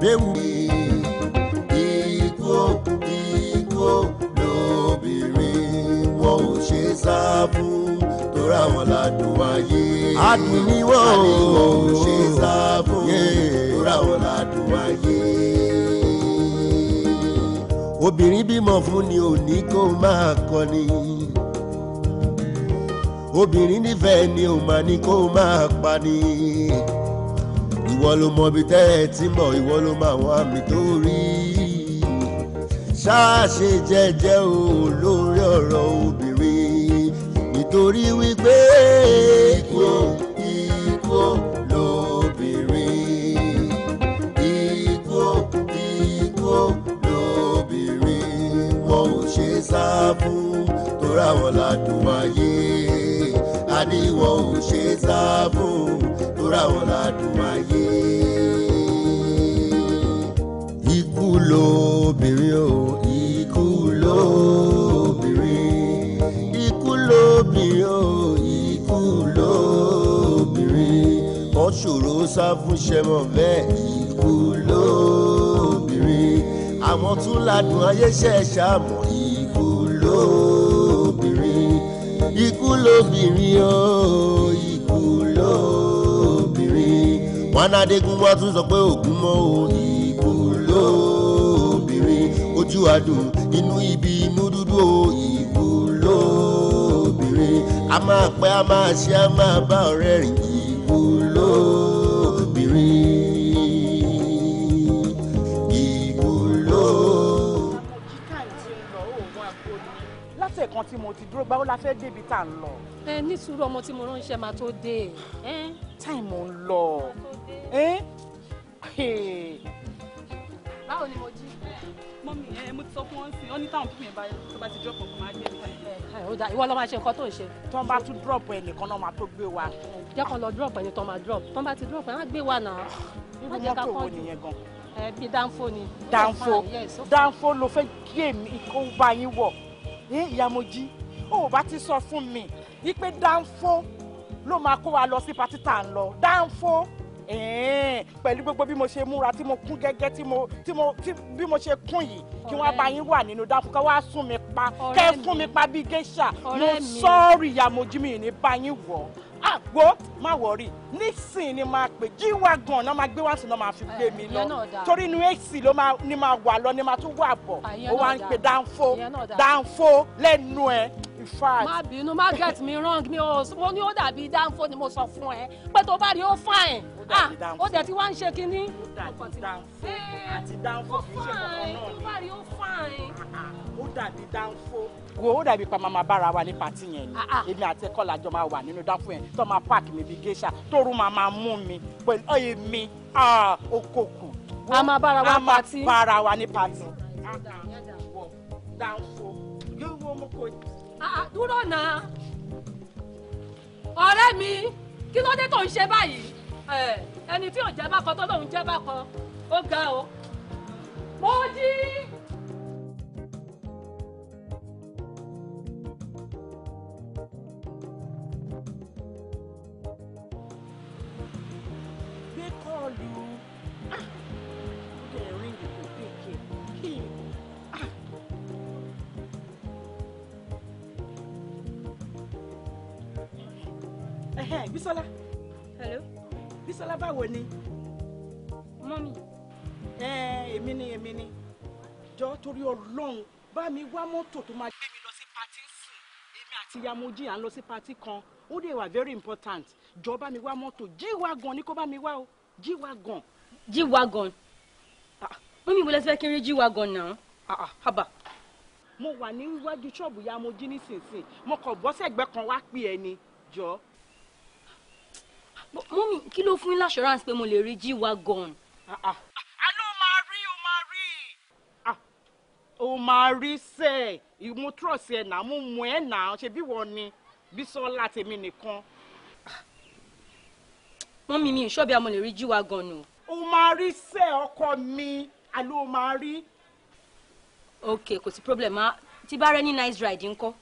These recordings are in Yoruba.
Bẹ́ẹ̀ wù. Ikú ikú lóbìnrin wọn ò ṣe sá fún torí àwọn ládùn ayé. Adùn ni wọ́n ò ṣe sá fún torí àwọn ládùn ayé obìnrin bímọ fún ni ò ní kó máa kọni obìnrin nífẹ̀ẹ́ ni ò máa ní kó máa pani ìwọ ló mọ ibi tẹ́ ẹ ti mọ̀ ìwọ ló mọ àwọn àmì tó rí ṣáàṣe jẹ́jẹ́ o lórí ọ̀rọ̀ obìnrin nítorí wípé ikú ikú lóbìnrin ikú ikú lóbìnrin wọn ò ṣe sá fún tóra wọn ládùn ayé àní ò ṣe sá fún tóra wọn ládùn ayé. lóbìnrin o ikú lóbìnrin ikú lóbìnrin o ikú lóbìnrin wọ́n ṣòro sá fún ṣẹmọ̀ bẹ́ẹ̀ ikú lóbìnrin àwọn tún ládùn ayé ṣẹ̀ṣà mọ̀ ikú lóbìnrin ikú lóbìnrin o ikú lóbìnrin wọn adégún wa tún sọ pé ògún mọ́ o ikú lóbìnrin ojú adùn inú ibi inú dúdú o ìwúlò obìnrin a máa pẹ́ a máa ṣe a máa bá ọ̀rẹ́ rìn ìwúlò obìnrin ìwúlò. látẹ̀kan tí mo ti dúró gbáwó la fẹ́ débi tá a lọ. ẹ ní sùúrù ọmọ tí mo ránṣẹ́ máa tó dé. táìmù ń lọ. báwo ni mo mọ́mí ẹ mo ti ìwọ ló máa ṣe nǹkan tó ń ṣe. tó ń bá tún drop ẹ nìkan náà máa tó gbé wa. jẹ́ kàn lọ drop ẹni tó máa drop tó ti drop ẹ á gbé wa náà. irú mọ́tò wo nìyẹn gan. ẹ bí dánfó ni. dánfó ah, dánfó ló fẹ́ gé mi kó bá yín wọ̀ ẹ ìyàmójì ó bá ti sọ fún mi wípé dánfó ló máa kó wa lọ sí patí tá à ń lọ dánfó pẹ̀lú gbogbo bí mo ṣe múra tí mo kún gẹ́gẹ́ tí mo tí mo tí bí mo ṣe kún yìí kí wọ́n bá yín wà nínú dákun ká wá sún mi pa kẹ́ fún mi pa bí geisha mo sọ́ọ̀rì ìyàmójú mi ní bá yín wọ̀ àgbo ah, má wọ̀rì nísìnyí ni máa pè jíwá gan náà máa gbé wá sí náà máa fi gbé mi lọ torí inú èsì ló máa ní máa wà lọ ní máa tún wà bọ̀ ah, ó wá ń pè dáńfó dáńfó lẹ́nu ẹ̀ in fact. má bínú má get me wrong mi ò mo ní ó dàbí dánfó ni mo sọ fún ẹ pé tó bá rí ó fine ah ó dẹ̀ ti wá ń ṣe kínní. ó dàbí dánfó eh, àti dánfó kì í ṣe kankan náà ni tó bá rí ó fine. Ah, ah, ó dàbí dánfó. wo ó dàbí pa màmá bára wa ní pàtí yẹn ni ah, èmi àti ẹkọ làjọ máa wà nínú dánfó yẹn tó máa park mi bí geisha tóru máa máa mú mi pẹ̀lú ọyẹ mi okòkù. a máa bára wa ní pàtí. a bára wa ní pàtí. dánfó dúró náà ọ̀rẹ́ mi kí ló dé tó ń ṣe báyìí ẹni tí òun jẹ́ bákan tó lóun jẹ́ bákan ó ga o mo jí. gbé kọ́ọ̀lù. Bísọ́lá. hello. Bísọ́lá báwo ni. mọ́mì. Eh, èmi ni èmi ni jọ torí ọlọ́run bá mi wá mọ́tò tó máa gbé mi lọ sí patí sùn èmi àti yamoji à ń lọ sí patí kan ó dẹ̀ wà very important jọ bá mi wá mọ́tò G-Wagon ni kó bá mi wá o G-Wagon. G-Wagon ah. mọ́mì mo lọ sí fẹ́ kí n rí G-Wagon náà. haba ah, ah, mo wà níwájú ṣọ́ọ̀bù yamoji nísinsìnyí mo kàn bọ́ sẹ́gbẹ́ kan wá pè é ni jọ mọ́mí kí ló fún yín láṣọ́ránsì pé mo lè rí jí wa gan. Ah, ah. a ló máa rí o máa rí. o ah, máa rí sẹ́ ìmú trọ́ọ̀sì ẹ̀ náà mú mú ẹ̀ náà ṣe bí wọ́n ni Bísọ́lá tèmi nìkan. mọ́mí mi ìṣọ́bí àmọ́ lè rí jí wa gan ni o. o máa rí sẹ́ ọkọ mi a ló máa rí. ok kò sí problem a ti bá rẹ ní nice ride ńkọ́.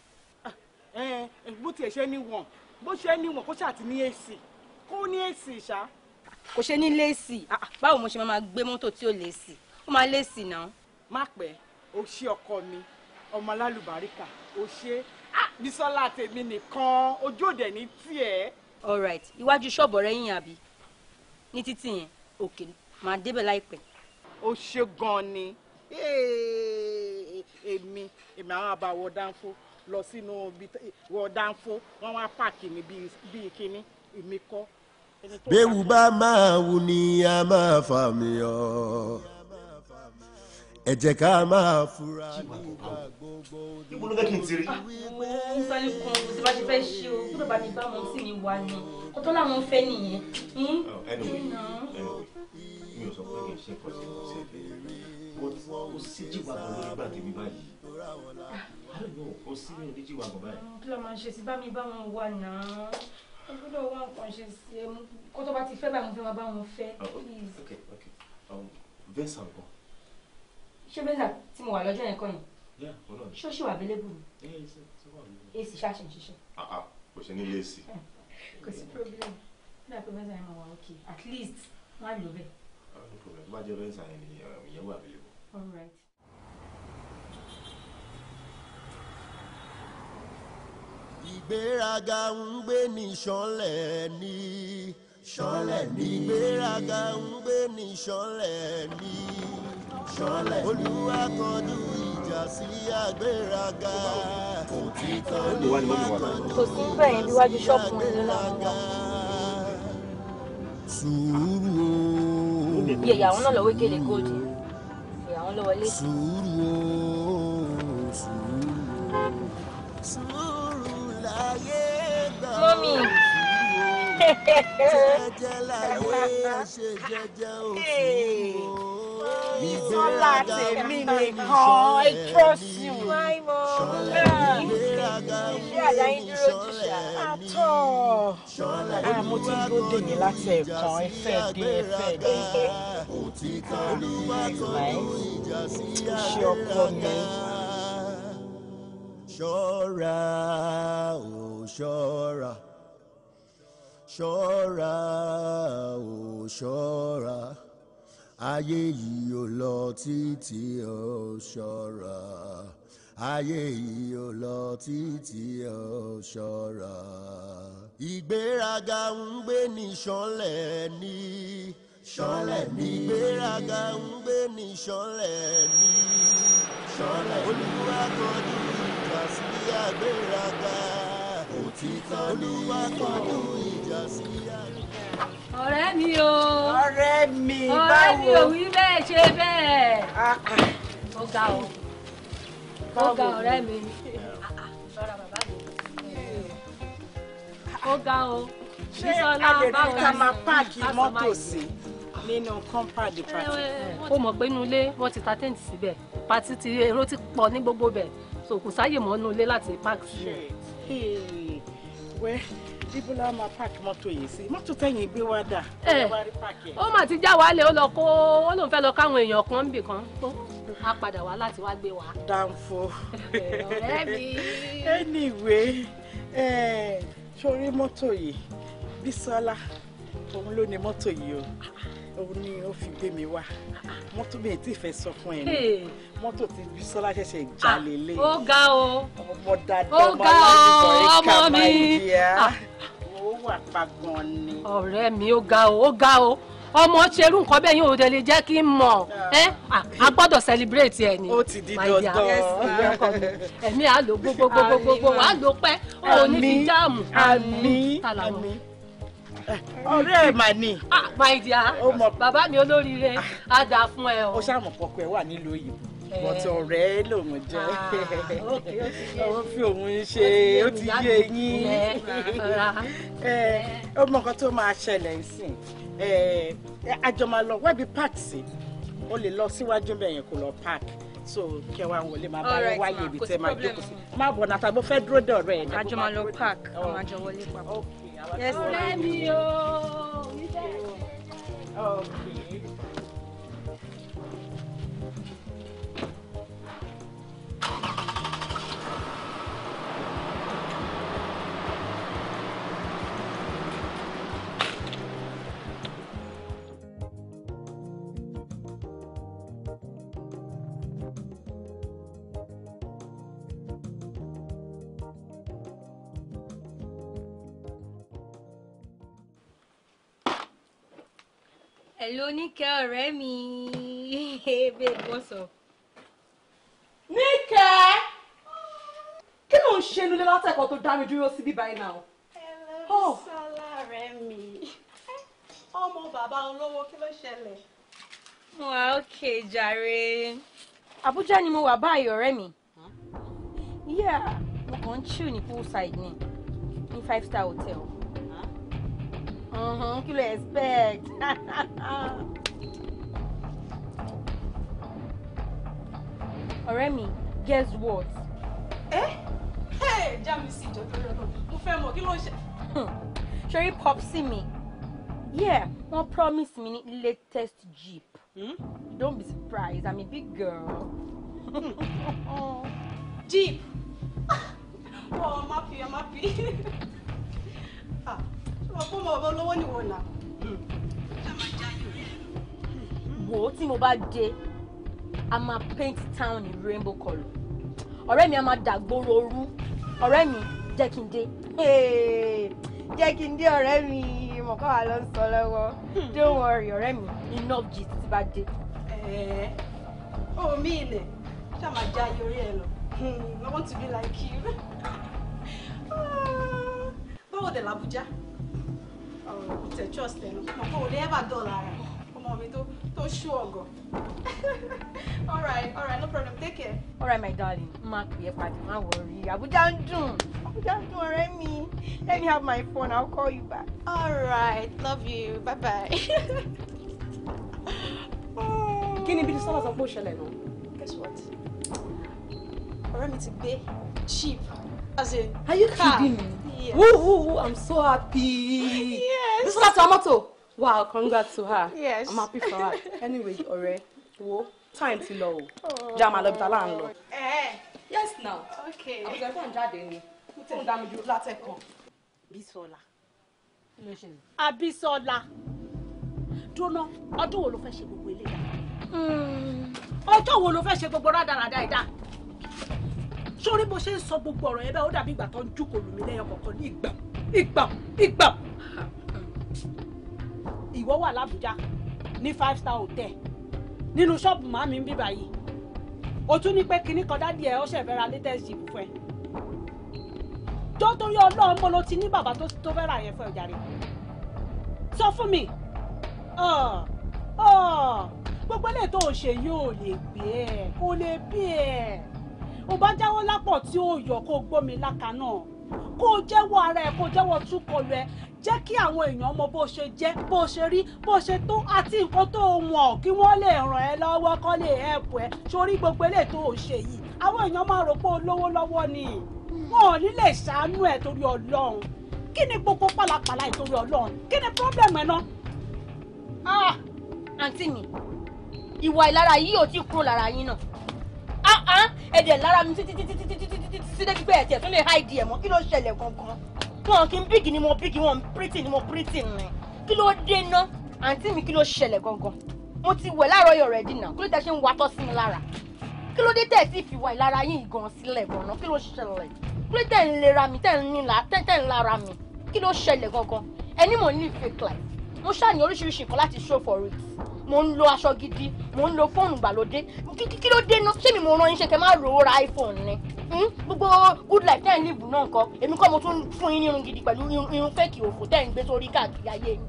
ẹ ẹ eh, eh, bó tiẹ̀ ṣe ní wọn bó ṣe ní wọn kó ṣáà èsì kó ní èsì ṣá. kò ṣe ní lẹ́sì ah, ah, báwo mo ṣe máa gbé mọ́tò tí ò lẹ́sì ó máa lẹ́sì náà. má pẹ́ o ṣé ọkọ mi ọmọ alálùbáríkà o ṣé ah, Bísọ́lá tèmi nìkan ojú òde ní tiẹ̀. all right iwájú ṣọ́ọ̀bù ọ̀rẹ́ yín àbí ní títì yẹn òkè máa débẹ̀ láìpẹ́. o ṣé gan-an ni èmi èmi àwọn àbáwọ̀ dánfó lọ sínú wọ̀ dánfó wọ́n wá páàkì mi bíi kíní èmi kọ́ bẹ́ẹ̀wù bá máa wù ni a máa fà mí ọ́ ẹ ká máa fura nígbà gbogbo lórí wípé. ń sáré kun kò sí bá ṣe fẹ́ ṣe o kúrò bá mi bá wọn sí mi wá ni ọtọ́ làwọn fẹ́ nìyẹn. mi ò sọ pé kì í ṣe kọsí kọsí ẹgbẹ́ kò sí jìwà kan lórí ìgbà tèmi báyìí àlọ́ kò sí mi ò ní báyìí. kí ló máa ń ṣe sí bá mi bá wọn wà náà ẹ gbọ́dọ̀ wá nǹkan ṣe sí ẹ kó tó bá ti fẹ́ báyìí mo fẹ́ máa bá wọn fẹ́ oh, please. ok ok um, vẹ́sà ń bọ̀. ṣé vẹ́sà tí mo wà lọ́jọ́ yẹn kọ́ yẹn. ṣé ó ṣì wà at least wọ́n á ah, no problem tó bá jẹ́ vẹ́sà um, all right. ìgbéraga ń gbé ní ṣánlẹ̀ ni ṣánlẹ̀ ni ìgbéraga ń gbé ní ṣánlẹ̀ ni ṣánlẹ̀ ni Olúwa kọjú ìjà sí àgbéraga Olúwa kọjú ìjà sí àgbéraga sùúrù o. ìyàwó náà lọ́wọ́ ìkẹlẹ̀ gold ìyàwó lọ́wọ́ lé. sùúrù o sùúrù o mọ́mì. jẹ́jẹ́ láyé àṣẹ jẹ́jẹ́ òfin. Bísọ́lá tèmi nìkan, I trust you. Ilé àdáyé dúró ti ṣàtọ̀. Ah, mo ti ń dúró dèmi láti ẹ̀kan, ẹ fẹ́ dé, ẹ fẹ́ dé. Ṣé ọkọ mi? ṣọ́ra o ṣọ́ra ṣọ́ra o ṣọ́ra ayé yìí ò lọ títí o ṣọ́ra ayé yìí ò lọ títí o ṣọ́ra. ìgbéraga ń gbé ní ṣánlẹ̀ ní ṣánlẹ̀ ní ìgbéraga ń gbé ní ṣánlẹ̀ ní ṣánlẹ̀ ní olúwa àgbéraga òtítọ́ olúwa kọjú ìjà sí àgbéraga. ọ̀rẹ́ mi o. ọ̀rẹ́ mi báwo. ọ̀rẹ́ mi ò wí bẹ́ẹ̀ ṣe bẹ́ẹ̀. Ah, ah. ó ga o ó ga ọ̀rẹ́ mi lọ́ra bàbá mi ó ga o. ṣé àlejò máa páàkì mọ́tò sí nínú kọ́ńpáàdì eh, eh, eh, pàtì. ó mọ̀ pé inú ilé wọ́n ti ta tẹ́ǹtì síbẹ̀ pàtì ti èrò ti pọ̀ ní gbogbo bẹ̀ so kò sáyè mọ́ nulẹ̀ láti park sílẹ̀. wẹ́ ibo máa park mọ́tò yìí sí mọ́tò tẹ̀yìn gbé wá dà. Eh. ẹ ó mà ti já wálé ó lọ kó ó lóun fẹ́ lọ káwọn èèyàn kan ń bì kan á padà wá láti wá gbé wa. danfo ọ̀rẹ́ mi. anyway sórí mọ́tò yìí Bísọ́lá òun ló ní mọ́tò yìí o ó ní ó fi gbé mi wá mọ́tò mi ti fẹ́ sọ fún ẹ ní mọ́tò ti bí sọ́lá ṣẹ̀ṣẹ̀ ah, jalè lé ó ga o ọmọ dáadáa ọmọ aládùúgbò ẹ̀ kà máa yẹ ó wà pa gan ni. ọ̀rẹ́ mi ó ga o ó ga o ọmọ ṣerú nǹkan bẹ́ẹ̀ yín ò lè jẹ́ kí n mọ̀ ẹ́ ah. eh? ah, a gbọ́dọ̀ celebrate ẹ ni. ó ti di dandan ẹ̀mí àlò gbogbogbogbogbò wàá lò pẹ́ òní fi jáàmù. àmín àmín ọ̀rẹ́ ẹ̀ mà ní. Ah, my dear bàbá mi olóríire á ah. dáa fún ẹ o. ó ṣàmù kọkọ ẹ wà nílùú òyìnbó eh. bọ́tọ̀ ọ̀rẹ́ lòun jẹ́ ah, ó fi òun ṣe ó ti yé yín eh, eh, ó mọ nǹkan tó máa ṣẹlẹ̀ nsìn àjọ máa lọ wẹ́ẹ̀bì park sí o lè lọ síwájú bẹ̀yẹn kó lọ park so kẹ wa wọlé máa bá yín wáyé ibi tẹ máa jókòó sí máa bọ̀ nàtàgbọ́ fẹ́ dúró dọ̀rọ̀ ẹ̀. àjọ máa lọ park àwọn àjọ wọlé papọ̀. Yes, Remy. Okay. Hello, Níkẹ́ Remy, Hey, babe, what's up? Níkẹ́! Kí ló ń ṣe nílé látẹ̀kọ́ tó dá mi dúró síbí báyìí náà? Hello, oh. Sọlá ọ̀rẹ́ mi. Ọmọ bàbá olówó know what, ṣẹlẹ̀? Mo wà ókè jàre. Àbújá ni mo wà báyìí ọ̀rẹ́ Remy? Yeah, mo kàn ń chill the poolside in five star hotel kí ló expect. ọ̀rẹ́ guess what. Eh? Hey, já mi sí ìjọ torí ọdún mo fẹ́ mọ̀ kí ló ń ṣe. ṣorí popsi yeah wọ́n promise me the latest jeep hmm? don't be surprised i'm a big girl. Hmm. jeep oh i'm happy i'm happy. ah. ọkọ mọ ọba olówó nìwọ náà. wo tí mo bá dé a máa paint town in rainbow colour ọ̀rẹ́ mi a máa dàgbòrò ooru ọ̀rẹ́ mi jẹ́ kí n mi hmm. don't worry ọ̀rẹ́ mi enough gist bá dé. Eh, omi ilẹ̀ ṣáà máa já ayé orí ẹ lọ hmm, I want to be like you. Ah, báwo dẹ̀ o tẹ̀ trust ẹnu mọ̀ kó o lè ever dọ́là ara ọmọ mi tó tó ṣú ọ̀gọ̀ all right no problem take care. Alright, my darling n máa pè é padà má worry Abuja ń dùn Abuja ń dùn ọ̀rẹ́ mi let me have my phone I'll call you back. Alright. love you bye bye. kí ni bíi sọ́lá sọ pé ó ṣẹlẹ̀ náà. guess what ọ̀rẹ́ mi ti gbé jeep as in car. are you kidding me. Yes. Woohoo! I'm so happy. Yes. This is our tomato. Wow, congrats to her. Yes. I'm happy for her. Anyway, ọ̀rẹ́, wo time ti lọ o. Oh. Jẹ́ àmà lọ ibi tá là ń lọ. Eh. Yes now. Okay. Àwọn ìgbà fún jáde ni. Mo ti ń dá mi dúró látẹ̀kàn. Bísọ́lá. Abísọ́lá. Dúró ọdún wo ló fẹ́ ṣe gbogbo eléyà? Hmm. Ọjọ́ wo ló fẹ́ ṣe gbogbo rádaràda ẹ̀dá? sórí bó ṣe ń sọ gbogbo ọ̀rọ̀ yẹn bẹ́ẹ̀ ó dàbí ìgbà tó ń jókòó lùmí lẹ́yọ kọ̀ọ̀kan ní ìgbà ìgbà ìgbà. ìwọ wà lábújá ní five star hotel nínú ṣọ́ọ̀bù màmí ń bíbà yìí o tún ní pé kinní kan dádì ẹ ó ṣẹ̀ fẹ́ ra latest jeep fún ẹ tó torí ọlọ́run mo ló ti ní bàbá tó fẹ́ ra yẹn fún ẹ jàre sọ fún mi gbogbo eléyìí tó o ṣe yóò lè gbé ẹ kó lè bí ẹ o bá jáwọ́ lápọ̀ tí ó yọ kó gbọ́ mi láka náà kó o jẹ́wọ́ ara ẹ̀ kó o jẹ́wọ́ túkọlù ẹ̀ jẹ́ kí àwọn èèyàn mọ bó ṣe jẹ́ bó ṣe rí bó ṣe tó àti nǹkan tó wọ̀n kí wọ́n lè ràn ẹ́ lọ́wọ́ kó lè help ẹ sórí gbogbo eléyìí tó o ṣe yìí àwọn èèyàn máa rò pé olówó lọ́wọ́ ni wọn ò ní lè ṣàánú ẹ̀ torí ọlọ́run kí ni gbogbo pàlàpàlà ìtorí ọlọ́run kí ni problem ẹ̀ náà. Ah, àǹtí mi ìwà ìlara yìí ò tí kúrò lára yín náà Ah ah, ẹ̀dẹ̀ lára mi títí títí títí títí títí títí débi pé ẹ̀tẹ̀ tún lè háìdì ẹ̀ mọ́ kí ló ṣẹlẹ̀ gangan wọn kí n bíìgì ni mo bíìgì wọn pírítì ni mo pírítì ni kí ló dé ná àǹtí mi kí ló ṣẹlẹ̀ gangan mo ti wẹ̀ láàárọ̀ yọ̀ rẹ̀ dìnnà kí ló tẹ́ ṣe ń watọ́ sí mi lára kí ló dé tẹ̀ sí ìfìwà ìlara yín gan sílẹ̀ gan-an kí ló ṣẹlẹ̀ kí ló tẹ̀ ń lera mi tẹ̀ ń nílà tẹ̀ ń lára mi kí ló ṣẹlẹ̀ gangan ẹni mò ń ní fake life mo ṣàní oríṣiríṣi nǹkan láti show for it mo ń lo aṣọ gidi mo ń lo fóònù gbàlódé kí ló dé náà ṣé mi mo rán yín kẹ má rówó ra iphone ni hmm? gbogbo good life ten live náà nǹkan èmi kọ́ mo tún fún yín ní irun gidi pẹ̀lú irun fẹ́ẹ̀kì òfò tẹ̀ ń gbé sórí káàkiri ayé yìí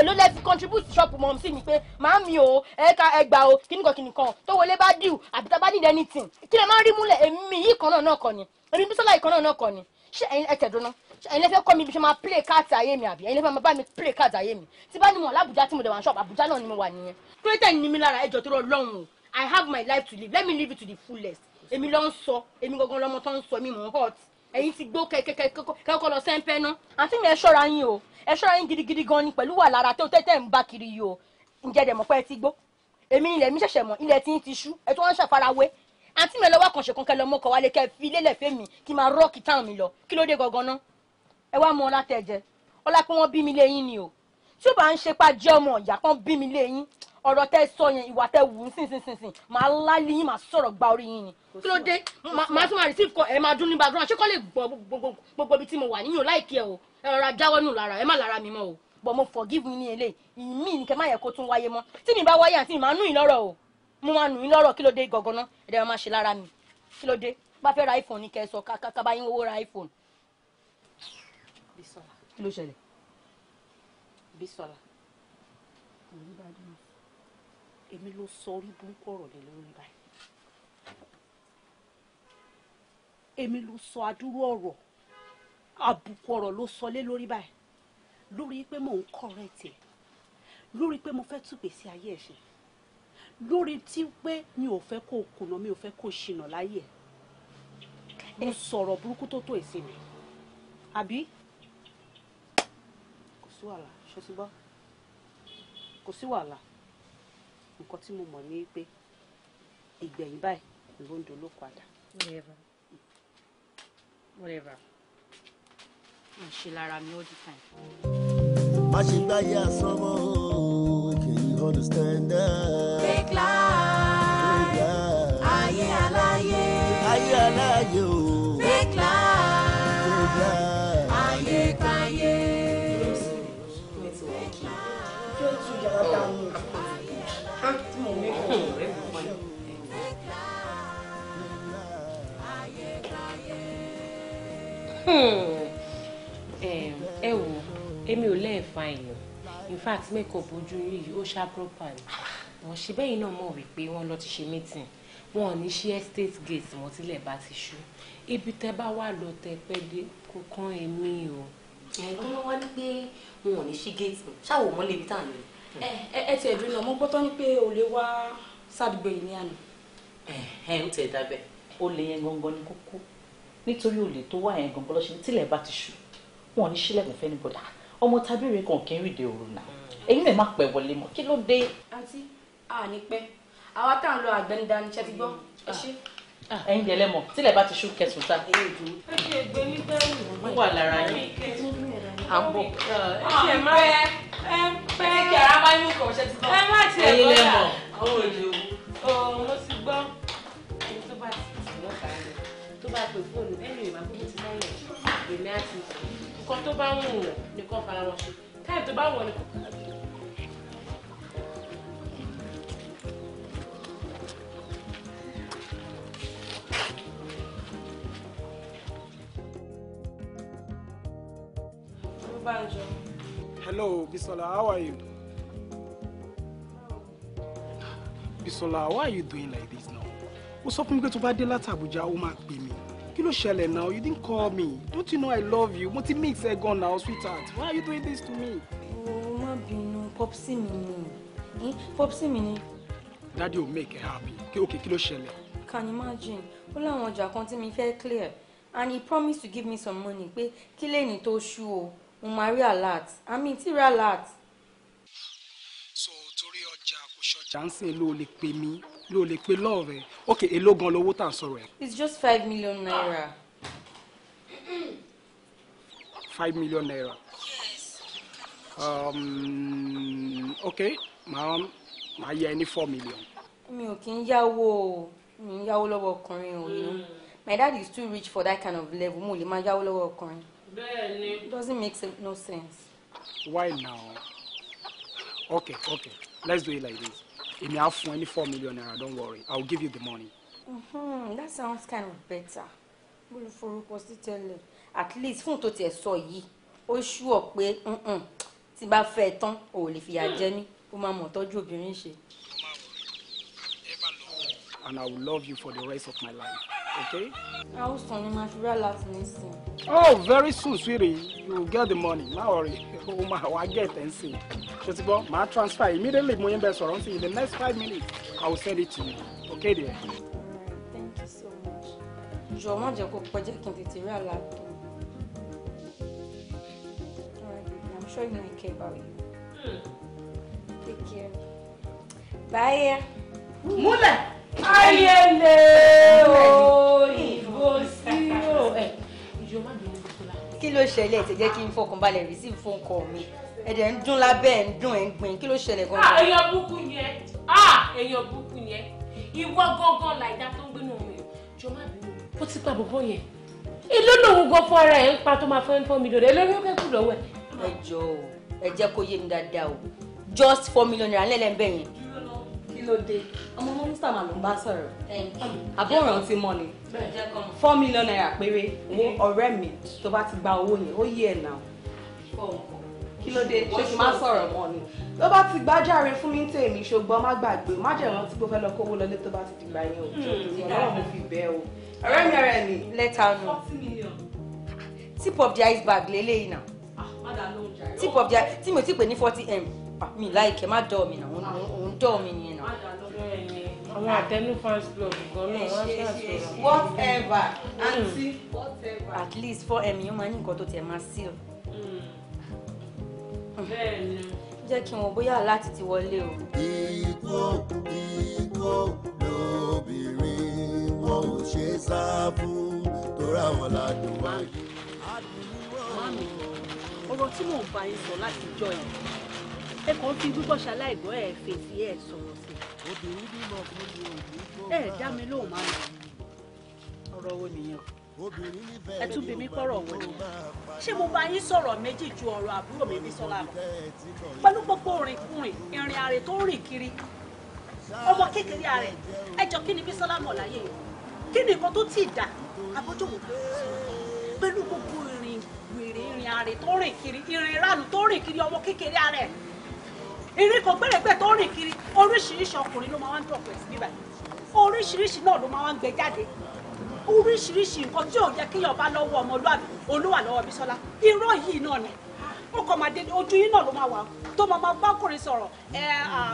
èló lẹ fi contribute shop mọ̀ sí mi pé màá mi o ẹ̀ka ẹgbàá o kíníkan kíníkan tó wọlé bá dìú àbí tá a bá need anything kí lè má rí múlẹ̀ èmi yìí kan náà náà kọ́ ni èmi bísọ́lá yìí kan náà náà kọ́ ni ṣé ẹ̀yin ẹ̀kẹ́dùnú ẹ̀yin lẹ́fẹ́ kọ́ mi bí ṣe máa play káàtì ayé mi àbí ẹ̀yin lẹ́fẹ́ máa bá mi play káàtì ayé mi tí bá ní mo làbújá tí mo dẹ̀ wà ṣọ́ọ̀bù àbújá náà ni mo wà nìyẹn kírẹ́tẹ̀ ní mi lára ẹjọ́ tó rọ lọ́hùn o I have my life to live let me live it to the fullest èmi ló ń sọ èmi gangan lọmọ tó ń sọ èmi mò ń hot ẹ̀yin ti gbó kẹ́kẹ́kẹ́kọ́ lọ sẹ́ńpẹ́ ná àǹtí mi ẹ ṣọ́ra yín o ẹ ṣọ́ra yín gidigidi gan ni pẹ̀lú wà lára tó tẹ́tẹ́ ń bá kiri yìí o ǹjẹ́ dẹ̀ mọ̀ pé ẹ ti gbó èmi ilẹ̀ mi ṣẹ̀ṣẹ̀ mọ̀ ilẹ̀ tí ń ti ṣú ẹ tó wọ́n ń ṣàfarawé àǹtí mi ẹ lọ́wọ́ àkànṣe kan kẹ́ lọ́mọ kọ̀ wálé kẹ́ fi lélẹ̀ fẹ́mi kí n máa rọ́ọ̀kì táwọn mi lọ kí ló dé gangan náà ẹ wá mọ ọlá tẹ̀jẹ̀ ọlá pé wọ́n bí mi léyìn ni o tí ó bá ń ṣe pa jẹ́ ọmọ ìyá kan bí mi léyìn ọ̀rọ̀ tẹ́ sọ yẹn ìwà tẹ́ wù ú sínsìnsìn màá lálé yín màá sọ̀rọ̀ gba orí yín ni kí ló dé màá tún máa receive kọ ẹ máa dún ní background ṣé kọ́ lè gbọ́ gbogbo ibi tí mo wà níyàn láìkí ẹ o ẹ rọra jáwọ́ nù lára ẹ má lára mi mọ́ o but mo forgive mi ní eléyìí ìmí ni kẹ má yẹ kó tún wáyé mọ́ tí mi bá wáyé àti mi máa nù yín lọ́rọ̀ o mo máa nù yín lọ́rọ̀ kí ló dé gọ̀gànná ẹ̀dẹ̀ máa ṣe lára mi kí ló dé bá fẹ́ ra iPhone ni kẹ́ ẹ sọ kábàáyín owó ra iPhone Bisola. kí ló ṣẹlẹ̀. Bisola. èmi ló sọ orí burúkú ọ̀rọ̀ lé lórí báyìí. èmi ló sọ adúrú ọ̀rọ̀ àbùkù ọ̀rọ̀ ló sọ lé lórí báyìí lórí pé mò ń correct ẹ̀ lórí pé mo fẹ́ tùgbèsí ayé ẹ̀ ṣe lórí tí pé mi ò fẹ́ kó kùnà mi ò fẹ́ kó ṣìnà láyé ẹ̀ ẹ sọ̀rọ̀ burúkú tó tó èsì mi àbí sí wàhálà ṣó ti gbọ́ kò sí wàhálà nǹkan tí mo mọ̀ ní pé ìgbẹ̀yìn báyìí ló ń dolo padà. mo ṣe lára mi all the time. má ṣe gbáyé àsọmọ can you understand take life ayé aláyé ayé aláyé o. Hmm. Eh, ẹ wò èmi ò lẹ́ẹ̀fà èèyàn in fact makeup ojú yìí ó ṣá proper ni wọ́n ṣe bẹ́yìn náà mọ̀ wípé wọ́n lọ ti ṣe meeting wọn ò ní ṣe estate gate mọ́ tílẹ̀ bá ti ṣú ibi tẹ́ bá wà lọ tẹ́ pẹ́ dé kó kán èmi o. ẹ̀ẹ́dọ́ ló wá ní pé wọn ò ní ṣí gate mọ́ ṣáà wò mọ́ lébi tá à ń hmm. eh, ẹ ẹ ti ẹ̀dùn náà mo gbọ́ tán ni pé o lè wá sádùgbò yìí ní àná. ẹ ẹ ń tẹ̀ dábẹ́ o lè yẹn gangan ní kókó nítorí olè tó wà yẹn gangan lọ́sẹ̀ tílẹ̀ bá ti ṣú wọn ò ní sílẹ̀kùn fẹ́ níbọ̀dà ọmọ tábìrì kan kì í rìndè òru nà èyí hmm. lè má pẹ́ wọlé mọ́ kí ló dé. àǹtí a ní pẹ́ àwa tá à ń lọ àgbẹ̀ni dání ṣe ti gbọ́ ẹ ṣe. Ah, ah. ẹ̀yin jẹ lẹ́mọ̀ tílẹ̀ bá ti ṣú kẹsùn ta. ẹ ṣe ègbè mi bẹ́ẹ̀ wà lára yín à ń bọ̀. ẹ ṣe má ẹ ẹ pẹ́ kí ara máa ń mú kàn ṣe ti gbọ́. ẹ má tiẹ̀ gbọ́ ẹ̀yin lẹ́mọ̀. ó lè wo. ó mo ti gbọ́ ẹni tó bá ti tì lọ́kàá bá pè fóònù ẹnu ìwà gbogbo ti bá yàn èmi àti nǹkan tó bá ń wù nìkan fara wọn ṣe táì tó bá wọ̀ nìkan fara wọn Hello, Bisola, how are you? Bisola, why are you doing like this now? Ó sọ fún mi pé tó bá Abuja, ó máa kí ló ṣẹlẹ̀ now you didn't call me don't you know I love you mo ti mix ẹ gan now sweetheart why are you doing this to me. o má bínú popsi mi ni hmm? popsi mi ni. dadi o make her happy okay okay kí ló ṣẹlẹ̀. can you imagine ó láwọn ọjà kan tí mi fẹ́ clear and he promised to give me some money pé kí lẹ́yìn tó ṣú o mo máa rí alert i mean ti rí alert. so torí ọjà kò ṣọjà ń sìn ló lè pè mí ló lè pe lọ́ọ̀ rẹ̀ ok èló gan lówó tá à ń it's just five million naira. five million naira. yes. Um, ok màá màá yẹ ẹ ní four million. mi ò kí ń yáwó o mi ń yáwó lọ́wọ́ o yìí hmm. my dad is too rich for that kind of level mo lè máa yáwó lọ́wọ́ ọkùnrin. bẹ́ẹ̀ni. doesn't make no sense. why now? okay okay let's do it like this èmi á fún ẹ ní four million naira don't worry i will give you the money. Mm-hmm, that sounds kind of better mo lè forúkọ sí at least fún tó tiẹ̀ sọ yìí ó ṣúọ̀ pé tí bá fẹ́ tán ò lè fìyà jẹ mí ó máa mọ̀ tọ́jú obìnrin ṣe. and i will love you for the rest of my life okay? Houston, you must realize anything. Oh, very soon, sweetie. You will get the money. Má worry. Oh, my, I get and see. Just go, my transfer immediately. Mo ń bá in the next five minutes, I will send it to you. Okay, dear? Thank you so much. Jọ̀ọ́ má jẹ́ kó pẹ́, jẹ́ kí n tètè rí I'm sure you know I care about you. Mm. Take care. Bye. Múlẹ̀ ayẹlẹ o ìbò sí o ẹ ìjọ má dùn ún fúnra. kí ló ṣẹlẹ̀ ẹ̀tẹ̀ jẹ́ kí n fọkànbalẹ̀ receive phone call mi ẹ̀dẹ̀ ń dún lábẹ́ ẹ̀ ń dún ẹ̀ ń gbìn kí ló ṣẹlẹ̀ gan-an. Ah, èèyàn búkú yẹn ah, èèyàn búkú yẹn ìwọ gángan làìdá tó ń gbénu ọmọ yẹn ìjọ má dùn ún. ó ti pa bọ̀bọ̀ yẹn ìlú lòun gan fún ara ẹ̀ ń pa tó máa fẹ́ fọ́ mi lòdì lórí ó kẹ́kù lọ́wọ́ ẹ̀. ẹ just four million naira ńlẹ́lẹ́ ń bẹ̀ kí ló dé ọmọ mínísítà máa ló ń bá sọ̀rọ̀ àbúrò ti mọ ni four million naira péré owó mm-hmm. ọ̀rẹ́ mi tó bá ti gba owó yẹn ó yí ẹ̀ náà kí ló dé ṣé kí n má sọ̀rọ̀ mọ́ ni ló bá ti gbájáre fún mi tèmi ṣùgbọ́n má gbàgbé má jẹ̀ rántí pé ó fẹ́ lọ kówó lọlé tó bá ti dìgbà yẹn o mm, ọlọ́run mo fi bẹ́ẹ̀ o ọ̀rẹ́ mi ọ̀rẹ́ mi lẹ́tà nù tip of the iceberg lélẹ́yìn náà ah, tip of the tí mo ti pè ní forty m mi láìkẹ́ má dọ̀ mi náà òun dọ̀ mi yẹn náà. àwọn àtẹnu fans club gan náà wọn ṣàṣọ. whatever hmm. aunty whatever. at least four m yóò máa ní nǹkan tó tiẹ̀ máa sí o. Hmm. Hmm. bẹ́ẹ̀ni. jẹ́ kí n wọ bóyá láti ti wọlé o. ikú ikú lóbìnrin wọn ò ṣe sá fún torí àwọn ládùn wáyé. mami ọ̀rọ̀ tí mò ń bá yín sọ láti jọ yìí ẹ kàn fi gbígbọ́ ṣaláìgbọ́ ẹ fèsì ẹ sọ̀rọ̀ sí. obìnrin bímọ fún mi ò ní tó bá. ẹ dá mi lóhùn máa ń ọ̀rọ̀ wo nìyẹn ẹ tún bí mi pọ̀rọ̀ wọ̀ ni ṣé mo bá yín sọ̀rọ̀ méjì ju ọ̀rọ̀ àbúrò mi ní sọ́la lọ pẹ̀lú gbogbo òrìnkùnrin ìrìn àrè tó ń rìn kiri ọmọ kékeré ààrẹ ẹjọ kí ni Bísọ́lá mọ̀ láyé yìí kí ni nǹkan tó tì dà abójúwò pẹ̀lú gbogbo ìrìn wèrè ìrìn àrè tó rìn kiri ìrìn ìranù tó rìn kiri ọmọ kékeré ààrẹ ìrìn kan tó rìn kiri oríṣiríṣi ọkùnrin ló máa ń dọ̀pọ̀ sí oríṣiríṣi náà ló máa ń gbé jáde oríṣiríṣi nǹkan tí ò yẹ kéèyàn bá lọ́wọ́ ọmọlúwàbí olúwa lọ́wọ́ Bísọ́lá irọ́ yìí náà ni ó kọ́ máa dé ojú yín náà ló máa wà tó máa máa bákùnrin sọ̀rọ̀ ẹ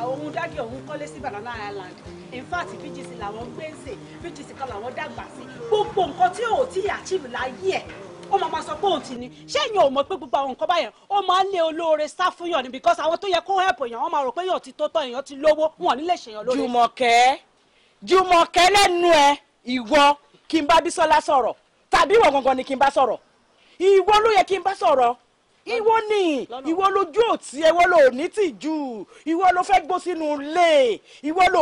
òun dádì òun kọ́lé sí Banana Island in fact BGC làwọn gbé ń sè BGC kan làwọn dàgbà sí gbogbo nǹkan tí ò tí ì àchíìmù láyé ẹ̀ ó máa ma sọ pé òun ti ní ṣé èèyàn ò mọ̀ pé gbogbo àwọn nǹkan báyẹn ó máa ń lé olóore sá fún yàn ni because àwọn tó yẹ kó help èèyàn wọ́n máa rò pé yàn ti tó tọ́ èèyàn ti lówó wọn ò ní lè ṣèyàn lóore. jùmọ̀kẹ́ jùmọ̀kẹ́ lẹ́nu ẹ ìwọ kí n bá bísọ́lá sọ̀rọ̀ tàbí ìwọ gangan ni kí n bá sọ̀rọ̀ ìwọ ló yẹ kí n bá sọ̀rọ̀ ìwọ ni ìwọ lójú òtí ìwọ ló ní tìjú ìwọ ló fẹ́ gbó sínú ilé ìwọ ló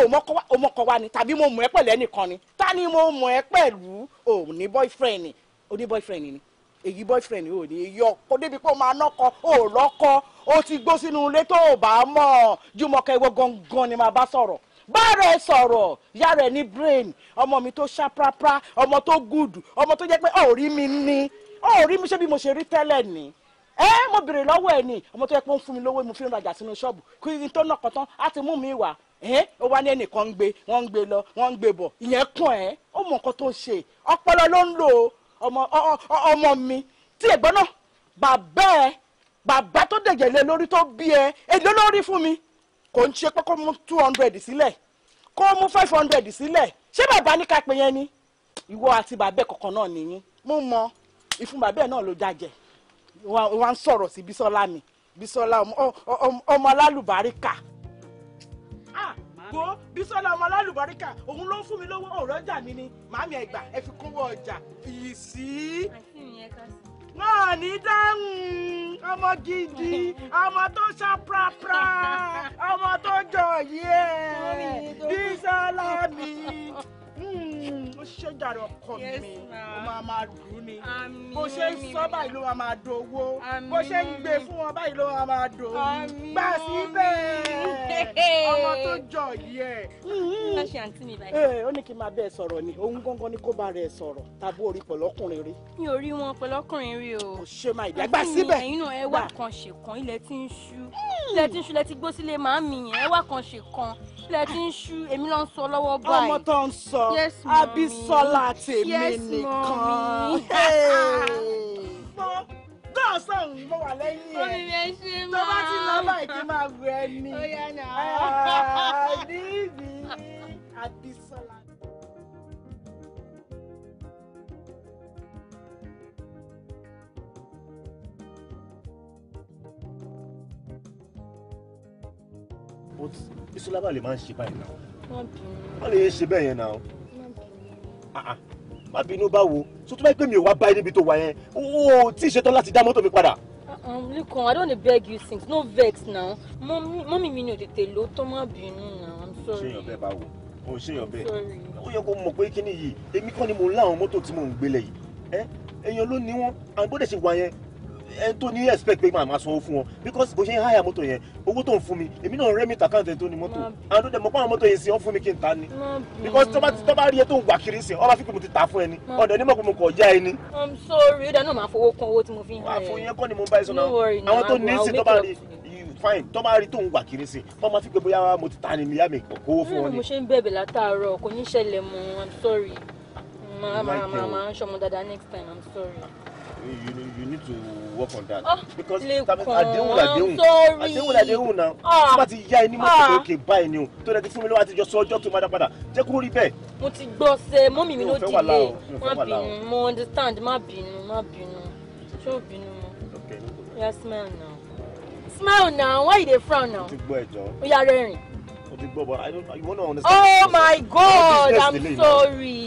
òmọkọ ni tàbí mo mọ̀ ẹ́ pẹ̀lú ẹnìkan ni ta ni mo mọ̀ ẹ́ pẹ̀lú òní boyfriend ni òní boyfriend ni èyí boyfriend ò ní yọ kó débi pé ó máa nọkọ ó lọkọ ó ti gbó sínú ilé tó o bá mọ jùmọ̀kẹ́ ìwọ gangan ni màá bá sọ̀rọ̀ báàrọ̀ ẹ sọ̀rọ̀ yára ẹ ní brain ọmọ mi tó ṣàprápra ọmọ tó gùdù ọmọ tó jẹ́ pé ó rí mi ní ó mi ṣé bí mo ṣe rí tẹ́lẹ̀ ni ẹ mo bèrè lọ́wọ́ ẹ ní ọmọ tó yẹ pé ó ń fún mi lówó mo fi ń rajà sínú ṣọ́ọ̀bù kí n tó nọkọ̀ tán á ti mú mi wá ẹ ó wá ní ẹnìkan ń gbé wọ́n ń gbé lọ wọ́n ń gbé bọ̀ ìyẹn kún ẹ ó mọ nǹkan tó ṣe ọpọlọ ló ń lò ó ọmọ ọmọ mi tí ẹ̀gbọ́n náà bàbá ẹ bàbá tó dẹ̀jẹ̀ lé lórí tó bí ẹ èlé lórí fún mi kò ń ṣe pé kó mú two hundred sílẹ̀ kó mú five hundred sílẹ̀ ṣé bàbá ní ká pe yẹn ni ìwọ àti bàbá ẹ kọ̀ọ̀kan náà nìyí mo mọ ìfún bàbá ẹ náà ló jàjẹ wọn ń sọ̀rọ̀ sí Bísọ́lá mi Bísọ́lá ọmọ alálùbáríkà wo bisola ọmọ alálùbáríkà òun ló ń fún mi lówó ọ̀rọ̀ ọjà mi ni màámi ẹ̀gbà ẹ fi kún owó ọjà iyì sí. wọn ò ní dáhùn ọmọ gidi ọmọ tó ṣan prapra ọmọ tó jọ yìí ẹ bisola Hmm, ó ṣe jàre ọkọ mi ó máa máa dùn ni bó ṣe ń sọ báyìí ló máa máa dowó bó ṣe ń gbé fún wọn báyìí ló máa máa dò gbà síbẹ̀ ọmọ tó jọ yìí hmm. Hmm. ó ní kí n máa bẹ́ẹ̀ sọ̀rọ̀ ni òun gangan ni kó bá rẹ̀ sọ̀rọ̀ tàbí orí pẹ̀lọ́kùnrin rí. mi ò rí wọn pẹ̀lọ́kùnrin rí o. kò ṣe máa ìdá gbà síbẹ̀. ẹ̀yin náà ẹwà kan ṣèkan ilẹ̀ tí ń ṣú ilẹ̀ tí ń ṣú ilẹ̀ tí gbó sílé màámi yẹn ẹwà kan ṣèkan ilẹ̀ ti ń ṣú èmi náà ń sọ lọ́wọ́ báyìí. ọmọ tó ń sọ Abísọ́lá tèmi nìkan. náà sọ̀rọ̀ mo wà lẹ́yìn ẹ̀ tó bá ti lọ báyìí kí n máa wẹ̀ ẹ́ ní. àbíbí ah, Abísọ́lá. but isolaba lè máa ń ṣe báyìí náà wọ́n lè ṣe bẹ́ẹ̀ yẹn náà má bínú ah, ah. báwo tó tó bá pè mí ò wá báyìí níbi tó yẹn o tí ì ṣetán láti dá mi padà. Uh-uh, Lukan, I don't dey beg you since no vex now. Mọ́mí mi ni ò tètè lò tó má bínú now. I'm sorry. Ṣéyàn bẹ́ẹ̀ báwo? O ṣéyàn bẹ́ẹ̀. Ó yẹ kó mọ̀ pé kíní yìí, èmi kọ́ ni mo láwọn mọ́tò tí mò ń gbélé yìí. Èèyàn ló ní wọn, à ń gbọ́dọ̀ ṣe wà yẹn tó ní expect pé màá sanwó fún wọn because bó ṣe ń háyà mọ́tò yẹn owó tó ń fún mi èmi náà rẹ́mi tàkàǹtẹ̀ tó ní mọ́tò àwọn ọdẹ mọ̀ pé àwọn mọ́tò yẹn sì ọ́n fún mi kí n ta ni because tó bá tó rí ẹ tó ń wà kiri sí ọ bá fi pé mo ti ta fún ẹni ọdẹ onímọ̀ pé mo kọ̀ já ẹni. i'm sorry ọdẹ náà máa fowó kún owó tí mo fi ń hàn ẹ. àfọyín kọ́ ni mo bá ẹ sọ náà àwọn tó ní sí tó rí fine tó bá rí tóun wà kiri sí i'm sorry you, you need to work on that. Oh, because àdéhùn àdéhùn àdéhùn àdéhùn náà ah, tí wọ́n ti yá ẹni mọ̀ ah. pé òkè báyìí ni o tó lẹ́ẹ̀dí fún mi lọ́wọ́ àtijọ́ sọ ọjọ́ tó máa dá padà jẹ́ kó rí bẹ́ẹ̀. mo ti gbọ́ sẹ́ mọ́mì mi ló dìde má bínú mo understand má bínú má bínú ṣé ò bínú mọ́ yà smile now smile now why you dey frown now ó yà rẹ́rìn. mo ti gbọ́ but I don't you wanna understand. oh my God I'm sorry.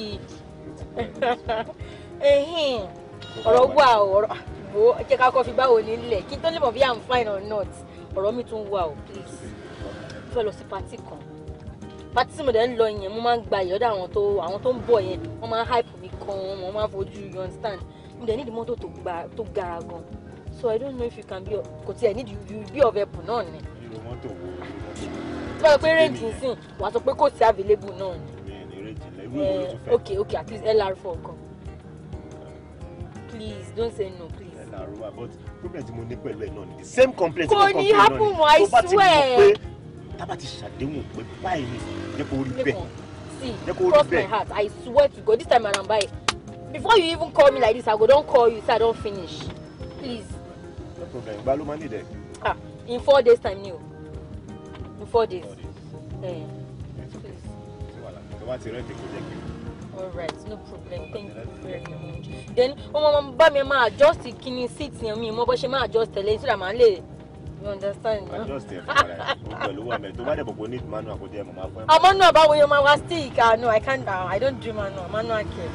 ọ̀rọ̀ wà o ọ̀rọ̀ wo jẹ́ ká kọ́ fi báwo ní ilẹ̀ kí tó lè mọ̀ bí i'm fine or not ọ̀rọ̀ mi tún wà o please fẹ́ lọ sí pati kan pati tí mo dẹ̀ ń lọ yẹn mo máa ń gba ìyọ́dọ̀ àwọn tó àwọn tó ń bọ̀ yẹn wọ́n máa ń hype mi kan wọ́n máa ń fojú you understand mo dẹ̀ nídìí mọ́tò tó gba tó gara gan so i don't know if you can be kò tiẹ̀ nídìí you be of help náà ni. irú mọ́tò wo tí wọ́n pé rẹ́ǹtì ń sìn wàá sọ pé kò sí available náà ni. Eh, ok ok at least lr four kan please don't say no please. ẹ na aroma but problem ti mo ní pẹ̀lú ẹ̀ náà ni the same complaint. kò ní happen mo i swear. tábà ti ṣàdéhùn pé báyìí ni jẹ́ kó bẹ́ẹ̀. see cross my heart i swear to god this time around bye before you even call me like this i go don call you say i don finish please. no problem gba ló máa ní ìdẹ. ah in four days time ni o in four days. four days. Eh, please. ṣé wàhálà ṣé wàá ti kò dé alright no problem thank you very much then ọmọ ọmọ bá mi máa adjust kíní seat yẹn mi mo bọ́ ṣe máa adjust tẹ̀lé síra máa lè you understand. adjust ẹ fún ara ẹ pẹ̀lú wa mẹ tó bá dẹ̀ bọ̀ bọ̀ need manual kó jẹ́ màmá stick ah no i can't ah i don't do manual manual care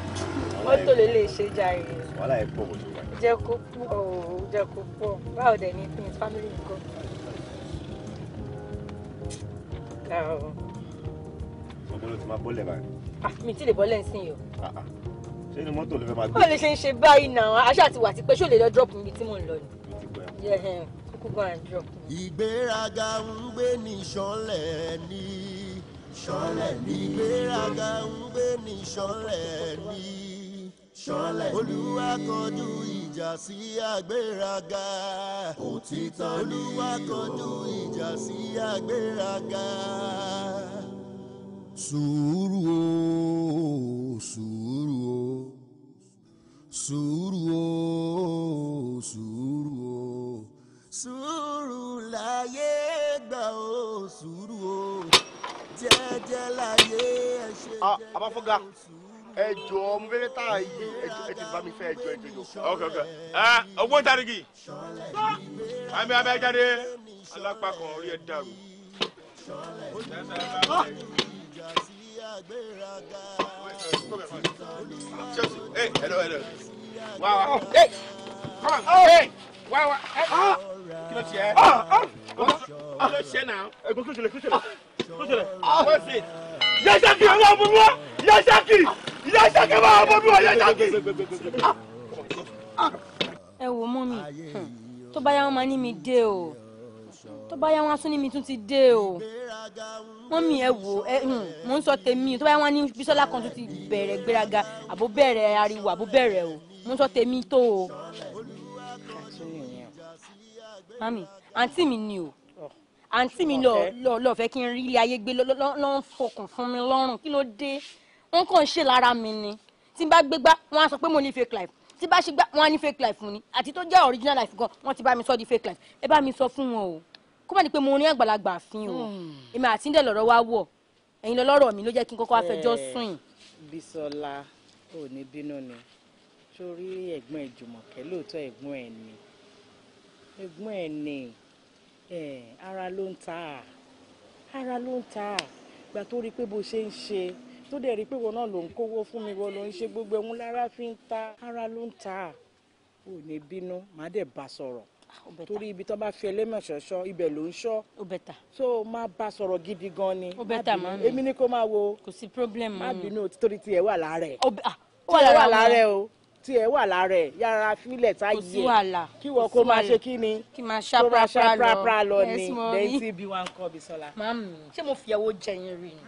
mọ́tò lè lè ṣe jàre. wàhálà ẹ pọ̀ kò tó wà. jẹ́ kó pọ̀ oh, jẹ́ kó pọ̀ things family nǹkan. ọmọ ló ti máa bọ́lẹ̀ báyìí mi ti lè bọ́ lẹ́sìn yìí o. Ah, ah. ṣé ni mọ́tò lè fẹ́ máa gbé. báwo lè ṣe ń ṣe báyìí náà aṣáà ti wà ti pé ṣó lè lọ drop mi tí mò ń lọ ni. ìgbéraga ń gbé ní ṣánlẹ̀ ní ṣánlẹ̀ ní ìgbéraga ń gbé ní ṣánlẹ̀ ní ṣánlẹ̀ ní olúwa kọjú ìjà sí àgbéraga òtítọ́ ní olúwa kọjú ìjà sí àgbéraga sùúrù o sùúrù o sùúrù o sùúrù o sùúrù láyé gbà o sùúrù o jẹ́jẹ́ láyé ẹ ṣe ah, jẹ́jẹ́ o sùúrù ẹ jọ mo fẹ́ tá a yí ẹ ti bá mi fẹ́ ẹ jọ ẹ jọ jọ. ok ok ah, ah, ẹ ọgbọ́n tarigi àmì abẹ́jáde alápá kan orí ẹ dàrú. Hey, hello, hello. Wow, wow. Hey, come on. Oh. Hey, wow, Hey. Ah. Kí ló ṣe ẹ́? Ah, ah. Kí ló ṣe náà? Ẹ̀gbọ́n kúrò ṣẹlẹ̀, kúrò ṣẹlẹ̀. Kúrò ṣẹlẹ̀. Ah. What's it? Ìyá Ṣákì àwọn ọmọ mi wá. Ìyá Ṣákì. Ìyá Ṣákì àwọn ọmọ mi wá. Ìyá Ṣákì. Ah. Ẹ wo mọ́ mi, tó bá yá wọn máa ní mi dé o tó bá yá wọn sún ní mi tún ti dé o mọ́mì ẹ wò ẹ mò ń sọ tèmi tó bá yá wọn ní Bísọ́lá kan tún ti bẹ̀rẹ̀ gbéraga àbó bẹ̀rẹ̀ ariwo àbó bẹ̀rẹ̀ o mò ń sọ tèmi tó o. mami àǹtí mi ni o àǹtí mi lọ lọ lọ fẹ́ kí n rí ilé ayé gbé lọ ń fọkàn fún mi lọ́rùn kí ló dé wọn kàn ń ṣe lára mi ni tí n bá gbégbá wọn á sọ pé mo ní fake life tí bá ṣe gbá wọn á ní fake life fún ni àti tó jẹ́ original life gan wọn ti bá mi sọ di fake life ẹ bá mi sọ fún wọn o kó má di pé mo rin àgbàlagbà fín o hmm. èmi àti ndẹ lọ́rọ̀ wa wọ ẹ̀yin lọ́rọ̀ mi ló jẹ́ kí n kọ́kọ́ afẹjọ́ eh, sùn. Bísọ́lá ò ní bínú ni sórí ẹ̀gbọ́n ìjùmọ̀kẹ́ lóòótọ́ ẹ̀gbọ́n ẹ̀ ni ẹ̀gbọ́n ẹ̀ ni eh, ara ló ń ta ara ló ń ta gbà tó rí pé bó ṣe ń ṣe tó dẹ̀ rí pé wọn náà ló ń kówó fún mi wọn ló ń ṣe gbogbo ẹ̀hún lára fi ń ta ara ló ń ta ò ní bínú màá dẹ̀ bá sọ̀rọ̀ torí ibi tó bá fi ẹlẹ́mọ̀ṣọ́ ṣọ́ ibẹ̀ ló ń ṣọ́ so máa bá sọ̀rọ̀ gidi gan ni èmi ni kó máa wo kò sí problem má bínú torí tiẹ̀ wà lára ẹ̀ ah, tiẹ̀ wà lára ẹ̀ o tiẹ̀ wà lára ẹ̀ yára filẹ̀ tá yé kí wọ́n kó máa ṣe kí ni kí máa ṣá prapra lọ ni lẹ́yìn tí ibi kọ́ Bísọ́lá. ṣé mo fìyàwó jẹyìn rí ni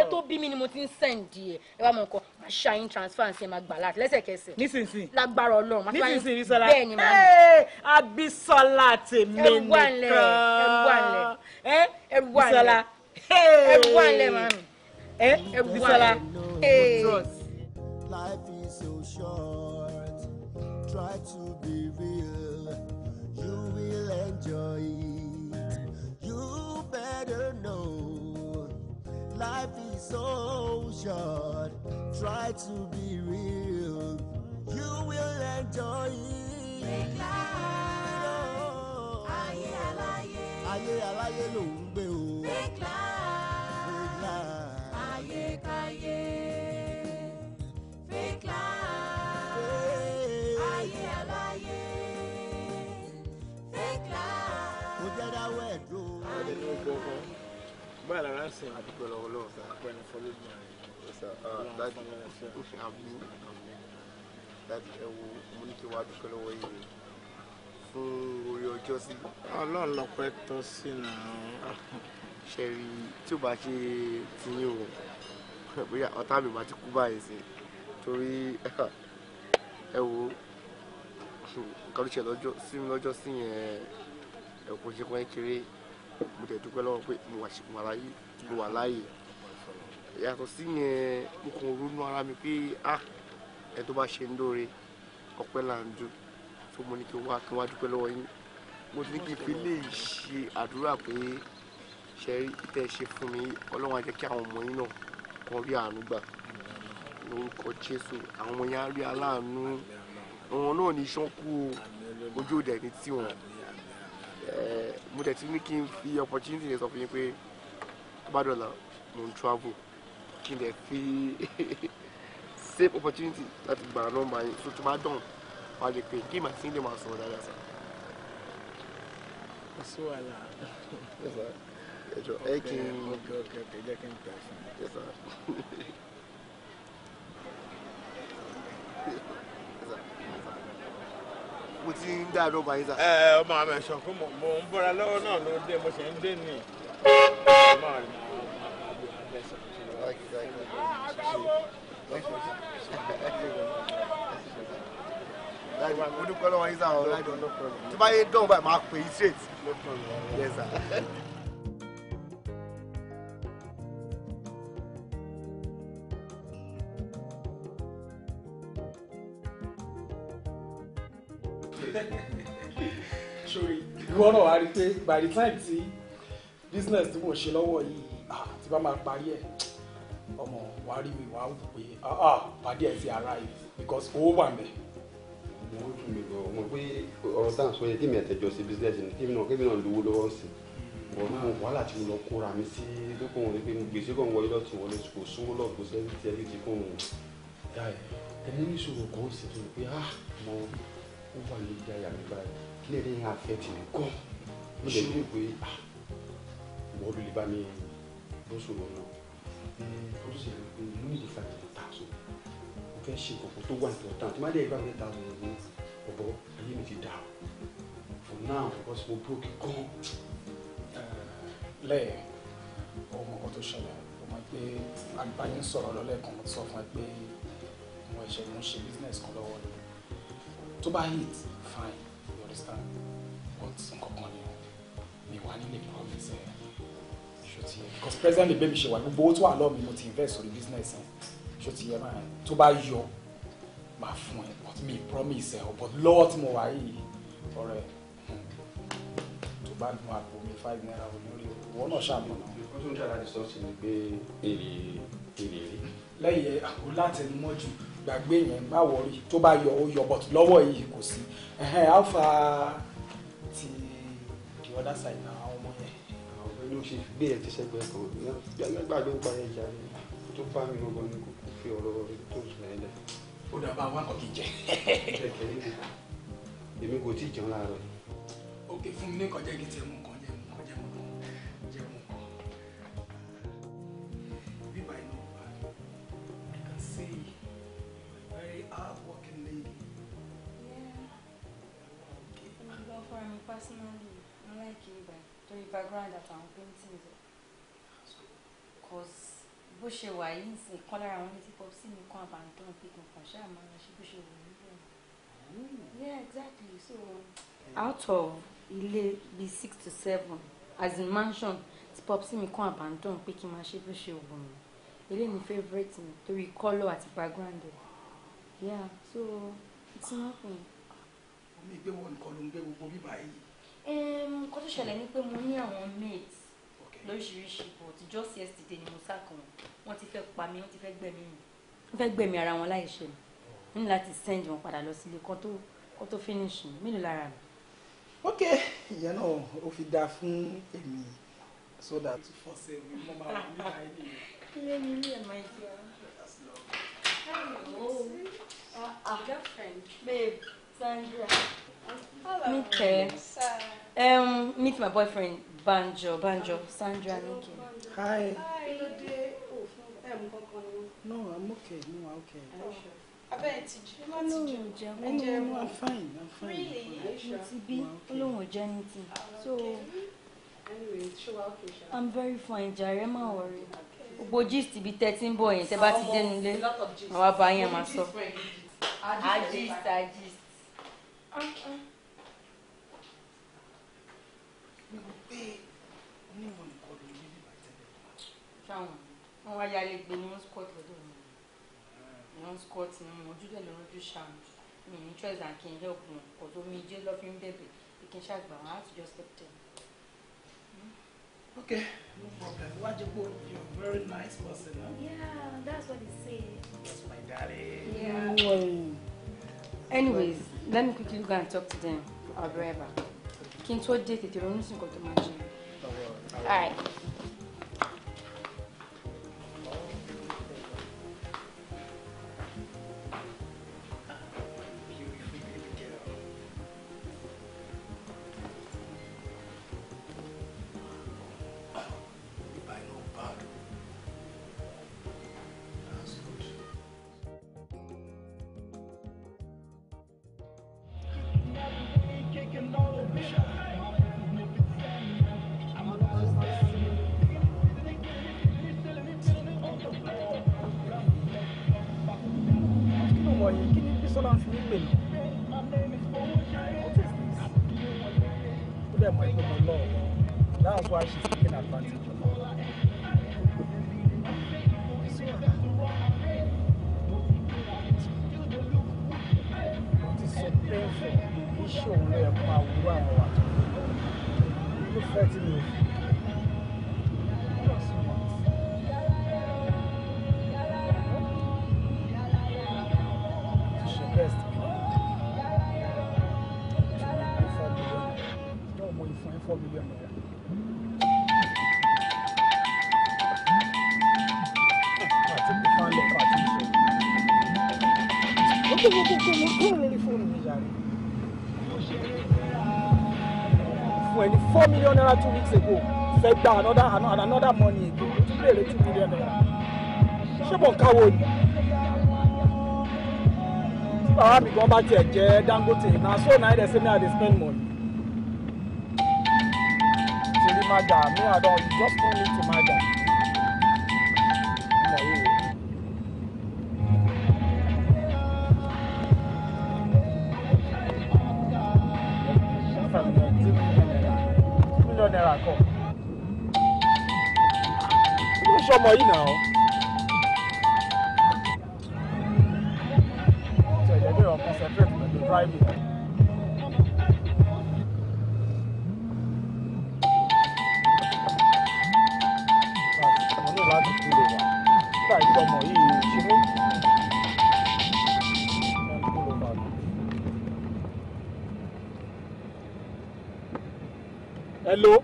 ẹ tó bí mi ni mo ti ń sẹ́ǹdì ẹ ẹ wá mọ̀ nǹkan ṣáyín transfer ṣe máa gbà láti lẹ́sẹ̀kẹsẹ̀. nísinsìnyí lágbára Ọlọ́run máa fáyín nísinsìnyí Bísọ́lá bẹ́ẹ̀ ni màá ní. Abísọ́lá tèmi nìkan ẹrù wà nílẹ̀ ẹrù wà nílẹ̀ ẹrù wà nílẹ̀ ẹrù mi ẹrù wà nílẹ̀. Life is so short. Try to be real. You will enjoy it. You better know. Life is so short, try to be real. You will enjoy it. Ayé aláyé. ló ń gbé o. life. life. Ayé káyé. báyìí lára ń sìn àdúgbò lọ́wọ́ lọ́wọ́ sá pẹ̀lú fọlọ́ ní ààrẹ dájú òfin àbú dájú ẹ wo mo ní kí wàá dúpẹ́ lọ́wọ́ yìí fún orí ọjọ́ sí. ọlọ́run lọ́pẹ́ tọ́ sí náà. ṣe rí tí ò bá ṣe tiyín o bóyá ọ̀tá mi máa ti kú báyìí sí torí ẹ wo nǹkan ló ṣe lọ́jọ́ sí mi lọ́jọ́ sí yẹn ẹ̀kọ́ ṣe pọ́n kéré mo tẹ̀ dúpẹ́ lọ́wọ́ pé mo wà láyé mo wà láyé yàtọ̀ ara mi pé ah ẹ tó bá ṣe ń dóore ọpẹ́ là ń dún tó mo ní kí n wá kí n wá dúpẹ́ lọ́wọ́ yín mo ti ní kí n fi lè ṣe àdúrà pé ṣe rí tẹ́ ṣe fún mi ọlọ́run á jẹ́ kí àwọn ọmọ yín náà kan rí àánú gbà lórúkọ jésù àwọn yẹn á rí aláàánú àwọn náà ní sọ́kù ojú òde ní tiwọn. Eh, mo tẹ̀ tí ní kí n fi opportunity yẹn sọ fún yín pé tó mo ń travel kí n lè fi save opportunity láti gba nọ́mbà yín tó tó bá dọ̀n wá lè pè kí màá sí ilé màá sọ̀rọ̀ dáadáa sá. kò sí wàhálà. ẹjọ ẹ kí n. ok ok ok jẹ́ kí n tẹ̀ fún mi. mo ti ń dá àdọ́gba yín sà. ẹ ẹ ọmọ àmì ẹ̀sán fún mọ̀ mò ń bọ́ra lọ́wọ́ náà ló dé mo ṣe ń dé nì. mo dúpẹ́ dán báyìí máa pè é straight. sori ìwọ náà wá rí i pé by the time tí business tí mo ṣe lọ́wọ́ yìí tí bá máa parí ẹ̀ ọmọ wa rí mi wá wò pé ah, ah, pàdé ẹ̀ ti ara yìí because owó wà mẹ́. mo ń dùn mí lọ mo pé ọ̀rọ̀ tá à ń sọ yẹn kí mi ẹ̀tẹ̀jọ́ sí business ni kí mi náà kí mi náà lówó lọ́wọ́ sí wọ́n wàhálà tí mo lọ kóra mi sí lókun òní pé mo gbèsè kàn wọlé lọ́tì wọlé kò sówó lọ́ọ̀kù sẹ́yìn tí ẹ fi ti kún un. ẹni ní ìṣòro kan ó sì tún pé ah mo ó wà lórí àyà mi báyìí kí lè rí yẹn àfẹ́tì mi gan mo lè ní pé ah, wọ́n lè bá mi bó sọ̀rọ̀ náà ó tún lè pé mo ní ìdífà yẹn ta so mo fẹ́ ṣe kòkó tó wà nípa ọ̀tá tí má dé ìgbà mi ta lọ́wọ́ ní ọ̀bọ̀ ayé mi ti dà for now because mo broke gan. lẹ́yìn ohun ọkọ tó ṣẹlẹ̀ ó máa gbé agbáyé sọ̀rọ̀ lọ́lẹ́kan mo sọ fún ẹ pé mo ń ṣe business kan lọ́wọ́ ni tó bá hit fine you understand but nǹkan kan ni mi wà nílé promise ẹ ṣòtì yẹ because president lè bẹ́ mi ṣe wà gbogbo owó tó wà lọ́ọ̀ mi mo ti invest orí business ẹ ṣòtì yẹ máa tó bá yọ máa fún ẹ but mi promise ẹ but lọ́wọ́ tí mo wà yìí ọ̀rẹ́ tó bá gun àpò mi five naira o lórí ìwọ náà ṣàmì ọ̀nà. ìkú tó ń jáde láti sọ́ọ̀sì ni pé èrè èrè rí. lẹ́yìn àpò látẹnumọ́jú gbàgbé yẹn má wọrí tó bá yọ ó yọ but lọ́wọ́ yìí kò sí how far ti the other side na àwọn ọmọ yẹn. àwọn ọmọ inú ṣe gbé ẹ ti sẹgbẹ kan gbàgbà ló ń pa ẹja rẹ tó bá mi lọ gan ni kò fi ọ̀rọ̀ tó sùn ẹ lẹ. ó dàbá àwọn akọ̀kì jẹ. èmi kò tí ì jẹun láàárọ̀. ó ké fún mi ní kọjá kí n ti mú personally mo like yìí báyìí torí background àtàwọn paintings rẹ̀ cause bó ṣe wà yìí ń sìn kán lára àwọn ní tipọ́ sí mi kan àbàntàn pé kò kàn ṣáà máa ṣe bó hmm. yeah exactly so. out of ilé bíi six to seven as in mansion tí popsi mi kan àbàntàn pé kí n máa ṣe bó ṣe wù mí ni favourite mi torí colour àti background ẹ̀ yeah so it's nothing. omi ìgbé wọn nìkan ló ń gbé gbogbo bíbá yìí nǹkan tó ṣẹlẹ̀ ni pé mo ní àwọn mates lóríṣiríṣi but just yesterday ni mo sá kan wọ́n ti fẹ́ pa mí wọ́n ti fẹ́ gbẹ̀mí mi wọ́n fẹ́ gbẹ̀mí ara wọn láì ṣe mi oh. ní láti send wọn padà lọ sílé kan tó kan tó finish mi mélòó lára mi. ok ìyẹn náà ó fi dáa fún èmi so that for sale mi mo máa wà nípa ẹni. ilé mi ilé ẹ̀ máa jẹ́ ọ́. Hello. Uh, uh, girlfriend. Babe, Sandra. Meet her. Um, meet my boyfriend, Banjo. Banjo. Sandra Nike. Hi. Hi. Oh, no, I'm okay. No, I'm okay. Are you sure? olóhùn oh, jẹ ah, olóhùn i'm very fine jàre má wọrí gbogbo gist ibi thirteen boy yẹn tẹ bá ti dénú lé àwa bá yẹn máa Okay, no problem. Wajibu, you're a very nice person. Huh? Yeah, that's what he said. That's my daddy. Yeah. Anyways. Let me quickly go and talk to them. I'll be right back. Kí n tó dé tètè ronú sí nǹkan tó All right. naira two weeks ago fẹ́ gba another another money ago o tún béèrè two million naira ṣé mo káwo ni tí bàbá mi gan bá tiẹ̀ jẹ́ Dangote na so na ẹ̀dẹ̀ say me I dey spend money. Torí ma gbà mí I don just tell me fọmọ yìí náà. Concentrate on the driving. Hello,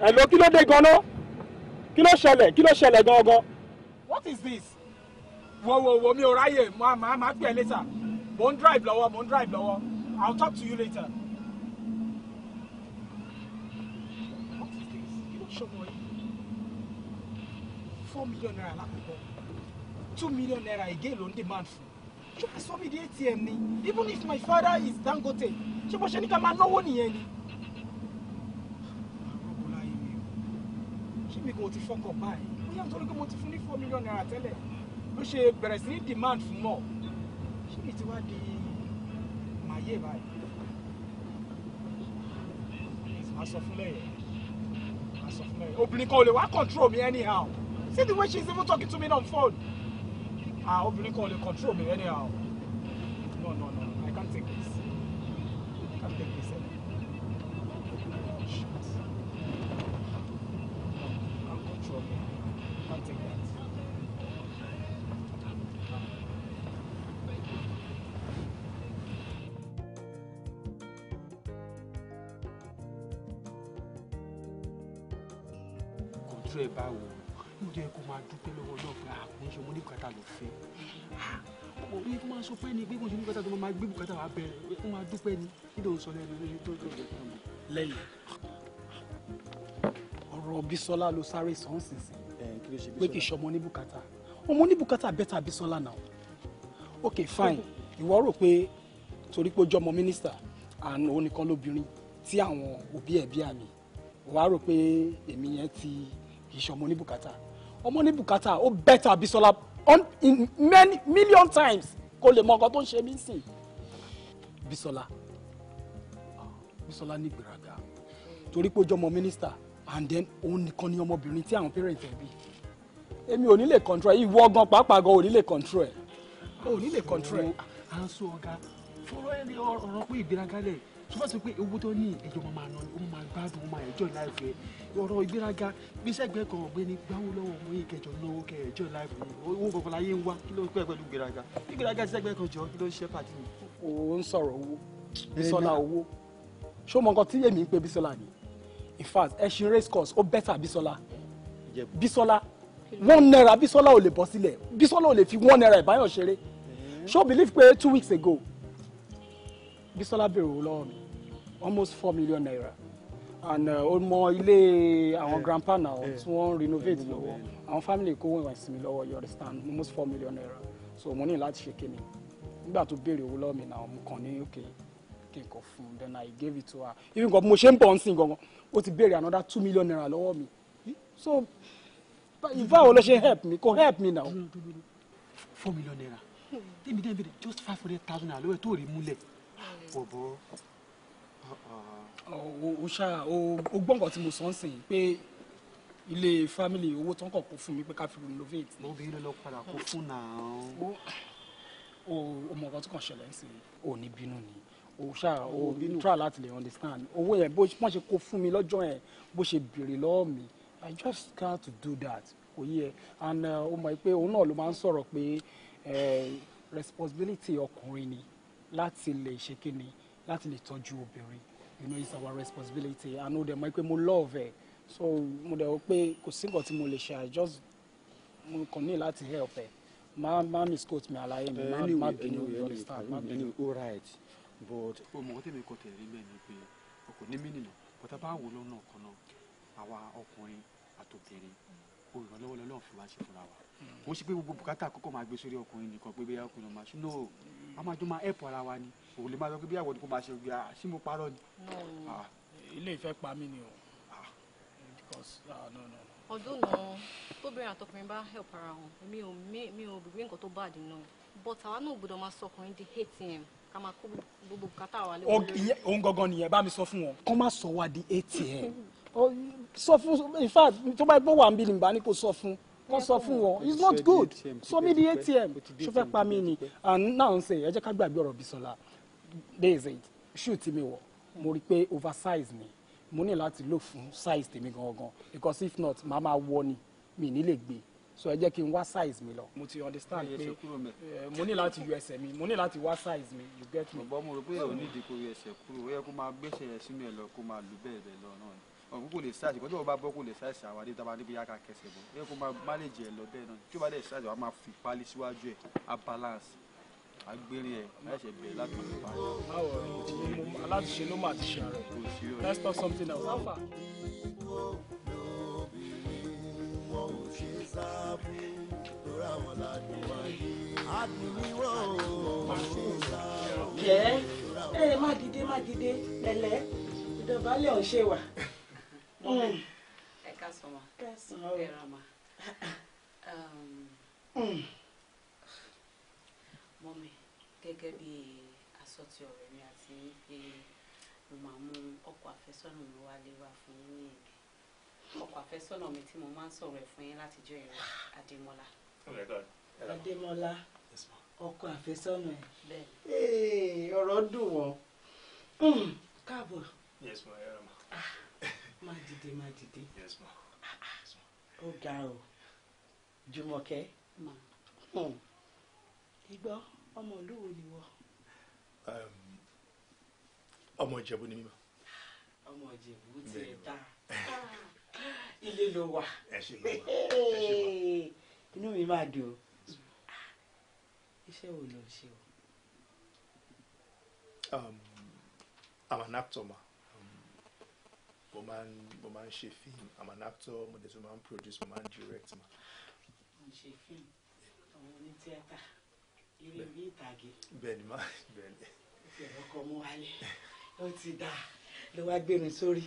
hello, kí ló dé gan ṣẹlẹ̀ kí ló ṣẹlẹ̀ gangan. what is this? wo wo wo mi ò ráyè máa máa máa pè é later mo ń drive lọ́wọ́ mo ń drive lọ́wọ́ i will talk to you later. what is this? kí ló ṣọmọ yìí four million naira lákòókò two million naira again ló ń demand fún ṣùgbọ́n sọ́mi di atm ni even if my father is Dangote ṣé bó ṣe ní ká máa náwó nìyẹn ni. mo ti fọkàn báyìí bóyá nítorí pé mo ti fún ní four million naira tẹ́lẹ̀ ló ṣe bẹ̀rẹ̀ sí ní demand fún mọ́ ṣé ní tiwa di màyé báyìí má sọ fún lẹ́yìn má sọ fún lẹ́yìn obìnrin kan ò lè wá control me anyhow see the way she is even talking to me on phone ah obìnrin kan ò lè control me anyhow no no no I can't take this I can't take this anymore. lẹ́yìn ọ̀rọ̀ Bísọ́lá ló sáré sàn sínsìn pé kì í ṣọmọ ní bùkátà ọmọ ní bùkátà bẹ́tà Bísọ́lá náà ok fine ìwọ rò pé torí pé ó jọmọ mínísítà àná oníkan lóbìnrin tí àwọn òbí ẹ̀ bí àmì wàá rò pé èmi yẹn ti kì í ṣọmọ ní Bukata. ọmọ ní Bukata. ó bẹ́tà bisola. in many million times kó lè mọ nǹkan tó ń ṣe mí sìn Bísọ́lá ah, Bísọ́lá nígbìrà torí pé ó jọmọ mínísítà and then òun nìkan ni ọmọbìnrin tí àwọn parent ẹ̀ bí èmi ò ní lè control ẹ̀ ìwọ gan pàápàá gan ò ní lè control ẹ̀ ò ní lè control ẹ̀. à ń sọ ọ̀gá fọlọ́ ẹni ọ̀rọ̀ pé ìgbéraga lẹ̀ tó pé owó tó ní ìjọba máa ná ó máa gbádùn ó máa enjoy life ọ̀rọ̀ ìgbéraga bí sẹ́gbẹ́ kan ọ̀gbẹ́ni gbáwó lọ́wọ́ ọmọ yìí kẹjọ náwó kẹ enjoy life owó kankan láyé ń wá kí ló pẹ́ pẹ̀lú ìgbéraga ìgbéraga sẹ́gbẹ́ kan jọ kí ló ń ṣe mi. ò sọ̀rọ̀ owó Bísọ́lá owó ṣó mọ nǹkan tí èmi ń pe Bísọ́lá ni in fact ẹṣin race course ó bẹ́tà Bisola Bisola one naira Bisola ò lè bọ́ sílẹ̀ Bisola ò lè fi one naira ìbáyọ̀ ṣeré mm-hmm. ṣó believe pé two weeks ago Bisola béèrè owó lọ́wọ́ mi almost four million naira and ọmọ uh, ilé àwọn eh, grandpa náà eh, tí wọ́n renovate lọ́wọ́ àwọn family kó wọ́n ìwọ̀n ìsinmi lọ́wọ́ you understand almost four million naira so mo ní láti ṣe kíni nígbà tó béèrè owó lọ́wọ́ mi náà mo kàn ní òkè kí n kò fún un then I gave it to her even gan mo ṣe ń bọ̀ ń sìn gangan ó ti béèrè another two million naira lọ́wọ́ mi so ìfá wo ló ṣe help me kò help me now. four million naira tèmi dẹ́n bèrè just five hundred thousand naira lọ́wọ́ tó rí múlẹ̀ bọ̀bọ̀. Ah, ah. o ṣá o gbọ́ nǹkan tí mo sọ ń sìn pé ilé family owó tán kàn kó fún mi pé ká fi renovate. mo bí lọ́lọ́ padà kó fún náà. o mọ̀ nǹkan tó kàn ṣẹlẹ̀ ń sìn. o ní bínú ni o ṣáà o try láti lè understand owó yẹn bó wọ́n ṣe kó fún mi lọ́jọ́ yẹn bó ṣe béèrè lọ́wọ́ mi i just can't do that kò yẹ e. and ó uh, mọ̀ pé òun náà ló máa ń sọ̀rọ̀ pé responsibility ọkùnrin ni láti lè ṣe kíni láti lè tọ́jú obìnrin you know it's our responsibility and ó dẹ̀ mọ̀ pé mo love ẹ̀ so mo dẹ̀ wò pé kò sí nǹkan tí mo lè ṣe i just mo kàn ní láti help ẹ̀ má má misquote mi àlàyé mi má bínú understand má bínú. anyway all right but o mọ̀ tẹ́mi kọ tẹ̀lé bẹ́ẹ̀ ni pé ọkọ ní mí nìyàn bá wò lọ́nà kan náà àwa ọkùnrin àtòbìnrin olùrànlọ́wọ́ lọ́lọ́run fi wá ṣe fúnra wa kò sí pé gbogbo bùkátà àkọ́kọ́ máa gbé sórí ọkùnrin nìkan pé bẹ́ẹ̀ ọkùnrin máa ṣúná o a máa jọ máa ẹ̀pọ̀ ara wa ni òun lè máa sọ pé bí àwọn òdìkó máa ṣe gbé a sí mo parọ́ ni. Ah. ilé ìfẹ́ pa mí ni o ọdún ah. ah, náà tóbìnrin àtọkùnrin bá help ara wọn mi ò mi ò rí nǹkan tó bá àdínà but àwa náà gbọ́dọ̀ máa sọ ọkùnrin di atm ká máa kó gbogbo kátà wà lé. òun gangan nìyẹn bá mi sọ fún wọn kó má sọ wá di atm sọ fún in fact tó bá gbọ́ wà ń bí ni bá ní kó sọ fún wọ́n sọ fún wọn it's not good sọ mí di atm ṣó fẹ́ pa mí ni and now ṣe ẹ jẹ́ ká gbàgbé ọ̀rọ̀ Bisola days eight shoe tí mi wọ̀ mo rí i pé oversize ni mo ní láti lò fún size tèmi gangan because if not màá máa wọ ni mi ní lè gbé so ẹ jẹ́ kí n wá size mi lọ. mo ti understand pé eh, mo ní láti yọ ẹsẹ̀ mi mo ní láti wá size mi you get me. ọ̀bọ mo rò pé ò ní ìdí kó yọ ẹsẹ̀ kúrò ó yẹ kó máa gbẹ́sẹ̀ yẹn sínú ẹ̀ lọ kó máa lù bẹ́ẹ̀ bẹ́ẹ̀ lọ náà ni ọ̀hún kò lè ṣáàṣì kó tó o bá bọ́ kó lè ṣáàṣì àwọn adé tábà níbi yàrá kẹsẹ̀ bọ̀ ó yẹ kó máa máléjì ẹ̀ lọ bẹ́ẹ̀ náà tí ó bá dẹ̀ ṣáàṣì wàá máa fi pálí síwájú ẹ̀ á balance agbérin ẹ̀ láṣẹ bẹ̀rẹ̀ láti fi pa. báwo ni aláṣẹ ló máa ti ṣe ààrẹ let's talk something else wọn ò ṣe sáàbù lórí àwọn ládùn wáyé àdùn ni wọn ò ṣe sáàbù. yẹ ẹ má dìde má dìde pẹ̀lẹ́ ìdọ̀bálẹ̀ ò ṣe wà. Mm. ẹ ká sọ ma ká sọ ma ẹ ra ma. Um, mm. mọ́mi gẹ́gẹ́ bí asọ́tì ọ̀rẹ́ mi àti pé mo máa mú ọkọ àfẹ́sọ́nà mi wálé wá fún yín ọkọ àfẹ́sọ́nà mi tí mo máa ń sọ̀rọ̀ ẹ̀ fún yín látijọ́ ìrìn Adémọ́lá. Adémọ́lá ọkọ àfẹ́sọ́nà ẹ̀ ọ̀rọ̀ dùn wọ́n hmm, káàbọ̀ ah, má dìde má dìde ó ga o Jùmọ̀kẹ́ hmm. igbọ́ ọmọ ni wọ́. Um, ọmọ Ìjẹ̀bú ni mímọ́. Ah, ọmọ Ìjẹ̀bú tiẹ̀ dáa. Ah ilé ló wà inú mi máa dùn iṣẹ́ wo ló ń ṣe o. Um, I'm an actor ma um, mo máa ń mo máa ń ṣe film I'm an actor mo dẹ̀ tún máa ń produce mo máa ń direct ma. mo ṣe film àwọn oní tíátà eré orí ìtàgé. bẹ́ẹ̀ni ma bẹ́ẹ̀ni. ìfẹ̀rọ̀kọ̀ mú wálé ó ti dáa ló wá gbẹ̀rù sórí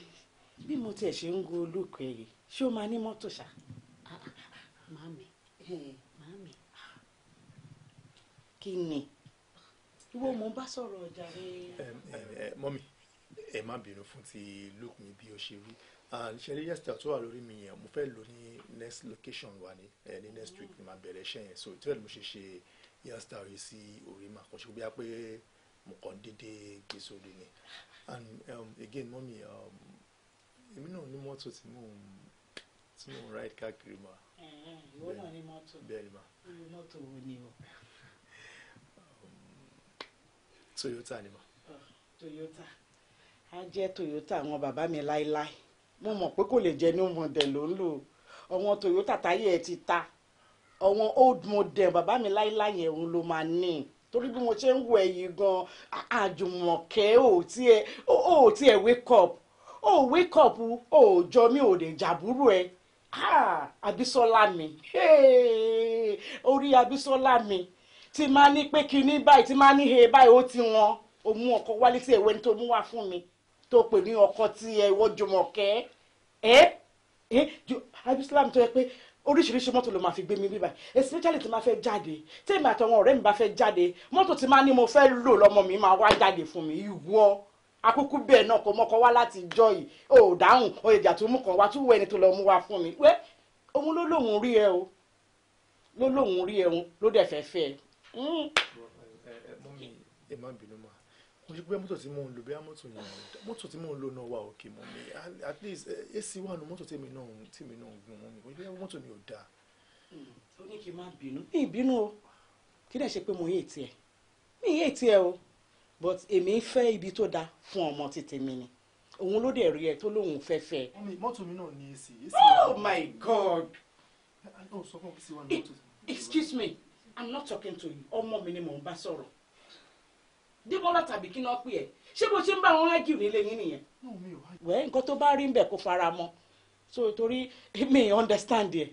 bí mo tiẹ̀ ṣe ń go olóòkè yìí ṣé o máa ní mọ́tò ṣá. Ah, ah, ah, màámi màámi kí ni ìwọ mò ń bá sọ̀rọ̀ ọjà rẹ. mọ́mí ẹ má bínú fún ti look mi bí o ṣe rí ṣẹlẹ yẹsẹ tó wà lórí mi yẹn mo fẹ́ lò ní next location wa ni ní next week ni màá bẹ̀rẹ̀ iṣẹ́ yẹn so ìtúrẹ́lì mo ṣe ṣe yẹsẹ rí sí orí mà kọ́ ṣe bí a pé mo kàn dédé gbé sórí ni and um, again mọ́mí um, èmi náà ní mọ́tò tí mò ń tí mò ń ride káàkiri ma. Mm-hmm. bẹ́ẹ̀ ni ma. Um, Toyota ni ma. Ah, Toyota a jẹ́ Toyota àwọn bàbá mi láéláé mo mọ̀ pé kò lè jẹ́ new model ló ń lò àwọn Toyota táyé ẹ̀ ti ta àwọn old model bàbá mi láéláé yẹn òun ló máa ní torí bí mo ṣe ń wọ ẹ̀yìn gan àjùmọ̀kẹ́ ò tiẹ̀ ò wake up ò wake up ò jọ mí ò lè jàbúrò ẹ̀ Ah, Abisola mi orí Abisola mi ti máa ní pé kinní báyìí ti máa ní he báyìí ó ti wọn ó mú ọkọ wálé tí èwe tó mú wá fún mi tó pè ní ọkọ tí ẹ wọ́n Jùmọ̀kẹ́ ẹ ẹ Abisola mi tó yẹ pé oríṣiríṣi mọ́tò ló máa fi gbé mi bíbá especially tí máa fẹ́ jáde tí èmi àtọwọn ọ̀rẹ́ mi bá fẹ́ jáde mọ́tò tí máa ní mo fẹ́ lò lọ́mọ mi máa wá jáde fún mi ìwọ akúkú bẹ́ẹ̀ náà kò mọ́kọ wá láti jọ yìí ò dáhùn ó ìjà tó mú kàn wá tún wọ ẹni tó lọ mú wá fún mi wẹ́ òun ló lóun rí ẹ o ló lóun rí ẹ o ló dẹ̀ fẹ́ fẹ́ ẹ. mọ́mí ẹ má bínú mọ́ mo ṣe pé mọ́tò tí mò ń lò bí i yẹn mọ́tò tí mò ń lò náà wà òkè mọ́mí at least eh, ac wà nù mọ́tò tèmi náà tèmi náà gùn mọ́mí mo ṣe pé mi ò dáa. Hmm. ó ní kí n má bínú bí ìbínú o kí dẹ̀ ṣe pé mo yé tiẹ̀ mi yé tiẹ̀ o but èmi ń fẹ́ ibi tó dáa fún ọmọ ti tèmi ni òun ló dẹ̀ rí ẹ tó lóun fẹ́ fẹ́. mọ́mí mọ́tò mi náà ní èsì. oh my god. E, excuse me i'm not talking to you ọmọ mi ni mò ń bá sọ̀rọ̀ débọ́lá tàbí kí náà pè ẹ́ ṣé bó ṣe ń bá wọn ágìrì nílé yín nìyẹn. wẹ́ẹ́ nǹkan tó bá rí ń bẹ̀ kó fara mọ́ so torí mi understand ẹ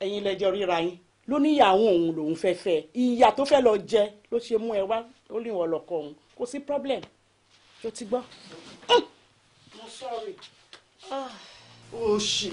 ẹ̀yin lẹ́jọ́ ríra yín ló níyàwó òun lòun fẹ́ fẹ́ ìyà tó fẹ́ lọ jẹ ló ṣe mú ẹ wá ó lè wọ́n lọ kọ́ òun kò sí problem tó ti gbọ́. mo sọ̀rọ̀ o ṣì.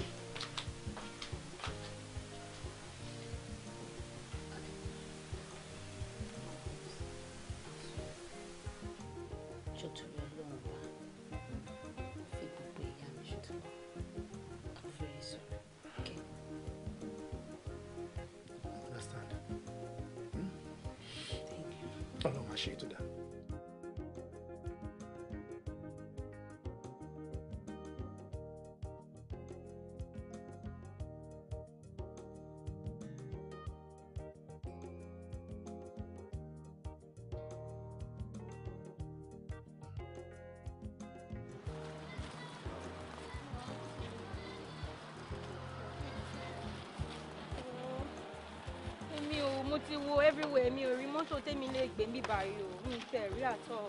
lè gbé mi báyìí o mi tẹ̀ rí àtọ̀.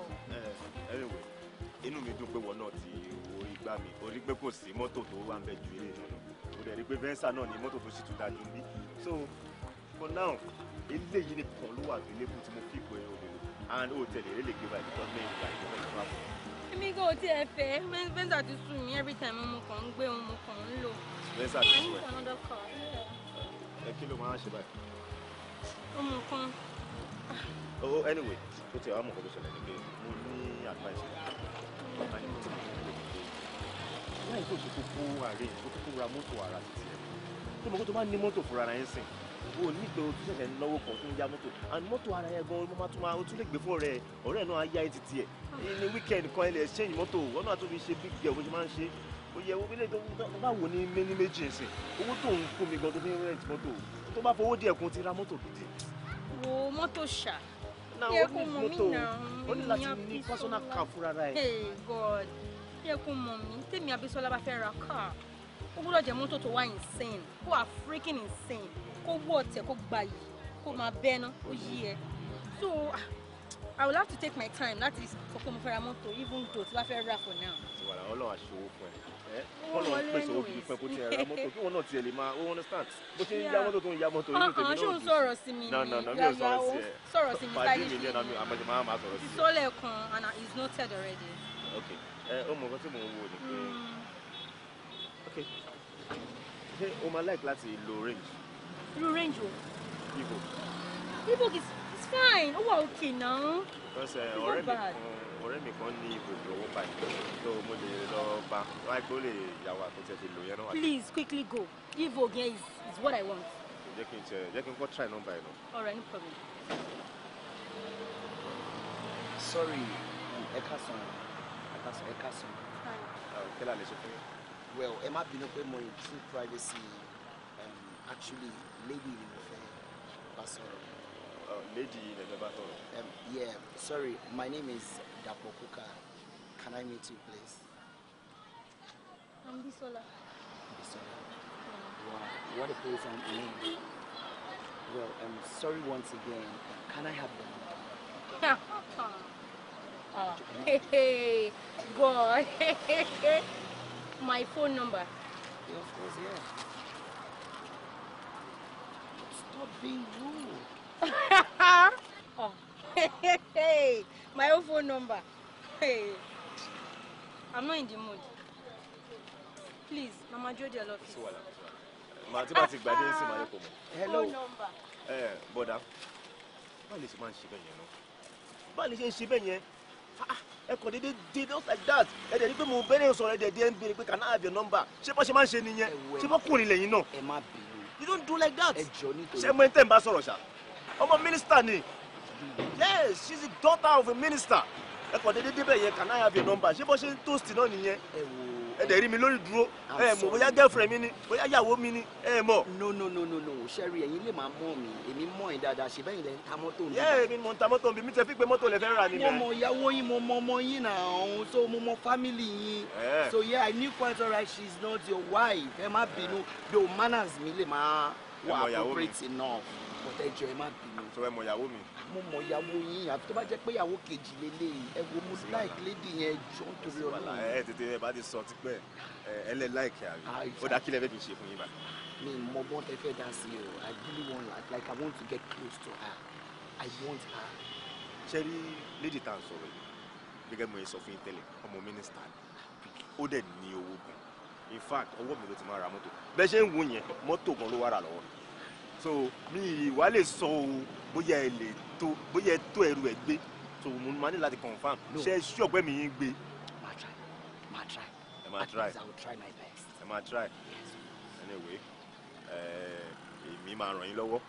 ẹ inú mi dùn pé wọn náà ti orí gbá mi orí pé kò sí mọ́tò tó wà ń bẹ ju eré náà lọ dẹ̀ rí pé Venza náà ni mọ́tò tó sì tún dájú bí so for now eléyìí nìkan ló wà available tí mo fi ìpò ẹ̀rọ lè lò and ó tẹ̀lé lè gbé báyìí because mi ò gbà ìjọba ìjọba fún èmi kò tiẹ̀ fẹ́ Venza ti sùn mí every time mo kàn ń gbé òun mo kàn ń lò. Venza ti sùn ẹ ẹ kí ló máa ń ṣe báyìí. ọmọ kan oh anyway tó ti àwọn ọmọkùnrin sọ̀rọ̀ ni pé mo ní advice bàbá ni mo ti mọ̀ pé láì tó ti kókó ààrẹ tó kókó ra mọ́tò ara títí ẹ̀ tó mọ̀ kó tó bá ní mọ́tò fúnra ara ẹ̀ sìn o ní pé o tún lọ́wọ́ kan fún ya mọ́tò and mọ́tò ara ẹ̀ gan-an ló máa tún máa o tún lè gbé fún ọ̀rẹ́ ọ̀rẹ́ náà á yá ẹ̀ títí ẹ̀ ní weekend kan ẹ̀ lè ṣẹ́yìn mọ́tò wọn náà tún fi ṣe big deal bó ṣe máa ń ṣe ó yẹ owó ilé tó bá wò ní méní méjì ẹ̀sìn owó tó ń fún mi gan tó fi ń rent mọ́tò tó bá fowó díẹ̀ kún ti ra mọ́tò gidi. wo mọ́tò ṣáà now ó ní mọ́tò ó ní láti ní personal car fúnra rẹ̀. hey god yẹ kó mọ̀ mí tèmi Abísọ́lá bá fẹ́ ra car ó gbọ́dọ̀ jẹ́ mọ́tò tó wá insane kó wà freaking insane kó wọ ọ̀tẹ̀ kó gba yìí kó máa bẹ́ná ó yí ẹ so ah, I will have to take my time láti sọ pé mo fẹ́ ra moto. even though tí wàá fẹ́ rà for now. ṣùgbọ́n àwọn ọlọ́run fún ẹ wọn pèsè owó kìí pẹ́ tiẹ̀ ra mọ́tò kí wọn náà tiẹ̀ lè máa wọ́n understand bó ṣe ń ya mọ́tò tó ń ya mọ́tò inú tèmi náà ṣé sọ̀rọ̀ sí mi ni yàyà o sọ̀rọ̀ sí mi sáyé sí mi àmọ̀jẹ̀ máa máa sọ̀rọ̀ sí mi. ìsọlẹ̀ kan and it's noted already. ok ẹ ó mọ nǹkan tí mò ń wò ni pé hmm. ok ṣé o máa like láti lo range. lo range o. ibo. ibo is fine ó wà òkè náà. because eh, ọ̀rẹ́ mi kan ọ̀rẹ́ mi kan ní ibùdó owó báyìí tó mo lè lọ bá láì ó lè yà wá ti lò yẹn náà. please quickly go give oge is is what i want. jẹ́ kí n tẹ jẹ́ kí n kọ́ try number yẹn náà. all right no problem. sorry ẹ ká sàn ẹ ká sàn. Ah, kí la ṣe fún well ẹ má bínú pé mo in true privacy um, actually lady ni mo fẹ́ bá sọ̀rọ̀. Oh, lady in the Bebatoro. Um, yeah, sorry, my name is Dapokuka. Can I meet you, please? I'm Bisola. Bisola. Wow, what a pleasant name. Well, I'm um, sorry once again. Can I have the number? oh, hey, hey, boy! my phone number. Yeah, of course, yeah. Stop being rude. oh. my own phone number. Hey. I'm not in the mood. Please, Mama Jodi, I love you. Màá tí bá ti gbàdé ń sìn Hello. Ẹ eh, bọ̀dá, báwo lè ṣe máa ń ṣe bẹ́ẹ̀ yẹn náà? Báwo lè ṣe ń ṣe bẹ́ẹ̀ yẹn? Ah, like that. Ẹ dẹ̀ ní pé mo bẹ́rẹ̀ sọ̀rọ̀ ẹ dẹ̀ dé ń can I have your number? Ṣé bọ́ ṣe máa ń ṣe nìyẹn? Ṣé bọ́ kùnrin lẹ́yìn náà? Ẹ má bínú. You don't do like that. Ẹ jọ nítorí. Ṣé mo ń tẹ̀ ń bá sọ̀rọ̀ ṣá? ọmọ mínísítà ni yes she's the daughter of a minister ẹ kàn déédéé débẹ̀ yẹn can I have your number ṣé bó ṣe ń toast náà nìyẹn ẹ wò ó ẹ dẹ̀ rí mi lórí dúró ẹ mọ̀ bóyá girlfriend mi ni bóyá ìyàwó mi ni ẹ mọ̀. no no no no no sẹ́rí ẹ̀yin lè máa mọ̀ mi èmi mọ̀ ẹ̀ dáadáa ṣe bẹ́yìn lẹ́ ń ta mọ́tò mi. yẹ́ẹ̀ mi mọ̀ ń ta mọ́tò mi mi tẹ́ fi pé mọ́tò lẹ fẹ́ rà níbẹ̀. mo mọ ìyàwó yín mo mọ ọmọ yín náà ọ̀hún so mo mọ family yín eh. so yeah I knew quite alright she is not your wife ẹ má bínú though manners mi lè máa wà appropriate enough bọ̀tẹ́ ẹ má bínú. sọ ẹ mọ mi. mo mọ yín àfi tó bá jẹ́ pé ìyàwó kejì lélẹ̀ ẹ wo mo like lady yẹn jọ nítorí ọlọ́run. ẹ tètè ẹ bá ti sọ tipẹ́ ẹ lẹ like àrí ó dá kílẹ̀ bẹ́ẹ̀ kì í ṣe fún yín bá. mi mọ bọ́n tẹ fẹ́ dá sí o i really want like i want to get close to her i want her. ṣe rí lady tá à ń sọ̀rọ̀ yìí gẹ́gẹ́ mo sọ fún yín tẹ́lẹ̀ ọmọ mínísítà ó dẹ̀ ní owó gan in fact ọwọ́ mi ló ti máa ra mọ́tò bẹ́ẹ̀ ṣe ń wù yẹn mọ́tò gan ló wà rà lọ́wọ́ mi so mi ìwà lè sọ ohun bóyá ẹ lè tó bóyá ẹ tó ẹrù ẹ gbé so mo máa ní láti confam ṣe ṣú ọ̀pẹ mi yín gbé. máa try máa try ẹ try at least i will try my best. ẹ máa try anyway èmi máa ràn yín lọ́wọ́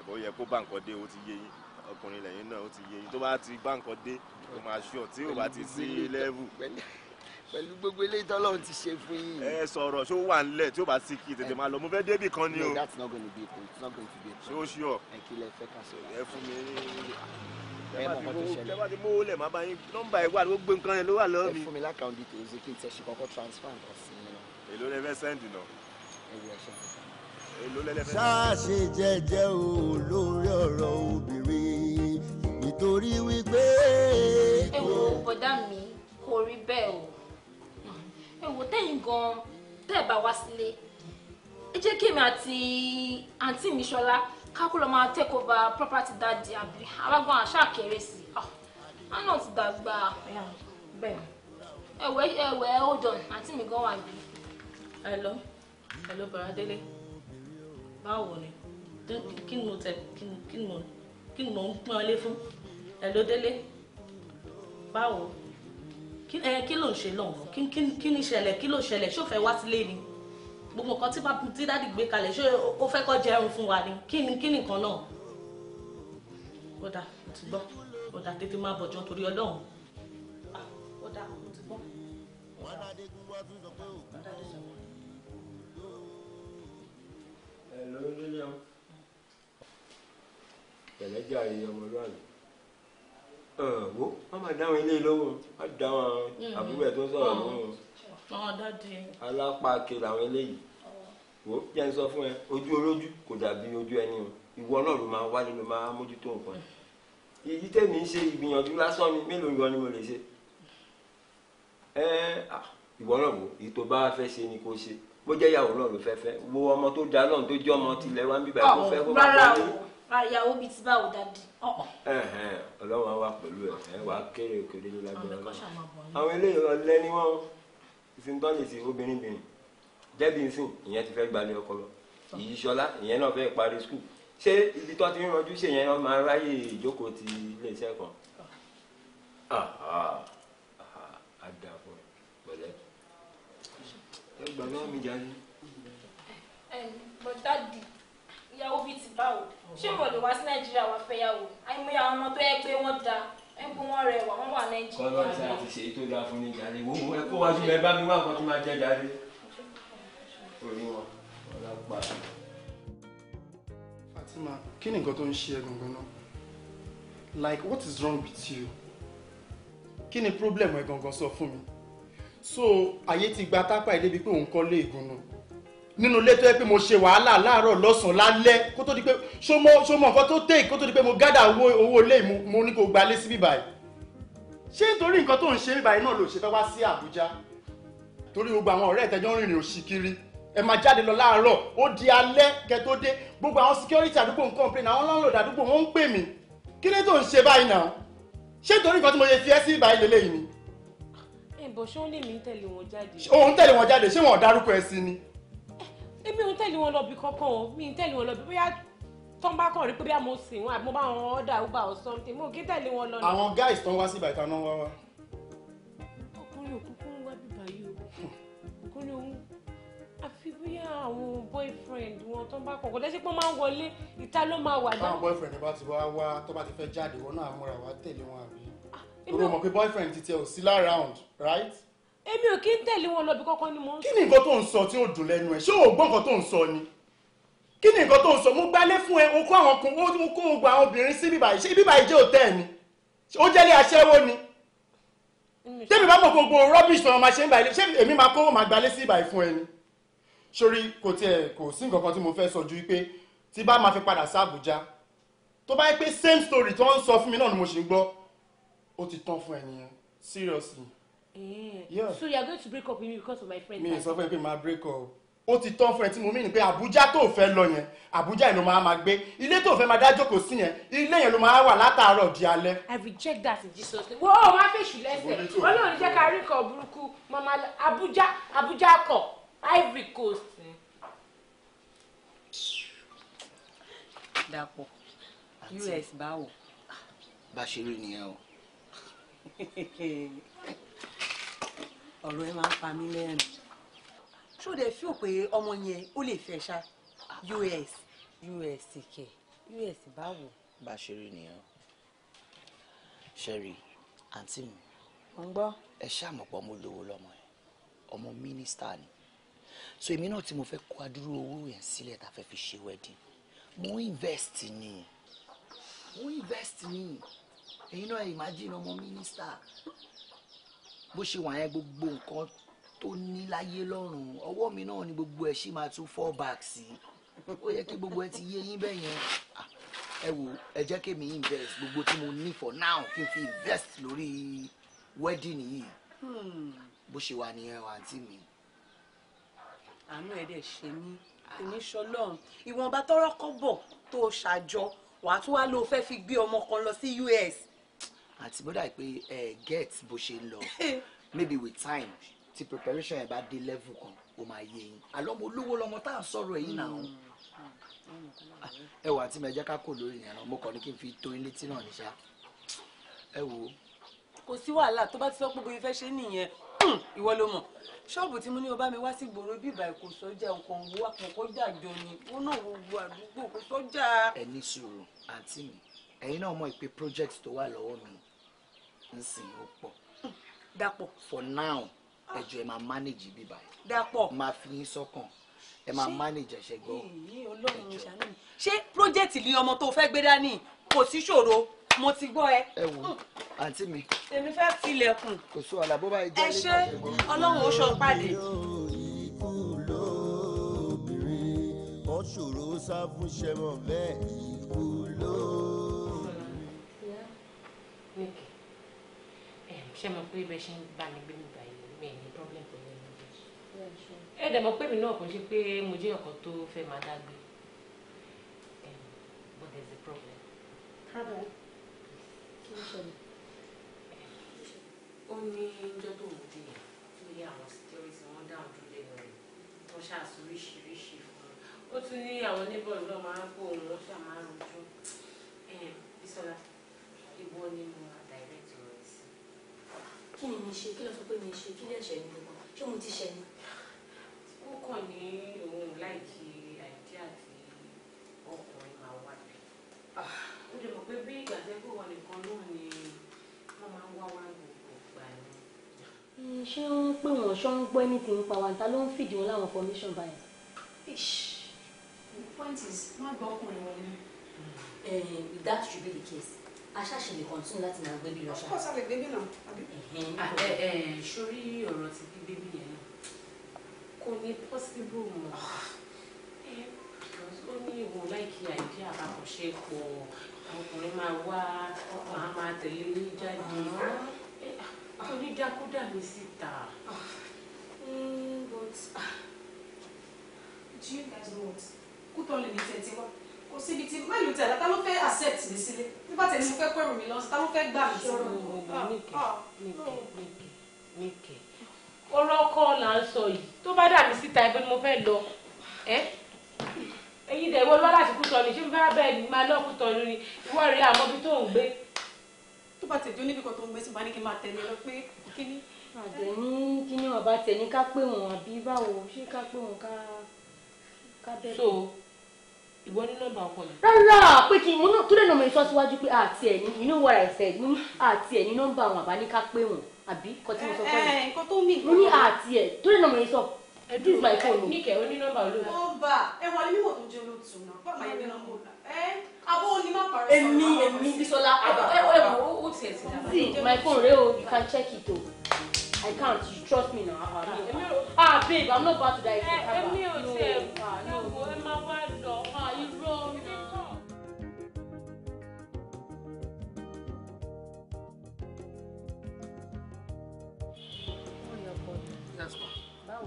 ẹ̀bọ́ yẹ kó bá nǹkan dé ó ti yé yín ọkùnrin lẹ́yìn náà ó ti yé yín tó bá ti bá nǹkan dé ó máa ṣú tí ò bá ti sí level pẹ̀lú gbogbo eléyìí tọ́lọ́run ti ṣe fún yín. ẹ sọ̀rọ̀ ṣó wà nílẹ̀ tí ó bá sick tètè máa lọ mo fẹ́ débì kan ni o. no that's not gonna be it it's not going to be it. ṣé o ṣí ọ. ẹ kí lẹ fẹ́ ká sọ. ẹ fún mi ẹ mọ ọkọ tó ṣẹlẹ̀. ẹ bá ti mówó lẹ̀ má bá yín nọ́mbà ẹ̀ wà ló gbé nǹkan yẹn ló wà lọ́wọ́ mi. ẹ fún mi lákàndí tó ṣe kí n tẹ̀ kọ́kọ́ transfer nǹkan sí mi. èló lẹ fẹ́ sẹ́ndì náà. èló lẹ fẹ́ ọ̀rọ̀ obìnrin nítorí wípé. ẹ wo bọ̀dá mi kò rí bẹ́ẹ̀ o ẹ wò tẹ́yìn gan tẹ́ ẹ bá wá sílé ẹ jẹ́ kémi àti àǹtí mi ṣọlá kákó lọ́ọ́ máa take over property dáàdì àbí alágbọ́n àṣà kéré sí i wọn ah, náà ti dàgbà bẹ́ẹ̀ ẹ̀wẹ̀ hold on àǹtí mi gan wà bí. hello hello Bàràdélé báwo ni kí ni mo tẹ kí ni mo ń pín ọ lé fún hello Délé báwo. Eh, kí ló ń ṣe lọ́wọ́ kí ni ṣẹlẹ̀ kí ló ṣẹlẹ̀ ṣó fẹ́ wá sílé ni gbogbo nǹkan tí bàbá tí dáàdì gbé kalẹ̀ ṣé ó fẹ́ kọ́ jẹun fún wa ni kí ni kí nìkan náà ó dà mo ti gbọ́ ó dà tètè máa bọ̀jọ́ torí ọlọ́run ah, ó dà mo ti gbọ́. ẹ lóyún nínú ẹ pẹ̀lẹ́jà iye ọmọlúwàbí wo wọn máa dáhùn ilé lọ́wọ́ wọn dáhùn mm-hmm. àbúrò ẹ̀ tó ń sọ̀rọ̀ lọ́wọ́ mm-hmm. alápàáké làwọn eléyìí wo jẹ́ ń sọ fún ẹ ojú olójú kò dàbí ojú ẹni o ìwọ ọlọ́run máa wá nínú máa mójútó nǹkan mm-hmm. èyí tèmi ń ṣe ìgbìyànjú lásán ni mélòó ìwọ ni mo lè ṣe ẹ ìwọ náà wò èyí tó bá fẹ́ ṣe ni kò ṣe bó jẹ́ ìyàwó náà ló fẹ́ fẹ́ wo ọmọ tó da náà tó jẹ́ ọmọ tilẹ̀ wá ń bíbá ẹ̀ kó fẹ́ kó máa bọ́ ọ́ àyàwó bíi ti báwo dáadé. Oh, oh. ọlọ́run á wà pẹ̀lú ẹ̀ ẹ̀ wàá kéré òkèlè ló lágbára ọlọ́run àwọn eléyìí ọ̀lẹ́ ni wọ́n ìsìntọ́lì sí obìnrin bìnrin jẹ́bi nsìn ìyẹn ti fẹ́ gbalẹ̀ ọkọ lọ ìyíṣọlá ìyẹn náà fẹ́ parí skul ṣé ibi tó ti ń rọjú ṣe yẹn wọ́n máa ráyè ìjókòó ti iléeṣẹ́ kan á dà fún ẹ pẹ̀lẹ́ ẹ gbàgbọ́ mi jáde. ẹ bọ́dá dì í ìyàwó bíi ti báwo ṣé mo lè wá sí nàìjíríà wá fẹ́ yàwó àìmọye àwọn ọmọ tó yẹ pé wọ́n da ẹ̀kú wọn rẹwà wọ́n wà nàìjíríà. kọ́lọ́ ṣe àti ṣe tó dáa fún ní jàre wo ẹ kó wájú ẹ bá mi wá nǹkan tó máa jẹ jàre. Fatima kí ni nǹkan tó ń ṣe ẹ gangan náà like what is wrong with you kí ni problem ẹ gangan sọ fún mi so ayé ti gba tápá ẹ débi pé òun kọ́ lé ìgúnnu nínú ilé tó yẹ pé mo ṣe wàhálà láàárọ̀ lọ́sàn-án lálẹ́ kó tó di pé ṣọmọ ṣọmọ nǹkan tó tẹ̀ kó tó di pé mo gádà owó owó ilé mo ní kó gba lé sí bíbáyìí ṣé nítorí nǹkan tó ń ṣe bíbáyìí náà ló ṣe fẹ́ wá sí Àbújá torí gbogbo àwọn ọ̀rẹ́ ìtẹ́jọ́ rìnrìn òṣì kiri ẹ máa jáde lọ láàárọ̀ ó di alẹ́ kẹ́ tó dé gbogbo àwọn security àdúgbò ń complain àwọn landlord àdúgbò wọ́n ń pè mí kí ló tó ń ṣe báyìí náà ṣé nítorí nǹkan tí mo ṣe fi ẹ́ sí báyìí lélẹ́yìn ni. ẹ bọ ṣé ó lè mí tẹ̀lé wọn jáde. òun tẹ̀lé wọn jáde ṣé wọn ò dárúkọ ẹ sí ni èmi ò ń tẹ̀lé wọn lọ́bi kankan o mi ń tẹ̀lé wọn lọ́bi bóyá tó ń bá kàn rí pé bí a mo sìn wọn àbí mo bá wọn ọ̀dà uber or something mo kí tẹ̀lé wọn lọ. àwọn guys tó ń wá sí ìbàdàn náà wá wá. ọkùnrin òkùnkùn ń wá bíbá yìí o ọkùnrin òun àfi bóyá àwọn boyfriend wọn tó ń bá kàn kò dẹ́sí pé wọ́n máa ń wọlé ìta ló máa wà dáhùn. táwọn boyfriend bá ti wá wá tó bá ti fẹ́ jáde wọn náà múra wá tẹ̀lé wọn àbí. Ah, torí o mọ̀ pé boyfriend ti tẹ ò sí lára right èmi ò kí ń tẹ̀lé wọn lọ́bi kọ́kọ́ ni mo ń sọ. kí ni nǹkan tó ń sọ tí ó dùn lẹ́nu ẹ̀ ṣé o gbọ́ nǹkan tó ń sọ ni kí ni nǹkan tó ń sọ mo gbálé fún ẹ o kó àwọn kun o kó o gba àwọn obìnrin sí bíbá ṣé bíbá jẹ́ òtẹ́ ni ó jẹ́lé aṣẹ́wó ni tẹ́mi bá mọ̀ gbogbo rubbish náà máa ṣe ń báyìí ṣé èmi máa kó máa gbálé sí bíbá yìí fún ẹni sórí kò tiẹ̀ kò sí nǹkan kan tí mo fẹ́ sọ ju pé tí bá máa fi padà sí Àbújá tó bá yẹ pé same story tó ń sọ fún mi náà ni mo ṣì ń gbọ́ ó ti tán fún ẹnìyẹn seriously Eh. yeah. so you are going to break up with me because of my friend. mi sọ fún ẹ pé break up ó ti tán fún ẹ tí mo mí ni pé àbújá tó fẹ́ lọ yẹn àbújá yẹn ló máa máa gbé ilé tó fẹ́ máa dá jókòó sí yẹn ilé yẹn ló máa wà látàárọ̀ di alẹ́. i reject that in jesus name. wo o máa fèsì lẹ́sẹ̀ ọlọ́run jẹ́ ká rí kan burúkú mama abuja abuja kọ ivory coast. dàpọ̀ us báwo. bá a ṣe rí nìyẹn o. ọ̀rọ̀ ẹ máa ń pa mí lẹ́rìn. ṣó dẹ̀ fíò ọmọ yẹn ó lè fẹ́ ṣá us. us kẹ us báwo. bá a ṣe rí nìyẹn ṣẹ́rí àǹtí mi. mo ń gbọ́. ẹ ṣàmọ̀pọ̀ mo lówó lọ́mọ ẹ̀ ọmọ mínísítà ni so èmi náà tí mo fẹ́ kó adúrú owó yẹn sílẹ̀ tá a fẹ́ fi ṣe wedding mo invest ni mo invest ni èyí náà imagine ọmọ mínísítà bó ṣe wà yẹn gbogbo nǹkan tó ní láyé lọ́rùn ọwọ́ mi náà ni gbogbo ẹ̀ ṣì máa tún fall back sí ó yẹ kí gbogbo ẹ ti yé yín bẹ́ẹ̀ yẹn ẹ wò ẹ jẹ́ kí mi invest gbogbo tí mo ní for now kí n fi invest lórí wedding yìí hmm. bó ṣe wà nìyẹn wà àǹtí mi. àánú ẹ dẹ̀ ṣe mí oníṣọlọ́run ìwọ̀nba tọ́rọ́ kọ́ bọ̀ tó ṣàjọ wàá tún wá lọ fẹ́ fi gbé ọmọ kan lọ sí US àti bó dàbí pé ẹ get bó ṣe lọ maybe with time ti preparation ẹ bá dé level kan ó máa yé yín àlọ́ mo lówó lọ́mọ tá à ń sọ̀rọ̀ ẹ̀yìn náà hmm. ẹ wà tí mo jẹ́ ká kò lórí yẹn mo kàn ní kí n fi tó ilé tí náà ní sá ẹ wò ó. kò sí wàhálà tó bá ti sọ pé bóyá fẹ́ ṣe nìyẹn hmm, ìwọ ló mọ̀ ṣọ́ọ̀bù tí mo ní o bá mi wá sí gbòòrò bíbà kò sọ́jà nǹkan owó àkànkọ́jà jọ ni ó náà wo gbogbo àdúgbò kò sọ́jà. ẹ ní sùúrù àǹtí mi ẹ̀yin náà mọ̀ pé project tó wà lọ́wọ́ mi nsìn ó pọ̀. Hmm, dapò. for now ah. ẹ jọ̀ọ́ ẹ máa manage bí báyìí. dapò. máa fi yín sọ́kàn ẹ máa manage ẹ̀ṣẹ̀ gbọ́. ọlọ́run ṣàánú mi ṣé pírójẹ́tì lé ọmọ tó fẹ́ gbé dání kò sí ṣòro mo ti gbọ́ ẹ. ẹ wo hmm. àǹtí mi. èmi fẹ́ tilẹ̀kùn. kò sí ọ̀la bó bá yẹ jẹ́ ẹ ṣe ọlọ́run ó ṣọ pàdé. wọ́n ṣòro sá fún ṣẹmọ bẹ́ẹ̀ ikú ló. Nick ṣe mọ̀ pé bẹ́ẹ̀ ṣe ń bá mi gbé mi báyìí mi ní problem pẹ̀lú ẹni méjèèjì. ẹ dẹ̀ mọ̀ pé mi náà kò ṣe pé mo jẹ́ ọ̀kan tó fẹ́ máa dágbé but there is a problem. problem kí ló ṣẹlẹ̀. ó ní ọjọ́ tó ń dé yẹn lórí àwọn security wọn dáhùn dúró lẹ́nu rẹ̀ wọ́n ṣàṣù oríṣiríṣi fún un ó tún ní àwọn neighbor náà máa ń kó òun wọ́n ṣàmáà rojú Bísọ́lá ìwọ ni mo kí ni mi ṣe kí ló sọ pé mi ṣe kí lè ṣe ní gbogbo ṣé mo ti ṣe ni. ó kàn ní òun láìkí àìdí àti ọkùnrin máa wá bí. ó dẹ̀ mọ̀ pé bí ìgbà tẹ́ kó wọn nìkan náà ni wọ́n máa ń wá wá gbogbo ìgbà ni. Hmm, ṣé ó ń pè wọ́n ṣọ́ ń gbọ́ ẹni tí ń pa wa ta ló ń fìdí wọn láwọn formation báyìí. the point is má gbọ́ ọkùnrin eh, that should be the case aṣáṣe lè kọ̀ntún láti máa gbé bí lọ ṣá. ọkọ lè gbé bí náà. Ah, ẹ ẹ sórí ọ̀rọ̀ ti gbígbé bí yẹn náà kò ní pọ́síbù mọ́ ah. ó ní ìwọ̀n láìkí àìdí àbàkọ̀ṣe pọ̀ ọkùnrin máa wá máa máa tẹ̀lé ní jáde ah, onídàkúdà mi síta. Hmm, but do you guys know what? kútọ́ lè ní tẹ̀síwájú kò síbi tí mẹ́lùú tẹ̀ lọ́ta ló fẹ́ accept mi sílé nígbà tẹ̀ ni mo fẹ́ pẹ̀rù mi lọ sí ta ló fẹ́ gbà mí sí ah, mi. Ah, ọ̀rọ̀ ọkọ là ń sọ yìí tó bá dà mí síta ẹgbẹ́ ni mo fẹ́ lọ ẹyin dẹ̀ wọ́n lọ́la àsìkò tọ̀ ni ṣé mo fẹ́ bẹ́ẹ̀ ni máa lọ́kù tọ̀ ni ìwọ rí àmọ́ bí tó ń gbé. tó bá tẹ̀jú níbi kan tó ń gbé sí báníkì máa tẹ̀lé lọ pé kíní. àdẹ̀ní kíní ọ̀bá tẹ̀ ní ká pè wọ́n àbí báwo ṣé ká pè wọ́n ká bẹ́ẹ̀ ìwọ ní nọ́mbà ọkọ mi. rárá pé kí n tó dẹ̀ nọ́mbà ìṣọ́ síwájú pé àti ẹ̀ ní you know what I said mo ní àti ẹ̀ ní nọ́mbà àwọn àbáníká pé wọ́n àbí kọ́ tí mo sọ fún ẹ. Eh, eh, nǹkan tó mì. mo ní àti ẹ̀ tó dẹ̀ nọ́mbà ìṣọ́ this my phone. níkẹ́ ó ní nọ́mbà olóòtú. nọ́mbà ẹ wọlé mímọ̀ tó jẹ́ olóòtú náà bá máa yẹ nọ́mbà ẹ eh, abọ́ òní má parọ́ sọ́ọ́. èmi èmi Bísọ́lá àbá ẹ ẹ wò ó tiẹ̀ sí. see my phone rẹ you can check it o. I can't. You trust me now. Ah, ah, ah babe, I'm not about to die. Eh, no, no, no.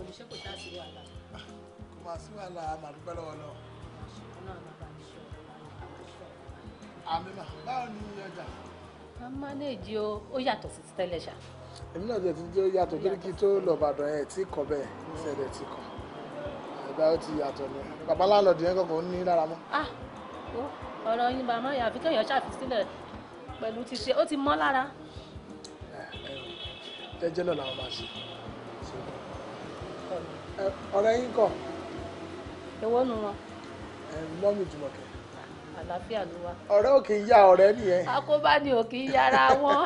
mi ṣé kò sá sí wàhálà. kò máa sí wàhálà màdúpẹ́ lọ́wọ́ náà. àmì mà báwo ni ọjà. a mánéèjì o ó yàtọ̀ sí ti tẹ́lẹ̀ ṣá. èmi náà jẹ́ ti jẹ́ yàtọ̀ torí kí tó lọ Ìbàdàn ẹ̀ tí kọ̀ bẹ́ẹ̀ ṣẹlẹ̀ tí kọ̀ ẹ̀dá ó ti yàtọ̀ ni bàbá láńlọ́ọ̀dù yẹn kọ̀ọ̀kan ó ní lára mọ́. ah ọ̀rọ̀ yín bàmá yà àfi kéèyàn ṣàfisílẹ̀ pẹ̀lú ti ṣe ó ti mọ́ lára. jẹ́jẹ́ lọ́la wọn máa ṣe. Uh, ọ̀rẹ́ yín kọ̀. èwo nu wọn. ẹ mọ́mí jùmọ̀kẹ́. àlàáfíà ló wà. ọ̀rẹ́ ò kì í ya ọ̀rẹ́ nìyẹn. àkóbá ni ò kì í yára wọn.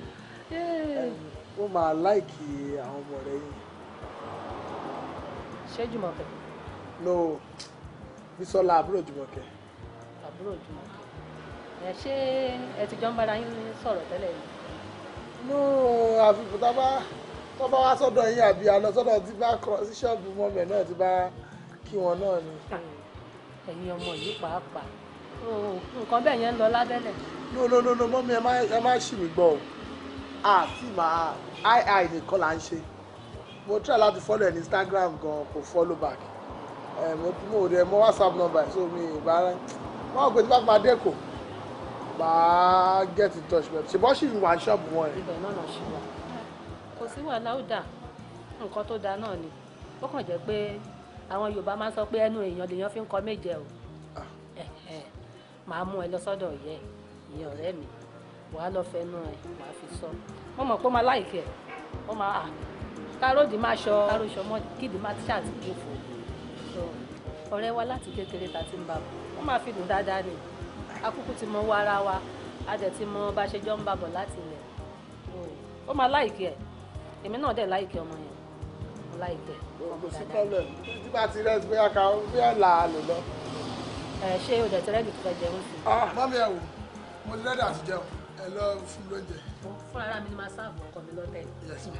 ó máa láìkì àwọn ọmọ rẹ yìí. ṣé jùmọ̀kẹ́. no Bísọ́lá àbúrò jùmọ̀kẹ́. àbúrò jùmọ̀kẹ́ ẹ ṣé ẹ ti jọ ń bára yín sọ̀rọ̀ tẹ́lẹ̀ yìí. no àfikún tá a bá tó bá wá sọ́dọ̀ yín àbí àlọ́ sọ́dọ̀ tí bá kọ sí ṣọ́ọ̀bù mọ́mẹ́ náà ti bá kí wọn náà ni. ẹ̀yin ọmọ yìí pàápàá nǹkan bẹ́ẹ̀ yẹn ń lọ lábẹ́lẹ̀. no no no no mọ́mí ẹ má ṣì mí gbọ́ o àti màá ai ai nìkan là ń ṣe mo try láti follow ẹ ní Instagram gan kò follow back mo rẹ mo WhatsApp number so mi ìbá rẹ wọn ò pè tí bá fi máa dẹ́kọ̀ máa get in touch pẹ̀lú ṣùgbọ́n ṣì ń wá ṣọ́ọ̀bù wọn rẹ̀. ibẹ̀ náà lọ ṣe wà. sí wàhálà ó tó da náà ni ó kàn jẹ́ pé àwọn Yorùbá máa ń sọ pé ẹnu èèyàn lèèyàn fi ń kọ méje o ah. màá mú ẹ lọ sọ́dọ̀ yẹ ìyẹn ọ̀rẹ́ mi wàá lọ fẹnu ẹ wàá fi sọ mo mọ̀ pé ó máa láìkẹ́ ó máa à ah, káròdì máa ṣọ wa láti kékeré ta ti ń bọ̀ ó máa ni akúkú ti mọ ara wa a dẹ̀ ti mọ bá ṣe jọ ń èmi náà dẹ̀ láìkẹ́ ọmọ yẹn mo láìkẹ́. kò sí pọ́lẹ̀ tí bá ti rẹ́sì bóyá ká bóyá là á lò lọ. ẹ ṣé o dẹ̀ ti rẹ́dì tó fẹ́ jẹun sí. Ah, mọ́mí ẹ̀ wò mo ti rẹ́dì àti jẹun ẹ lọ fún lóúnjẹ. fúnra ara mi ni màá sáàbù ọkọ mi lọ́tẹ̀ẹ̀lì.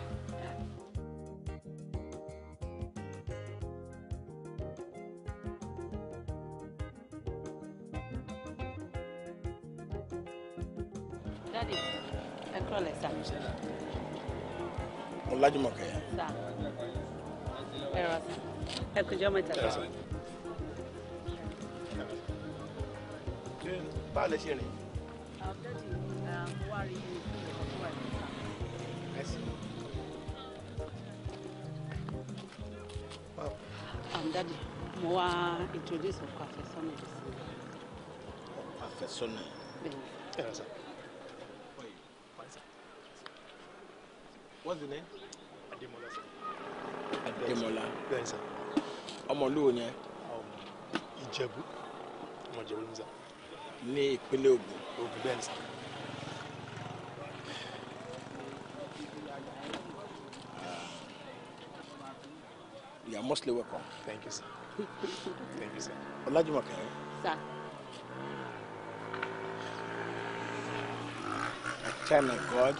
Daddy, I call it Sam mo lájùmọ̀kẹ́. ẹ kú jọ́ mẹ́ta. báwo lè ṣe rìn. Um, um, daddy, mo wá introduce ọkọ àfẹ́sọ́nà yìí sí. ọkọ àfẹ́sọ́nà yìí. bẹ́ẹ̀ni. What's the name? Dèmọ́lá ọmọlúwo ni ẹ. Ìjẹ̀bú ọmọ Ìjẹ̀bú ni sá. ní ìpínlẹ̀ Ògùn. Ògùn bẹ́ẹ̀ ni sá. You are mostly welcome. Thank you, sir. Thank you, sir. Olajumoke. Sir. A child of God.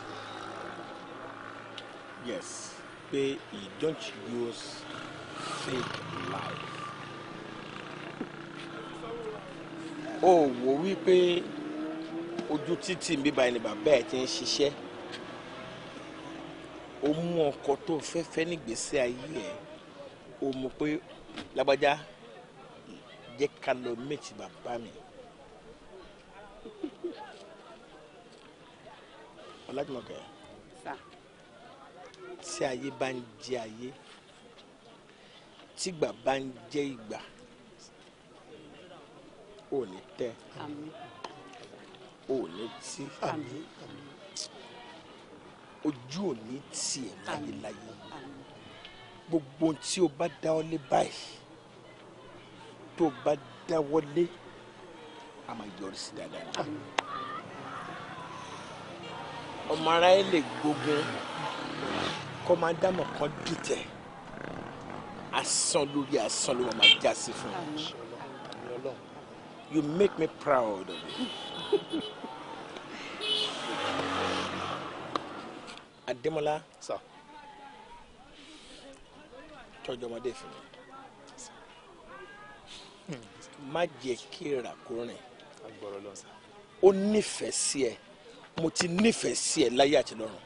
Yes pé he don't use fake life. ó wò wípé ojú títì mi báyìí bàbá ẹ̀ ti ń ṣiṣẹ́ ó mú ọkọ tó fẹ́fẹ́ nígbésí ayé ẹ̀ ó mú pé lágbájá jẹ́ ká lọ méjì bàbá mi. ọlájúmọ̀kẹ́. sá tí ayé bá ń jẹ ayé tígbà bá ń jẹ ìgbà ò ní tẹ ò ní tí ojú ò ní tì ẹ́ láyéláyé gbogbo tí o bá dáwọ́lé báyìí tó o bá dáwọ́lé a máa yọrí sí dáadáa ọmọ ara ẹ lè gbógun kọ́ máa dámọ̀ kan dìtẹ̀ asán lórí asán ló máa já mi you make me proud of you. Ademola, sá tọ́jú ọmọdé fún mi má jẹ́ kí ìràkúrìn ó nífẹ̀ẹ́ mo ti nífẹ̀ẹ́ láyé àti lọ́run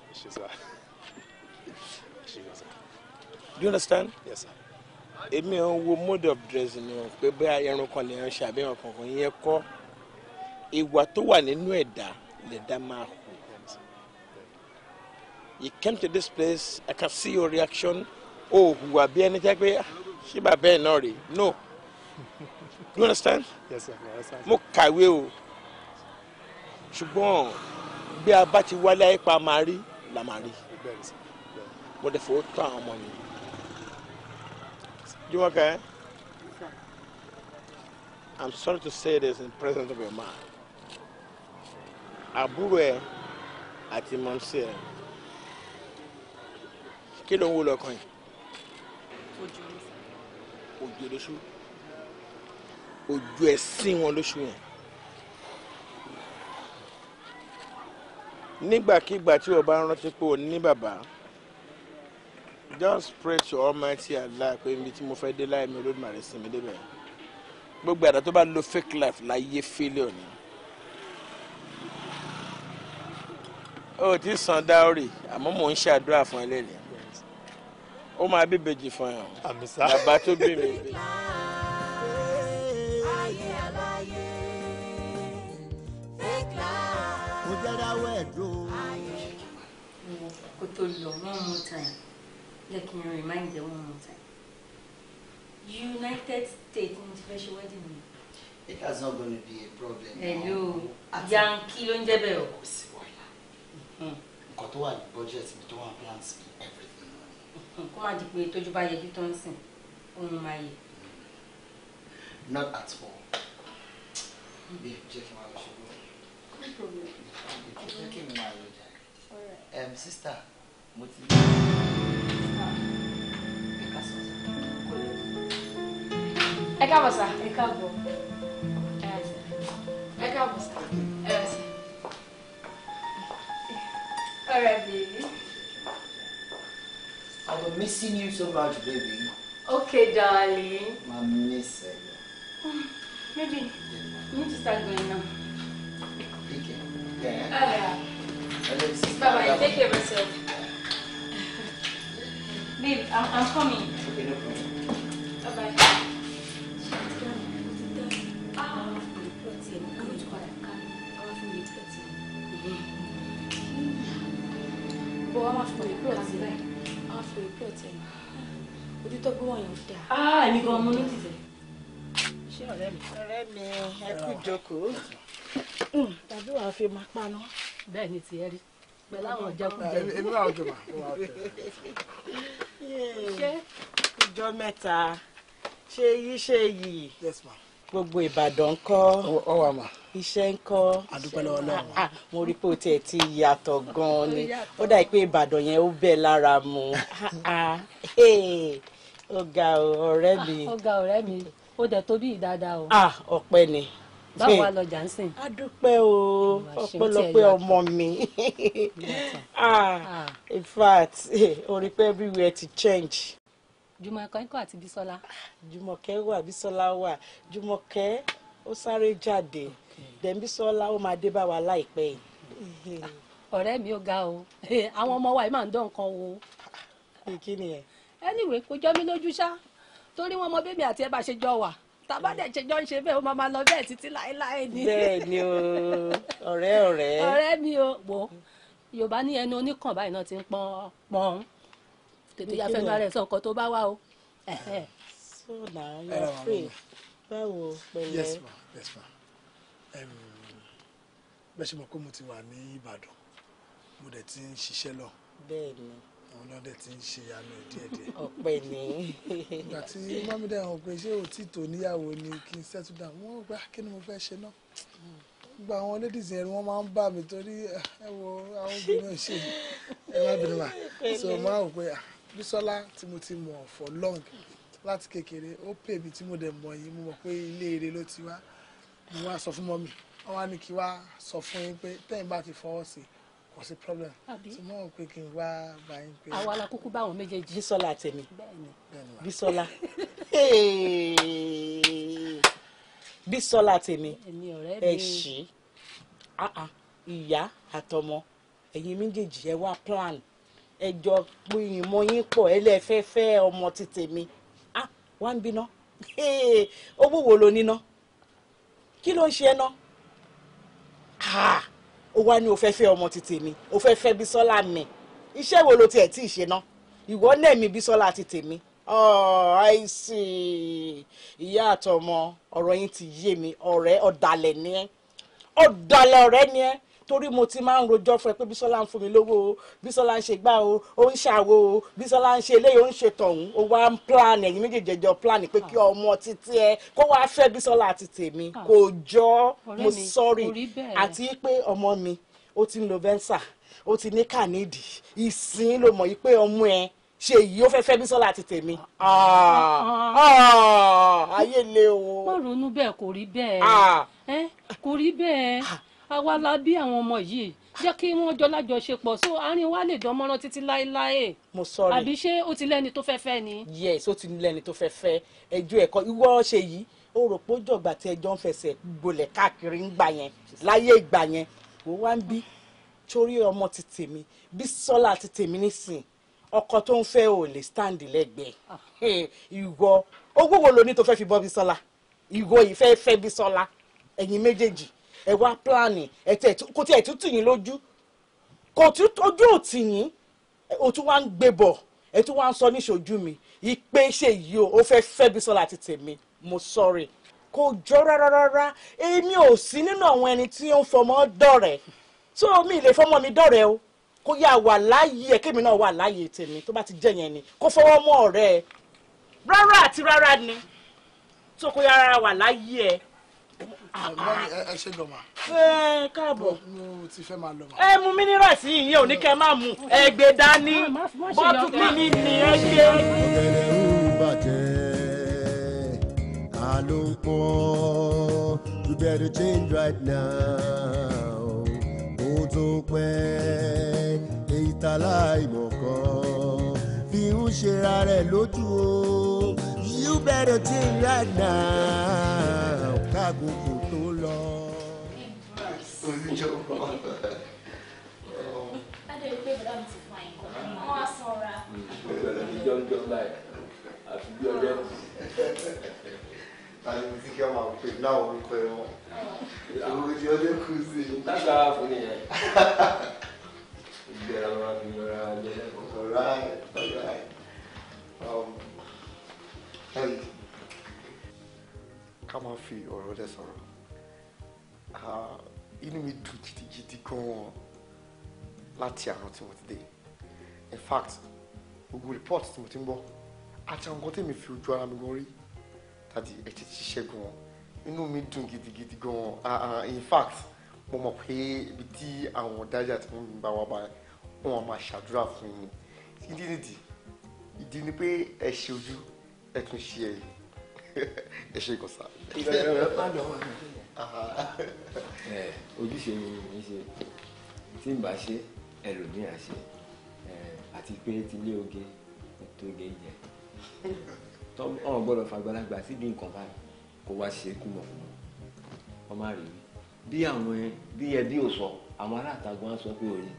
you understand. yes sir. èmi ò ń wo mode of dressing ni o pé bóyá irun kan lè ṣe àbí irun kankan yẹn kọ́ ìwà tó wà nínú ẹ̀dá lẹ̀dá máa hù. you came to this place i can see your reaction o hùwà bí ẹni jẹ́ pé ah, ṣé bàbá ẹ̀ náà rè no you understand. yes sir. mo kàwé o ṣùgbọ́n bí a bá ti wálé ayé pa máa rí la máa rí mo dẹ̀ fọ́ tán ọmọ mi. Juwaka, I'm sorry to say this in presence of your man. Àbúrò ẹ àti mọ̀nsí ẹ. Kí ló ń wò lọ́kàn yìí? Ojú ló sọ. Ojú lóṣù. Ojú ẹ sín wọn lóṣù yẹn. Nígbàkigbà tí o bá ń rántí pé o ní bàbá just pray to almighty allah pé ibi tí mo fẹ́ dé láì mi olódùmarè sí mi débẹ̀ gbogbo àdá tó bá lo fake life láyé failure ni o ti san dáórì àmọ́ mò ń ṣàdúrà fún ẹ lẹ́nu ó máa bí bèjì fún ẹ o bàbá tó bí mi. kó tó lọ one more time. Let me remind you one more time United States ni mo ti fẹ́ ṣe wedding it has not going to be a problem. hello young kilo ń jẹ́ bẹ́ẹ̀ o. Oh, hmm. kò budget mi tó wà ní plans mi everything. Hmm. kó má di pé tójú bá yẹ kí tó ń not at all. Hmm. babe jẹ́ kí n no problem. jẹ́ kí n máa lọ um sister mo ẹ káàbọ̀ sá. ẹ káàbọ̀. ẹ káàbọ̀ sá. ẹ rẹ sá. ọ̀rẹ́ bèbí. I've been missing you so much, baby. Okay, darling. I miss you. Eh. Maybe mm, you need to start going now. Okay. Yeah. Uh, Bye-bye. Take care of yourself. Babe, I'm, I'm coming. Okay, no problem. Bye-bye. Bọ́ wá máa fún mi plot yẹn. Wá fún mi plot yẹn. Ojú tó gbé wọ̀nyẹn dá. Áà ah, èmi gan mo ní tìfẹ́. Ṣé ọ̀rẹ́ mi? Ọ̀rẹ́ mi ẹ kú ìjókòó. Hmm, tàbí wàá fi máa paná. Bẹ́ẹ̀ ni tiẹ̀ rí pẹ̀lú àwọn jẹkújẹ. èmi wà òkè mà. ṣé ìjọ mẹ́ta ṣe yí ṣe yìí. yes ma. gbogbo ìbàdàn ń kọ́. iṣẹ́ ń kọ́. Ah, ah, mo rí pé o tiẹ̀ ti yàtọ̀ gan-an ni ó dà pé ìbàdàn yẹn ó bẹ̀ lára mu. ọ̀gá ah, ọ̀rẹ́ mi. ọ̀gá ọ̀rẹ́ mi ó dẹ̀ tó bí o. ọpẹ́ ni báwa lọ jansen. a dúpẹ́ o ọpẹ́lọpẹ́ ọmọ mi ah, ah. in fact orí pé everywhere ti change. Jùmọ̀kẹ́ kọ́ àti Bísọ́lá. Jùmọ̀kẹ́ wà Bísọ́lá wà Jùmọ̀kẹ́ ó sáré jáde then bisola ó máa dé bá wa láìpẹ́ yìí. ọ̀rẹ́ mi ò ga o àwọn ọmọ wa yìí máa ń dán nǹkan wo. kí ni ẹ. anyway kò jọ mí lójú ṣá torí wọn mọ bẹ́ẹ̀ mi àti ẹ bá ṣe jọ wà tàbá dẹ̀ ṣe jọ ń ṣe bẹ́ẹ̀ ó máa lọ bẹ́ẹ̀ títí láéláé ni. bẹ́ẹ̀ ni o ọ̀rẹ́ ọ̀rẹ́. ọ̀rẹ́ mi o wò yorùbá ní ẹnu oníkàn báyìí náà ti ń pọ́n pọ́n tètè ya fẹ́nu ara ẹ̀ sọ tó bá wà o. so na your báwo pẹ̀lẹ́. yes ma yes ma bẹ́ẹ̀ ṣe mọ̀ pé mo ti wà ní ìbàdàn mo dẹ̀ ti ń ṣiṣẹ́ lọ. bẹ́ẹ̀ òun náà ti ń ṣe àmì díẹ̀díẹ̀. ọ̀pẹ ni. ìgbà tí mọ́mídà àwọn òpin ṣé ò tí tò níyàwó ni kí n settle down wọ́n gbà ah, kí ni mo fẹ́ ṣe náà. gba àwọn ladies yẹn wọ́n máa ń bà mí torí ah, ẹ wo àwọn obìnrin ò ṣe ẹ má bínú mà so máa wò pé ah, Bísọ́lá tí mo ti mọ̀ for long láti kékeré ó pè mí tí mo dẹ̀ mọ̀ yìí mo mọ̀ pé ilé ire ló ti wá mo wá sọ fún mọ́mì wọ́n wá ní kí wá sọ fún yín pé tẹ́yìn bá ti fọwọ́ sí i kò sí problem tí mò ń pè kí n wá bá yín pé. àwa la kúkú báwọn méjèèjì. Bísọ́lá àtẹ̀mí Bísọ́lá Bísọ́lá àtẹ̀mí ẹ ṣí ìyá àtọmọ ẹ̀yin méjèèjì ẹ wá plan ẹ jọ pé ìmọ̀ yín pọ̀ ẹ lè fẹ́ fẹ́ ọmọ ti tèmi ah wá ń bínú owó wo lo níná kí ló ń ṣe ẹ ná. Ah! ó wá ní o fẹ́ fẹ́ ọmọ ti tèmi o fẹ́ fẹ́ Bísọ́lá mi iṣẹ́ wo ló tiẹ̀ tí ì ṣe ná ìwọ náà mi Bísọ́lá ti tèmi àìsí oh, ìyá àtọmọ ọ̀rọ̀ yín ti yé mi ọ̀rẹ́ ọ̀dàlẹ̀ ni ẹ́ ọ̀dàlẹ̀ ọ̀rẹ́ ni ẹ́ torí mo ti máa ń rojọ́ fún ẹ pé bísọ́lá ń fún mi lówó o bísọ́lá ń ṣe gbá o ó ń ṣàwo o bísọ́lá ń ṣe eléyìí ó ń ṣe tọ̀hún ó wá ń plan ẹ̀yin méjèèjì jọ plan pé kí ọmọ títí ẹ kó wá fẹ́ bísọ́lá àti tèmi ah. kò jọ mo sorry àti pé ọmọ mi ó ti ń lo venza ó ti ní kànídì ìsìn ló mọ̀ yí pé ọmọ ẹ ṣe èyí ó fẹ́ẹ́ fẹ́ bísọ́lá àti tèmi ah, ah, ayé le o. má ronú bẹ́ẹ̀ kò rí bẹ́ẹ̀ eh, kò rí bẹ́ẹ̀ àwa la bí àwọn ọmọ yìí jẹ́ kí wọ́n jọ lájọṣepọ̀ so àárín wa lè dán mọ́rán títí láéláé. mo sọ̀rọ̀ àbí ṣé ó ti lẹ́ni tó fẹ́ fẹ́ ni. yes ó ti lẹ́ni tó fẹ́ fẹ́ ẹjọ́ ẹ̀kọ́ ìwọ ṣe yìí ó rò pé ó jọ̀gbà tí ẹjọ́ ń fẹsẹ̀ gbolẹ̀ káàkiri ń gbà yẹn láyé ìgbà yẹn wò wá ń bí torí ọmọ ti tèmi bí sọ́lá ti tèmi nísìn ọkọ tó ń fẹ́ ò lè stand lẹ́gbẹ̀ẹ́ ah. ìwọ owó wo lo ní tó fẹ́ fi bọ́ bí sọ́lá ìwọ yìí fẹ́ fẹ́ bí sọ́lá ẹ̀yin méjèèjì ẹ wá pílánì kò tí ẹ tún tì yín lójú kò tún ojú ò tì yín o tún wá ń gbé bọ̀ ẹ tún wá ń sọ níṣojú mi ìpè ṣe yìí o ó fẹ́ fẹ́ Bísọ́lá àti tèmi mo sọ̀rọ̀ kò jọ rárá rárá èmi ò sí nínú àwọn ẹni tí ó ń fọmọ dọ̀rẹ́ tí omi ìlè fọmọ mi dọ̀rẹ́ o kó yá wà láàyè ẹ kémi náà wà láàyè tèmi tó bá ti jẹ́ yẹn ni kó fọwọ́ mọ́ ọ̀rẹ́ ẹ rárá àti rárá ni tó kó yára wà láàyè ẹ mú mi ní rẹ̀ sí ìyẹn ò kẹ́ máa mú ẹ dání ah, bọ́tù mi ní ní ẹ gbé. ọ̀gẹ̀dẹ̀ you better change right now ó tó pẹ́ èyí ta láìmọ̀ fi ń ṣe ara o you better change right now káàkókò. ọlọ́run ti fún àyìnkọ́ wọ́n á sanra. ìṣẹ̀lẹ̀ ní jọ́njọ́ báyìí àti bí ọjọ́ kù. tani tí kí a máa pè náà wọ́n pẹ́ wọn. owó tí ọjọ́ kù sí. dágbà fún nìyẹn. ìgbéra máa fi ká máa fi ọ̀rọ̀ lẹ sọ̀rọ̀ inú mi dùn jìtìjìtì gan-an láti àárọ̀ tí mo ti dé in fact gbogbo report tí mo ti ń gbọ́ àti àwọn nǹkan tèmi fi ojú ara mi gan rí tàbí ẹ ti ṣiṣẹ́ gan inú mi dùn gidigidi gan ah, ah, in fact mo mọ̀ pé ibi tí àwọn ọ̀dájà tí wọ́n bá wà báyìí wọ́n máa ṣàdúrà fún yín ìdí nìdí ìdí ni pé ẹ ṣe ojú ẹ tún ṣe ẹ̀yìn ẹ ṣe kò sá. ojúṣe mi ni mo ń ṣe tí n bá ṣe ẹlòmíràn ṣe eh, àti pé tilé oge tó ge jẹ ọ gbọ́dọ̀ fàgbàlagbà síbi nǹkan báyìí kó wá ṣe kú mọ fún wọn wọn má rí bí àwọn bí ẹbí ò sọ àwọn aláàtàgbọn á sọ pé òye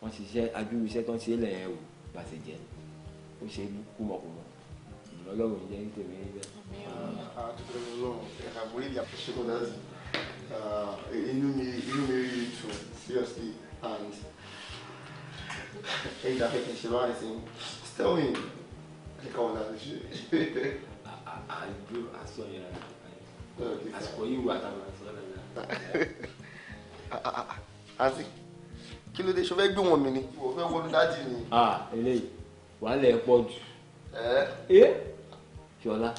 wọn ṣiṣẹ́ ajúwe iṣẹ́ tó ń ṣe lẹ́yìn ẹwò gbàṣẹ jẹ ó ṣe kú mọ fún wọn ìrànlọ́wọ́ ìjẹ ní tèmi ní uh, inú mi inú mi rí ìtù seriously and. Ei, tá feito esse bar, assim. Estão indo. Recomendado de. Àgbò aṣọ yẹn rà. Àsìkò yìí wà táwọn aṣọ rẹ̀ rà. Àǹtí, kí ló dé? Ṣo fẹ́ gbé wọn mi ni? Mo fẹ́ wọnú dájì ni. À eléyìí, wàhálà ẹ̀ pọ̀ jù. Ẹ́ Ṣọlá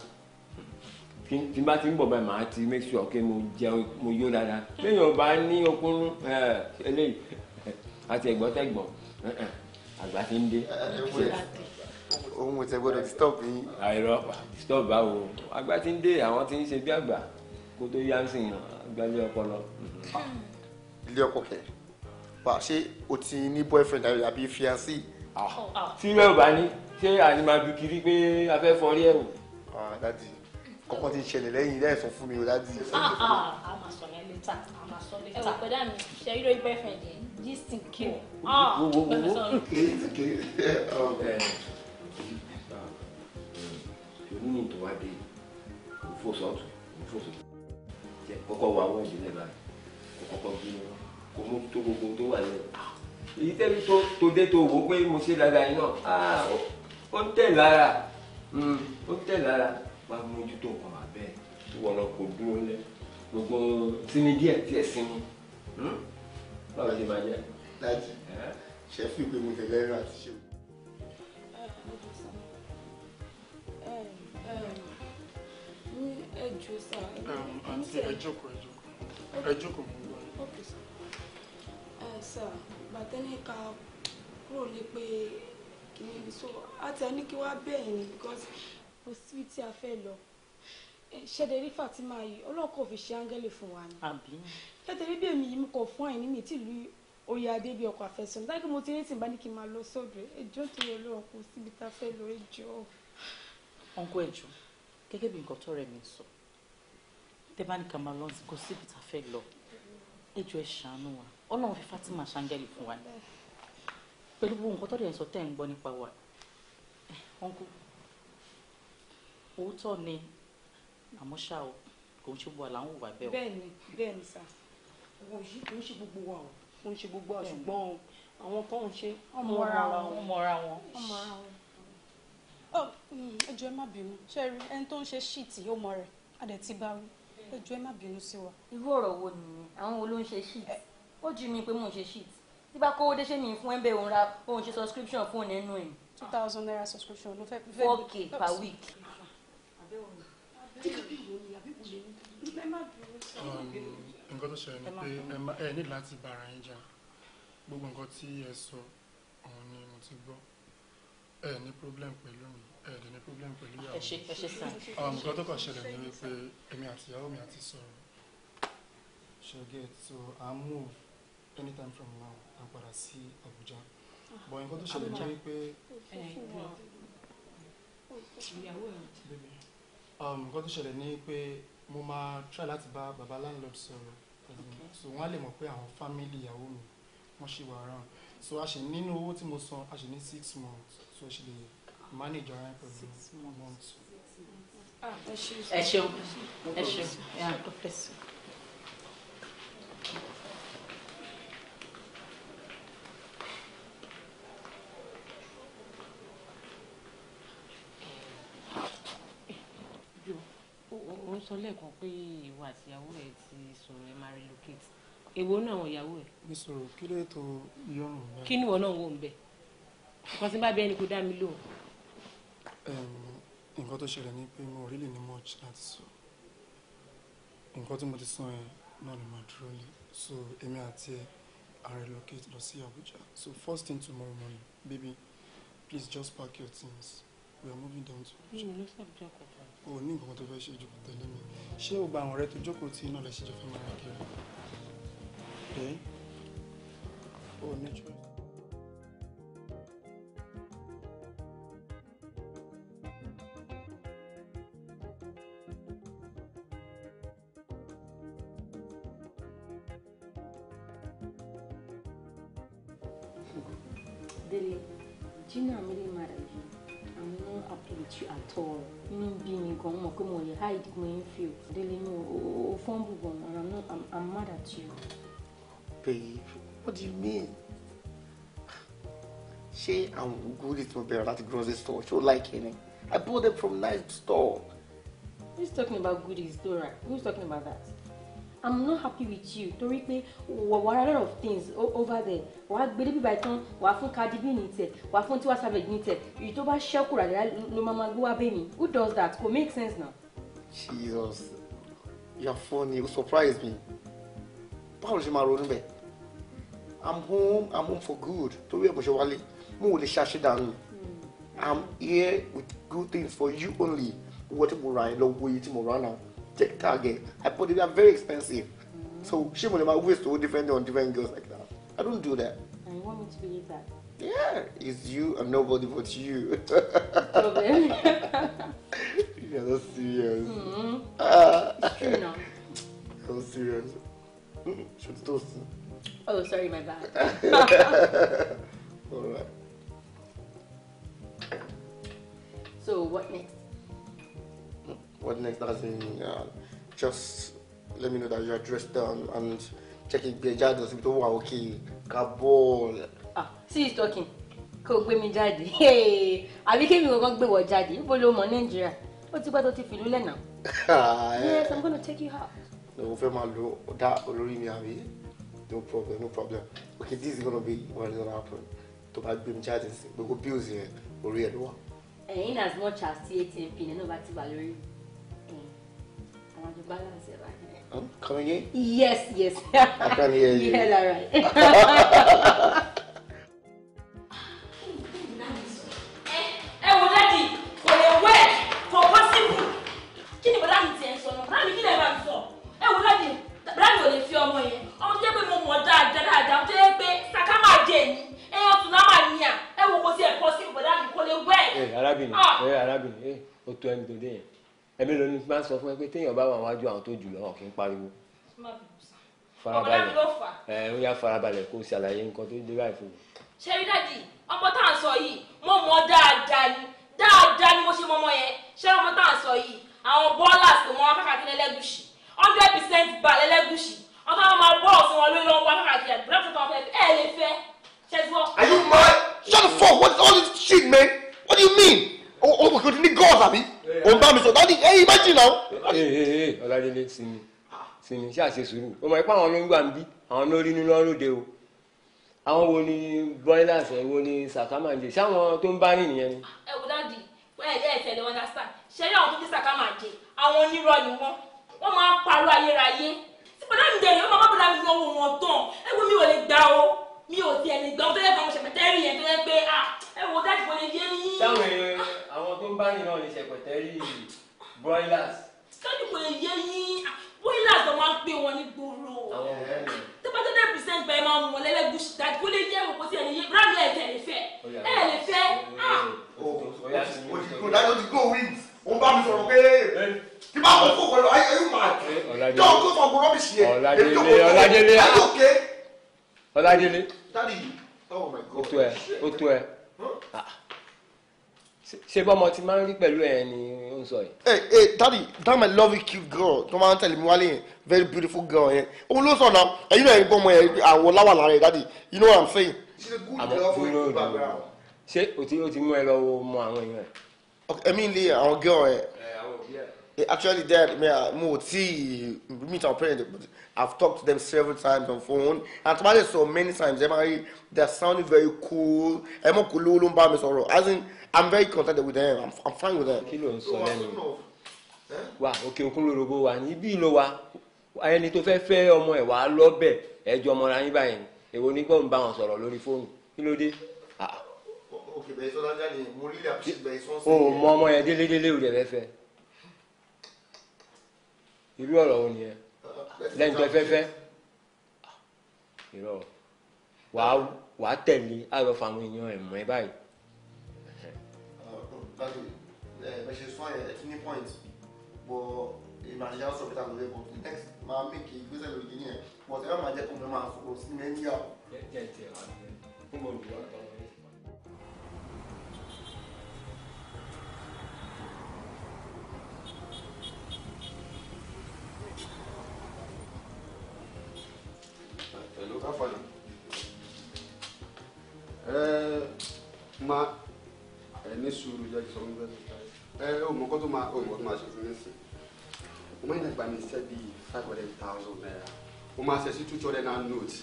tí n bá ti ń bọ̀ báyìí màá ti make sure pé mo jẹun mo yó dáadáa. Lẹ́yìn ọba ní okun eléyìí àti ẹ̀gbọ́n tẹ̀gbọ́n. Eh, eh, àgbà ti ń dé. Eh, ohun ọ̀sẹ̀ gbọ́dọ̀ disturb yín. àìrọ̀ ah, disturb báwo àgbà ti ń dé àwọn ti ń ṣe bí àgbà kó tó yá sí yàn àgbàlẹ̀ ọpọlọ. ilé ọkọ hmm. kẹ wà ṣé o ti ní boyfriend àbí fiancé. Ah, tí rẹ ò bá ní ṣé àní máa bí kiri pé a fẹ́ fọ rí ẹ̀ wò. Ah, dadi kọ́kọ́ ti ń ṣẹlẹ̀ lẹ́yìn ilé ẹ̀sán fún mi o dadi. a máa sọ yẹn létà a máa sọ létà. ẹ wò pẹ̀lú àmì ṣe eré boyfriend yẹn This thing came. Ah, whoa, whoa, whoa, whoa. okay, okay. um, you need to wipe it. Force out. Force it. Kọ́kọ́ wọ àwọn ìdílé báyìí. Kọ́kọ́ bí kò mú tó gbogbo tó wà lẹ́yìn. Èyí tẹ́lẹ̀ tó tó dé tó wò ó pé mo ṣe dáadáa yìí náà. Ó ń tẹ̀ lára. Ó ń tẹ̀ lára. Wàá mójútó nǹkan àbẹ́. Wọ́n lọ kò dúró lẹ́. Gbogbo sinmi díẹ̀ díẹ̀ sinmi báwo ló máa jẹ. láti ṣe fi pé mo tẹ̀lé ẹ̀rọ àti ṣe. ní ẹjọ́ sá. àǹtí ẹ jókòó ẹ jókòó ẹ jókòó mo ń gbọ́. ẹ sá bàtẹ́ni ká kúrò ní pé kìíní so àti ẹni kí wá bẹ́ẹ̀ ni because a fẹ́ lọ eh, ṣẹ̀dẹ̀ rí Fatima yìí ọlọ́kọ̀ fi ṣe áńgẹ́lì fún wa ni. àbí tẹ́tẹ̀rí bí èmi yìí mo kọ̀ fún àìní mi tí ìlú oyè adé bíi ọkọ̀ àfẹsọ̀nù dákì mo ti ní tìǹbà ní kí n máa lọ sódò ẹjọ́ tó yẹ lọ́wọ́ kó síbi tá a fẹ́ lọ ẹjọ́. ọ̀nkọ́ ẹ̀jọ́ gẹ́gẹ́ bí nǹkan tọ́rẹ̀ mi sọ tẹ́ bá ní ká máa lọ kó síbi tá a fẹ́ lọ ẹjọ́ ẹ ṣàánú wa ọlọ́run fi Fatima ṣàǹgẹ́lì fún wa pẹ̀lú gbogbo nǹkan tọ́rẹ̀ sọ tẹ́ ń gbọ́ nípa wa ọ̀nkú òótọ́ ni àmọ́ ṣá o kò ń ṣe gbọ́ àlà ń bẹ́ẹ̀ o. bẹ́ẹ̀ ni bẹ́ẹ̀ ni sáà wọn yìí kò ń ṣe gbogbo wa o kò ń ṣe gbogbo wa ṣùgbọ́n o àwọn tó ń ṣe mọ́ra wọn mọ́ra wọn. Oh, mm, ẹjọ́ ẹ má bínú ṣẹ́rí ẹni tó ń ṣe ṣíìtì ó mọ rẹ̀ adẹ̀ ti bá wí ẹjọ́ ẹ má bínú sí wa. irú ọ̀rọ̀ wo nìyẹn àwọn wo ló ń ṣe ṣíìtì ó jù mí pé mò ń ṣe ṣíìtì tí bá kówó dé ṣé mi fún ẹ bẹ́ẹ̀ òun ra òun ṣe subscription fún ẹnu ẹ̀. two thousand naira subscription ló fẹ́. four k per week. àbẹ̀wò ni àbẹ̀wò ni àbẹ̀wò ni ẹ má bínú sí wa nǹkan tó ṣẹlẹ̀ ni pé ẹ ní láti bára yín jà gbogbo nǹkan tí ẹ sọ òun ni mo ti gbọ́ ẹ ní problem pẹ̀lú mi ẹ dẹ̀ ní problem pẹ̀lú ìyàwó mi nǹkan tó kàn ṣẹlẹ̀ ni wípé èmi àti ìyàwó mi àti sọ̀rọ̀ ṣe get so I move anytime from now à padà sí Abuja but nǹkan tó ṣẹlẹ̀ ni wípé um, nǹkan tó ṣẹlẹ̀ ni pé mo máa try láti bá baba landlord sọ̀rọ̀ so wọ́n á lè mọ̀ pé àwọn fámìlì ìyàwó mi wọ́n ṣì wà around so a ṣe nínú owó tí mo san a ṣe ní six months so a ṣe lè manage ara ẹ̀ pẹ̀lú one month. Ah, ẹ ṣeun ẹ ṣeun ẹ ṣeun sọ lẹ́ẹ̀kan pé ìwọ àti ìyàwó rẹ ti sọ̀rọ̀ ẹ máa relocate èwo náà àwọn ìyàwó ẹ. mi sọ̀rọ̀ kí ló ètò ìyọrùn rẹ. kí ni ìwọ náà wò ń nǹkan tí bá bẹ ẹni kò dá mi lóhùn. nǹkan tó ṣẹlẹ̀ ni pé mo rí lè ní much láti sọ nǹkan tí mo ti sàn ẹ náà ni màá dúró lé so èmi àti ẹ I relocate lọ sí Abuja so first thing tomorrow morning baby please just pack your things we are moving down to Abuja. mi ò lọ sí Abuja kọ́ o ní nǹkan tó fẹ́ ṣe jù tẹ̀lé mi ṣé o gba àwọn ọ̀rẹ́ tó jókòó tí iná lẹ ṣe jọ fẹ́ máa rìn kiri dé o ní choice. Dele, Gina mi lè happy with at all inú bí mi gan mọ̀ pé mo lè hide mo ń fi òdélé inú o fọ́n bùbọ̀ and I'm, not, I'm, I'm mad at you. babe what do you mean ṣé àwọn goodies mo bẹ̀rẹ̀ láti grocery store ṣó láìkí ni I bought them from nice store. who's talking about goodies Dora who's talking about that i'm not happy with you torí pé wà á lot of things over there wà á gbé débi báyìí tán wà á fún Cardi B ní tẹ̀ wà á fún Tiwa Savage ní tẹ̀ èyí tó bá ṣẹ́kù rà ló máa máa gbé wá bẹ́ẹ̀ ni who does that kò make sense now. jesus you are funny you surprise me báwo ló ṣe máa ronú bẹ́ẹ̀ i'm home i'm home for good torí ẹ̀ mo ṣe wálé mo ò lè ṣe àṣedànù hmm. i'm here with good things for you only wọ́n ti mo ra ẹ lọ wo iye tí mo ra náà. take target. I put it, i very expensive. Mm-hmm. So she would have waist to defend on different girls like that. I don't do that. And you want me to believe that? Yeah, it's you and nobody but you. Problem. yeah, that's serious. Mm-hmm. Uh, it's true now. That's serious. Should toast. Oh, sorry, my bad. All right. So what next? what next doesn't uh, just let me know that you're dressed down and check ìgbẹ́ jáde síbi tó wà òkè ká bọ́ọ̀lù. ah see he's talking kó o gbé mi jáde àbí kí mi kankan gbé wọ jáde níbo ló mọ nàìjíríà ó ti pẹ́ tó ti fìlú lẹ́nà. yes i'm gonna take you out. no o fẹ́ máa lo dá olórí mi àbí no problem no problem okay this is gonna be what is gonna happen To bá gbé mi jáde sí gbogbo bills yẹn orí ẹ̀ ló as much as tí atm pin ẹ̀ náà bá ti wà lórí want to balance it right here. i coming in? Yes, yes. I can hear you. Yeah, all right. sọ fún ẹ pé téèyàn bá wà wájú àwọn tó jù lọ hàn kí pariwo farabalẹ̀ ẹ ń yá farabalẹ̀ kó ṣàlàyé nǹkan tó dé báyìí fún mi. ṣebí dájì ọmọ tá à ń sọ yìí mo mọ dáadáa ni dáadáa ni mo ṣe mọmọ yẹn ṣé ọmọ tá à ń sọ yìí àwọn bọ́ọ̀lá tó mọ akákàkiri ẹlẹ́gùsì hundred percent balẹ̀ ẹlẹ́gùsì ọkọ àwọn máa bọ́ ọ̀sán wọn lórí lọ́wọ́ akákàkiri àdúrà tó tọ́ ẹ lè fẹ́ ṣẹ́gbọ́. Are you mad? Shut the fuck! What's all this shit, man? What do you mean? Oh, oh my God, need God, abi? o ń bá mi sọ dádì ẹyin méjì náà. ọ̀làdélé sinmi sinmi ṣáà ṣe sùúrù o mọ̀ ipá àwọn ló ń gbà ń bí àwọn ló rí nínú ọlọ́dẹ o àwọn wo ni broilers ẹ̀ wo ni sàkámà ń jẹ ṣáwọn tó ń bá rìn nìyẹn ni. ẹ wò dáàdì wọ́n ẹ̀jẹ̀ ẹ̀fẹ̀ lẹ́wọ̀n náà sàn ṣe rí àwọn tó ní sàkámà jẹ àwọn onírọ̀ ni wọ́n wọ́n máa ń parọ́ ayérayé sípàdé mi dẹ̀yìn wọ́n máa bá bọ́dá mi lọ́wọ́ wọn tán ẹ wo mi ò lè gbà o mi ò tiẹ̀ lè gbà o tó yẹ kí àwọn ṣẹ̀pẹ̀tẹ́rì yẹn tó yẹ pé ah, ẹ wò dáàdì wọ́n lè yé yín. táwọn èèyàn àwọn tó ń bá yín náà ní ṣẹpẹtẹrí broilers. kẹ́ni kò lè yé yín broilers ló máa ń pè wọ́n ní gbòòrò. àwọn ọ̀rẹ́ mi. tó bá tó dé percent bẹ́ẹ̀ máa mú wọn lẹ́lẹ́gùsì dájú kó lè yé wọn kó sì ẹ̀yẹ rámi ẹ̀jẹ̀ lè fẹ́ ẹ̀ lè fẹ́. kò ah! dájú ti go wings ó bá mi sọ̀rọ̀ pé tí bá kó fòkò lọ ayé máa jẹ́ tó kó fọ̀gbọ́n rọ́bìsì yẹn èmi tó kó fọ̀gbọ́n Ọlájélé Ọlájélé. Daddy, oh my God. ó tó ẹ ó tó ẹ. Ah ṣe bọ́mọ ti máa ń rí pẹ̀lú ẹ ni ó ń sọ yìí. ẹ ẹ dadi that my lovely cute girl tó máa ń tẹ̀lé mi wálé yẹn very beautiful girl yẹn òun ló sọ̀nà ẹ̀yin náà bọ́mọ yẹn àwọ̀ láwà lára yẹn dadi you know what i'm saying. àmọ́ dúró dúró ṣé o ti o ti mú ẹ lọ wo mọ àwọn èèyàn ẹ. ẹ̀mí ń lé àwọn girl yẹn. Eh, actually dad mi ah, mo ti meet our parents but i've talked to them several times on phone and tomale so many times They're sounding very cool ẹ mọ̀ kó lówó ló ń bá mi sọ̀rọ̀ as in i'm very content with them i'm, I'm fine with them. kí ló ń sọ lẹ́nu wa òkè òkun lorobo wa ní ibi ìlò wa ẹni tó fẹ́ fẹ́ ọmọ ẹ̀ wá lọ́bẹ̀ ẹjọ́ ọmọ ra yín báyìí èwo ní gbọ́n bá wọn sọ̀rọ̀ lórí fóònù kí ló dé. òkè bẹ̀rẹ̀ sọ́dá jáde mo rí ilé àbúṣe bẹ̀rẹ̀ sọ́nsẹ̀. o mọ ọmọ yẹn délé délé ò fẹ́ irú ọ̀rọ̀ wo nìyẹn uh, lẹ́yìn tó fẹ́ fẹ́ ah, wàá tẹ̀lé àròfà àwọn èèyàn ẹ̀ mọ́ ẹ báyìí gbádùn ẹ eh, bẹ́ẹ̀ ṣe sún àyẹ̀ kíní point bọ̀ ìmọ̀ àṣeyá sọ̀rọ̀ bí tàbí ẹ̀kọ́ tó next máa make ìgbésẹ̀ lórí kíní ẹ̀ bọ̀ tẹ́lẹ̀ máa jẹ́ kó mi máa sọ̀rọ̀ sí mi ẹ̀ níyà. jẹ́ jẹ́ àti ẹ̀ fún mi olùwà sọ mi bẹ́ẹ̀ sáré ẹ o mọ̀ kó tó máa o mọ̀ tó máa ṣe fún mi sí mo máa ń dàgbà mi ṣẹ́ bíi five hundred thousand naira mo máa ṣe sí two hundred naira note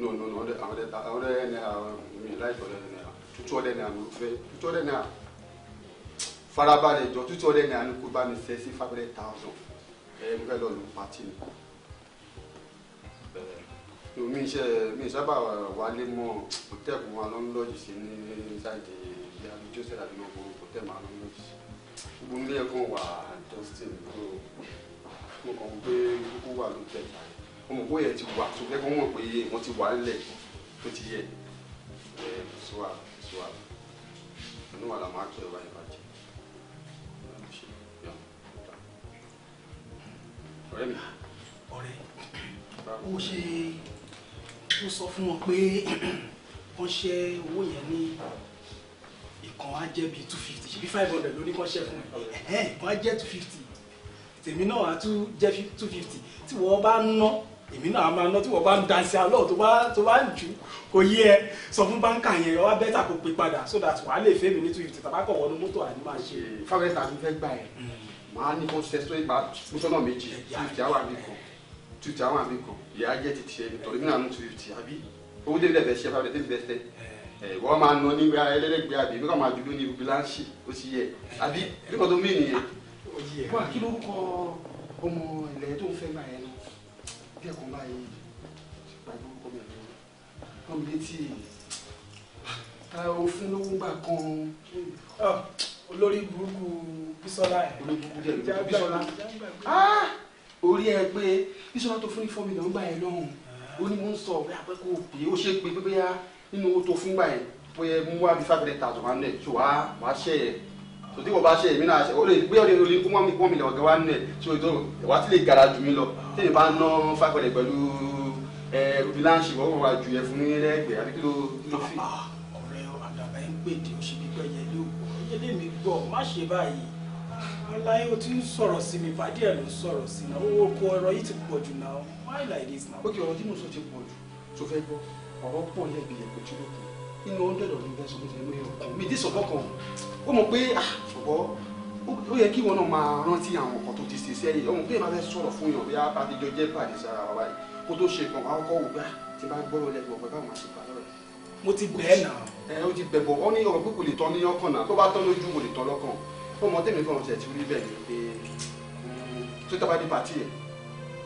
no no no hundred hundred hundred naira um, mi láì hundred naira two hundred naira ló fẹ́ two hundred naira farabalẹ̀ jọ two hundred naira ni kó bá mi ṣe sí five hundred thousand ẹ mo fẹ́ lọ lu pati ni mi iṣẹ́ mi sábà wálé mọ́ hòtẹ́ẹ̀ kan wa lọ́nà lọ́jì sí ní ṣáàjì ìyáàbí joseph àdúgbò hòtẹ́ẹ̀ máa lọ́nà lọ́jì gbogbo nílé kan wà dustin kúrò mo kàn ń gbé kúkú wà lóòótẹ́ ọmọ bóyá ti wà tó fẹ́ kó mọ̀ pé wọ́n ti wà nílẹ̀ tó ti yẹ ẹ sùwà sùwà ẹnu wà làwọn àtọ̀ ẹ̀wà ìbàjẹ́ ọ̀rẹ́ mi ọ̀rẹ́ o ṣe mo sọ fún wọn pé wọ́n ṣe owó yẹn ní ìkan á jẹ́ bíi two fifty ṣe bí five hundred ló ní kán fún mi ìkan á jẹ́ two fifty tèmi náà á tún jẹ́ two fifty tí wọ́n bá ń ná èmi náà máa ná tí wọ́n bá ń dansi alọ́ tó bá tó bá ń jù kò yí ẹ sọ fún báńkà yẹn wá bẹ́tà kó pe padà so that wàá lè fẹ́ mi ní two fifty tàbá kọ̀ wọnú mọ́tò àní máa ṣe. fáwọn ẹ̀ta ló fẹ́ gbà ẹ̀ máa hmm. ní kó ṣe sóyè bá mọ́tò náà méjì fifty hour mi kàn two thousand and kan ìyá jẹ́ ti tiẹ̀ nítorí nínú àwọn two fifty àbí owó tẹ́lẹ̀ bẹ́ẹ̀ ṣe fáwọn tẹ́lẹ̀ bẹ́ẹ̀ tẹ́ wọ́n máa nọ níbi ẹlẹ́dẹ̀gbẹ́ àbí bí wọ́n máa dúró ní bíláǹsì ó sì yẹ àbí bí kò tó mí nìyẹn. wà á kí ló kọ ọmọ ilẹ̀ tó ń fẹ́ gbà yẹn lọ bí ẹ̀kọ́ bá yẹ pàdé orúkọ mi lọ wọ́n mi létí ta òfin ló ń gbà kan. Ah, olórí burúkú Bísọ́lá ẹ̀ olórí burúkú Bísọ́lá. Ah! orí ẹ pé bísọ́nà tó fún ní fọ́ọ̀mù ìdánwò gbà yẹn lọ́hùn ah. ó ní mò ń sọ ọ̀bẹ àpẹ́kọ̀ pé ó ṣe pé pé yá nínú owó tó fún gbà yẹn bóyá mú wá bí five hundred thousand one hundred so wá wá ṣe yẹ so tí wọ́n bá ṣe èmi náà ṣe ó lè gbé ọ̀rẹ́ olè kó wọ́n mi wọ́n mi lè ọ̀gá wa nílẹ̀ so ètò ìwà tí lè gara jù mí lọ tèmi bá ná five hundred pẹ̀lú ẹ òbíláǹṣì wọ́n wà ju ẹ fún ní lẹ́gbẹ̀ẹ́ àbí kí ló ló ah, fi. ọ̀rẹ́ àdàbà ẹ̀ ń pètè òṣèlú pẹ̀yẹ ló gbọ́ ẹ̀yẹ́dẹ́mi gbọ́ má ṣe báyìí ọláyé o ti ń sọ̀rọ̀ sí mi fàdí ẹ̀ ló ń sọ̀rọ̀ sí náà owó oko ọ̀rọ̀ yìí ti pọ̀ jù náà why like this now. ókè ọ̀rọ̀ tí mo sọ ti pọ̀ jù tó fẹ́ gbọ́ ọ̀rọ̀ pọ̀ lẹ́bi ẹ̀kọ́ tí ó kù inú ọ̀ndẹ̀ lọ́dún bẹ́ẹ̀ sọ pé mi ò kàn mí dísọ̀kọ́ kan ó mọ̀ pé ah, ṣùgbọ́n ó yẹ kí wọn náà máa rántí àwọn ọkọ̀ tó ti ṣe sẹ́yìn ọmọ pé máa fẹ́ sọ̀rọ̀ fún yàn bí adijọ́ jẹ́ pàdé sára wa báyìí kó tó ṣe kàn wọ́n kọ́ ògbà tí bá gbọ́rọ̀ lẹ́gbọ̀n pẹ̀lú àwọn àṣìkò àlọ́rẹ̀. mo ti bẹ̀ẹ́ náà. ẹ ó ti bẹ̀ bọ̀ ọ́ ní ọ̀rọ̀ pé lè tán ní ọkàn náà tó bá tán lójú kò lè tán lọ́kàn fọmọ tẹ̀mí kan ṣẹ̀ ti rí bẹ́ẹ̀ ni pé mm, tó tábà dé pàtí ẹ̀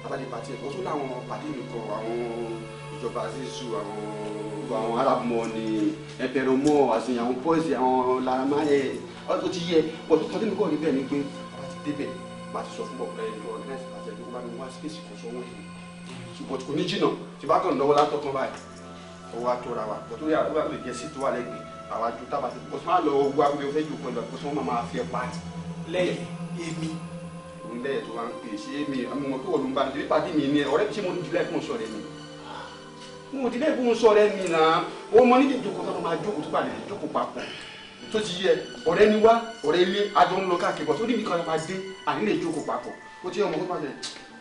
tábà dé pàtí ẹ̀ kó tó láwọn pàtí mi kan àwọn ìjọba zizu àwọn àwọn arábùmọ̀ ni ẹ̀pẹ̀rọ̀mọ̀ àṣeyàn àwọn pọ́ìsì àwọn làmáyẹ ọ̀tún ti yẹ ọ̀tún tọ́tẹ́mi kan rí bẹ́ẹ̀ ni pé àti débẹ̀ màá ti sọ fún bọ̀ọ̀pẹ̀ ẹ̀ lọ ọ̀rẹ́ àti ẹ̀dùn bá mi wá spéṣì kan sọ́wọ́ yìí ṣùgbọ́n kò ní jìnnà tí bá kàn lọ́wọ́ látọ̀ kan báyìí ọwọ́ àtọ́ra wa bọ̀tún yàrá wà lè jẹ́ sí tó wà lẹ́gbẹ̀ẹ́ àwọn àjò tábà sí kò sọ máa lọ owó agbóyè ó fẹ́ jù pẹ̀lú àkóso wọn máa fi ẹ pa á lẹ́yìn èmi. òun lẹ́yìn tó wá ń pè ṣé èmi àmì wọn tó wọ̀ ló ń bá mi débi ni ọ̀rẹ́ mi ṣé mo ní ìdílé ẹ̀kún sọ mo ti lẹ́kún sọ rẹ̀ mi náà mọ nídìí ìjókòó tó máa jókòó tó pàdé jókòó papọ̀ tó ti yẹ ọ̀rẹ́ ni wá ọ̀rẹ́ ilé ajọ ń lọ káàkiri bọ̀ tó níbi kan máa dé àní lè jókòó papọ̀ ó ti yẹ ọmọ tó pàdé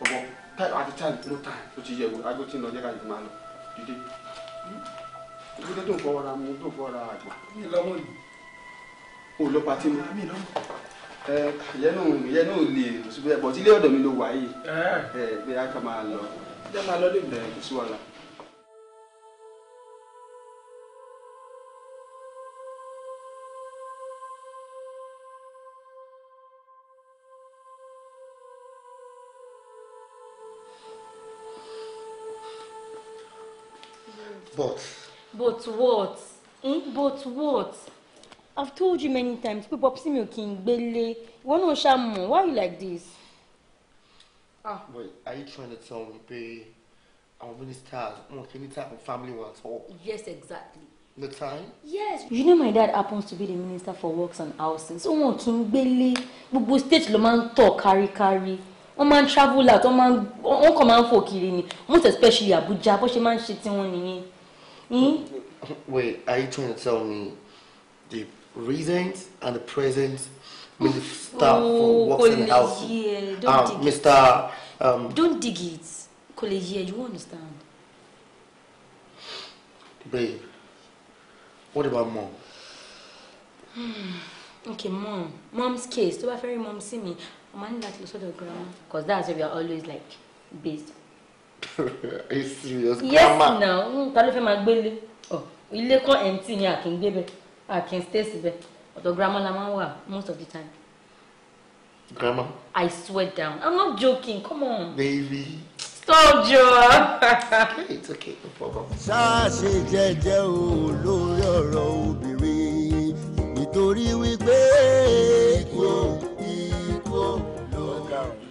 ọ̀bọ̀ táì àti táì ló táì ó ti yẹ ajọ ibi tó tó ń fọwọ́ra mu tó ń fọwọ́ra àgbà. mi lọ́mọ yìí. o lọ patí mi. mi lọ́mọ. ẹ ìyẹn náà ìyẹn náà lè ṣubú ẹ bọ̀ tí ilé ọ̀dọ̀ mi ló wà yìí. ẹ bí a kà máa lọ. jẹ́ máa lọ lè bẹ̀rẹ̀ sí wàhálà. but But what? Hmm? But what? I've told you many times pé see me ò kí n gbélé. Ìwọ náà ṣàmù. Why you like this? Ah. Wait, are you trying to tell me pé I'm ministers wọn kì í ní time family one all? Yes, exactly. The time? Yes. You know my dad happens to be the minister for works and housing. So wọn kì í gbélé. Gbogbo state ló man talk carry carry. wọ́n man, travel out wọ́n kàn máa ń fò kiri ni most especially Abuja bó ṣe máa ń ṣe tiwọn Hmm? Wait, are you trying to tell me the reasons and the presence mean the staff oh, who works in the house? Yeah, don't um, dig Mr. It. Um, don't dig it. Yeah, you understand? Babe, what about mom? okay, mom. Mom's case. So I very mom see me. I'm not like to sort of grandma. Because that's where we are always like based Are you serious? Yes, grandma. now. Mm, ta ló fẹ́ máa gbélé? Oh, ilé kan empty ni I kì í gbé bẹ́ẹ̀, a kì í stay síbẹ̀. grandma I'm máa ń most of the time. Grandma? I sweat down. I'm not joking. Come on. Baby. Soldier. okay, it's okay. No problem. Ṣáàṣì jẹ́jẹ́ o lórí ọ̀rọ̀ obìnrin nítorí wípé ikú ikú lọ́gàrún.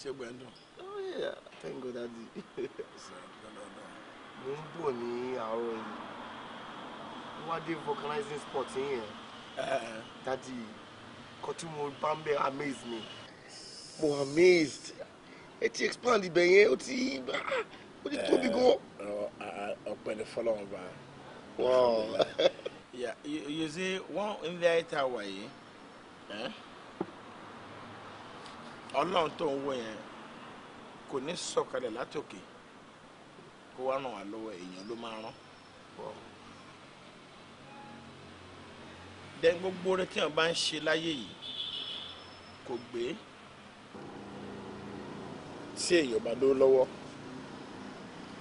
Ṣé gbẹ̀ndùn? Yeah, thank God, Daddy. Mo ń bọ̀ ní àárọ̀ yìí. Mo wá dé vulcanizing spot yẹn. Eh. Daddy, nǹkan tí mo amaze me. Mo amazed. Ẹ ti expand ibẹ̀ yẹn, o ti ah, ó ti tóbi eh, gan. Oh, ah, ah, ọpẹ́ ni fọlọ́run bá. Wow. Yeah, you, you see, wọ́n ń lé ayé tá a wà yìí. Eh? Ọlọ́run tó ń wọ yẹn kò ní sọ̀kalẹ̀ látòkè kó wá ràn wá lọ́wọ́ èèyàn ló máa rán dẹ́n gbogbo rẹ tí wọ́n bá ń ṣe láyé yìí kò gbé tí èèyàn bá lówó lọ́wọ́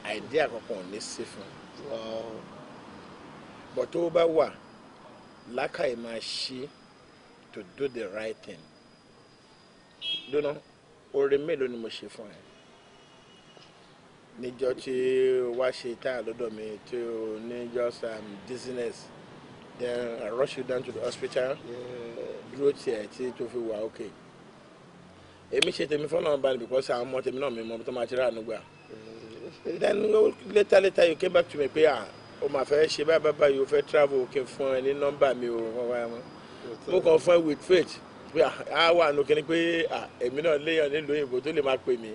àìdí àkọ́kọ́ ò ní sí fún un bọ̀ tó bá wà lákàyè máa ṣe to do the right thing dúnà oore mélòó ni mo ṣe fún ẹ níjọ́ tí o wá ṣe táyà lọ́dọ̀ mi tí o ní just um, dizziness then I rush you down to the hospital uh, dúró tiẹ̀ tí tó fi wà ókè èmi ṣe tèmi fọ́nà ọba ni because àwọn ọmọ tèmi náà mi mọ tó máa ti rà nígbà then later later you came back to me pé ah o máa fẹ́ ṣe báyìí báyìí o fẹ́ travel kí n fún ẹ ní nọ́mbà mi o mo kàn fún ẹ with faith pé a ah, wà nù kí ni pé èmi náà léèyàn nílùú òyìnbó tó lè máa pè mí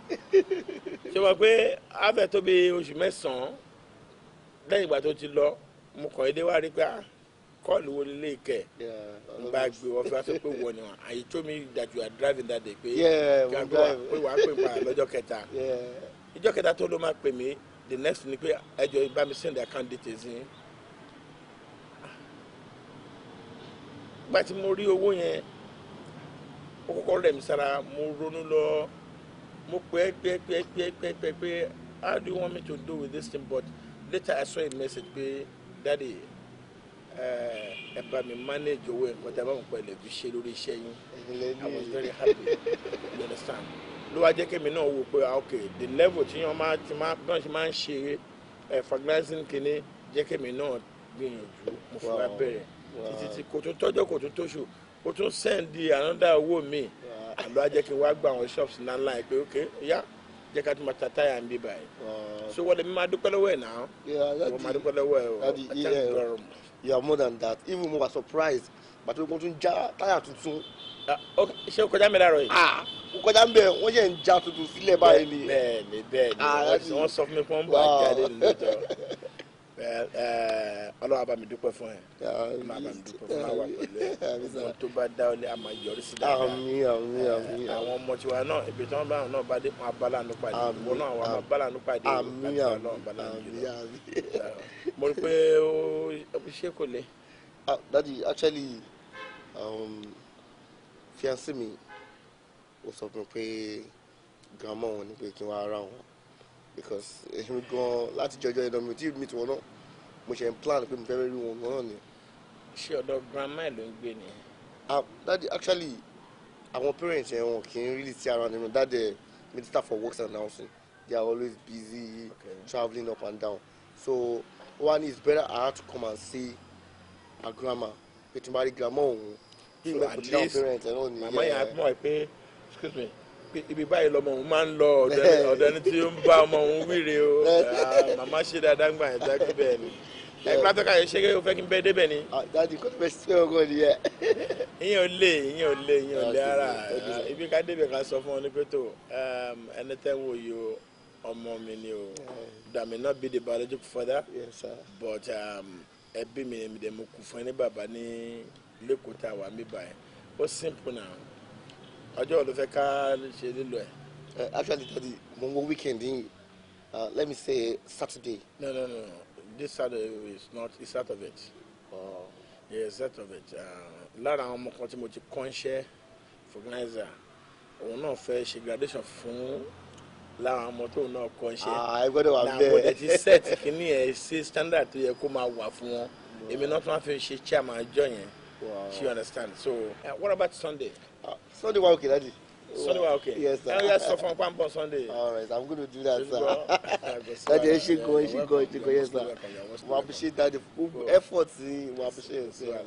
ṣé wọ́n pé a fẹ́ tó bí oṣù mẹ́sàn-án lẹ́yìn ìgbà tó ti lọ mo kàn édé wá rí pé ah, kọ́ọ̀lù wo lè kẹ̀ n bá gbé wọ́n fi wá sọ pé wọ́n ni wọn àyè tó mi dàjú à driving that day pé gbàgbọ́ pé wàá pè pa lọ́jọ́ kẹta ìjọ́ kẹta tó ló máa pè mí the next ni pé ẹjọ́ bá mi send account details yín. Ah. gbàtí mo rí owó yẹn ó kọ́kọ́ rẹ̀ mí sára mo ronú lọ mo pẹ́ pẹ́ pẹ́ pẹ́ pẹ́ pẹ́ pé how do you want me to do with this thing but later I saw a message pé dáàdi eh, ẹ bá mi manage owó ẹ̀kọ́ tí a bá mọ̀ pẹ̀lú ẹ̀bí ṣe lórí iṣẹ́ yín I was very happy you understand ló wá jẹ́ kémi náà wò pé ah, ok the level tí wọ́n máa ti máa bí wọ́n ṣe máa ń ṣe eh, fragrance kìíní jẹ́ kémi náà gbìyànjú mo fura bẹ̀rẹ̀ títí kò tún tọ́jọ́ kò tún tóṣù ó tún sẹ́ǹdì ànádà owó mi àlọ́ ajẹ́ kí n wá gba àwọn shops ńláńlá yẹn pé ok yá jẹ́ ká tún máa ta táyà ń bí báyìí so wọ́n lè mi máa dúpẹ́ lọ́wọ́ ẹ̀ náà wọ́n máa dúpẹ́ lọ́wọ́ ẹ̀ o I thank God. you are more than that even more surprised pàtó kó tún já táyà tuntun. Ah, ṣé o kọjá mi láàárọ̀ yìí. Ah, o kọjá ń bẹ wọn yẹ ń já tuntun sílẹ̀ báyìí ni. bẹ́ẹ̀ni bẹ́ẹ̀ni ah, wọn sọ fún mi pé wọn bá jáde ọlọ́wọ́ bá dúpẹ́ fún ẹ máa bá dúpẹ́ fún àwa pẹ̀lú ẹ ohun tó bá dá ọ lé àmà yọrí sí dáadáa àwọn ọmọ tiwa náà ibi tí wọ́n bá wọn náà bá dé wọn abálànú pàdé ìwọ náà wọn abálànú pàdé láti wọn náà abálànú jùlọ mo rí pé ó ṣe kò lé. Ah, dadi actually um, fiancé mi ó sọ fún mi pé grandma òun ni pé kí n ara wọn because èmi gan láti jọjọ ẹ̀dọ̀ mi ò tí ì meet wọn náà mo ṣe ń plan pé mo fẹ́ rí wọn náà ni. ṣé ọ̀dọ̀ grandma ẹ̀ ló ń gbé ni. ah dadi actually àwọn parents yẹn wọn kì í really see around them dadi minister for works and housing they are always busy okay. travelling up and down so one is better I had to come and see her grandma pé tí n bá rí grandma òun. so at least mama yẹn á mọ̀ pé excuse me pé ibi báyìí lọmọ òun máa ń lọ ọ̀dọ̀ ẹni tí ó ń bá ọmọ òun wíre o ah, màmá ṣe dáadáa gbà yẹn dákú bẹ́ẹ̀ ni ẹgbẹ́ atọ́ka yẹn ṣé o fẹ́ kí n bẹ́ẹ̀ débẹ̀ ni. àdájú ah, kò fẹ́ sí ọgọ́ ni ẹ. ìyẹn ò lè ìyẹn ò lè ìyẹn ò lè ara ibi ká débẹ̀ ká sọ fún ọ ní pẹ́tò um, ẹni tẹ́ wo yìí o ọmọ mi ni o that may not be the biological father yes, but um, ẹbí mi ni mo kù fún ẹ ní bàbá ní lẹ́kọ̀ọ́ tá a wà mí báyìí ó simple now ọjọ́ ló ká ṣe lílo ẹ̀. Uh, actually daddy mo ń wo weekend yìí uh, let me say saturday. no no no this saturday is not it's out of it. Oh. yes out of it. Uh, lára àwọn ọmọ kan tí mo ti kọ́ ń ṣe organizer òun náà fẹ́ ṣe graduation fún láwọn ọmọ tóun náà kọ́ ń ṣe. Ah, ẹ gbọ́dọ̀ wà bẹ́ẹ̀. làwọn ọdẹ ti set kínní ẹ̀ sí standard tó yẹ kó máa wà fún wọn èmi náà tún wá fi ṣe chairman àjọ yẹn she understand so uh, what about sunday. Ah, sọ́ọ́dì wa òkè dáàdì. Sunday wa okay. Yes, sir. And we are suffering from Pampo Sunday. All right, I'm going to do that, sir. That is she go, she go, she go. Yes, sir. We appreciate that. The effort, we appreciate. Sir.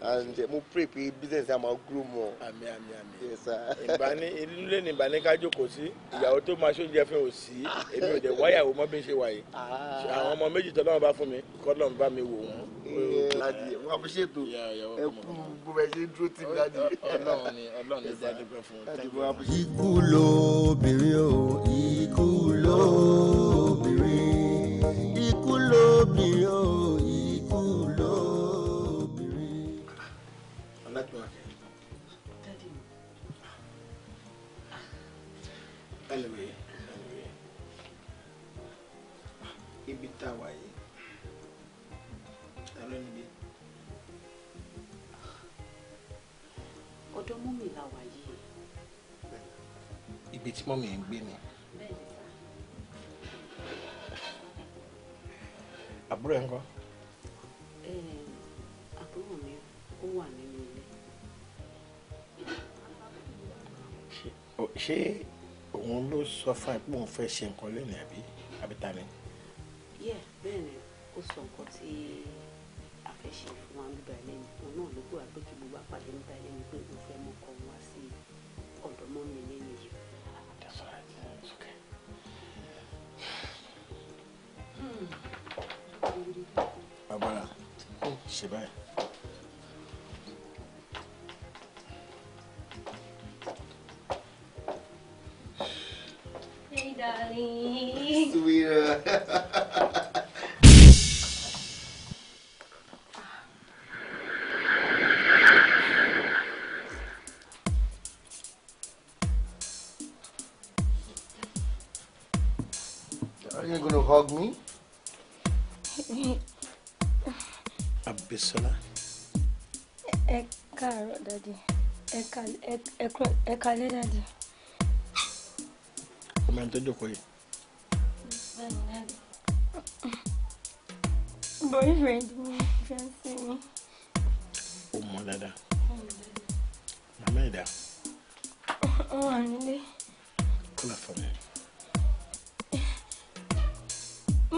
And we eh, pray for business am our grow more. Àmín, àmín, àmín. Yes, sir. Ìbáni ìlú lé ní ìbáni ká jókòó sí. Ìyàwó tó máa ṣó jẹ fún òsì. Èmi ò dẹ̀ wáyà wo mọ́ bí n ṣe wáyé. Ah. Àwọn ọmọ méjì tọ́lọ́mọ bá fún mi. Kọ́lọ́mù bá we wò wọ́n. Mo appreciate o. Ẹ kú We appreciate ṣe dúró tì mí láti. Ọlọ́run ni Ọlọ́run ni Bádé pẹ́ fún ọ ikú lóbìnrin o ikú lóbìnrin ikú lóbìnrin o. tí mọ́mí ń gbé ni. àbúrò ẹ̀ ń kọ́. àbúrò mi ó wà nínú ilé. ṣé òun ló sọ fún ẹ pé òun fẹ́ ṣe nǹkan lónìí àbí àbí ta ni. yẹ bẹ́ẹ̀ ni ó sọ nǹkan tí a fẹ́ ṣe fún wa nígbà lẹ́yìn òun náà ló gbọ́ àgbẹ̀kí gbogbo àpàdé nígbà lẹ́yìn pé òun fẹ́ mọ́kàn wá sí ọ̀dọ́mọ́mi lẹ́yìn. babara ṣe Hey, darling. Sweetheart. Are you going to hug me? Sọlá. Ẹ káàárọ̀ dádì. Ẹ kalẹ́ dádì. Ọmọ ẹni tó jókòó yìí. Bẹ́ẹ̀ni dádì. Boyfriend mi fẹ́ sí mi. Ó mọ dáadáa. Màmá ẹ̀dá. Ó wà nílé. Kọ́lá fún mi.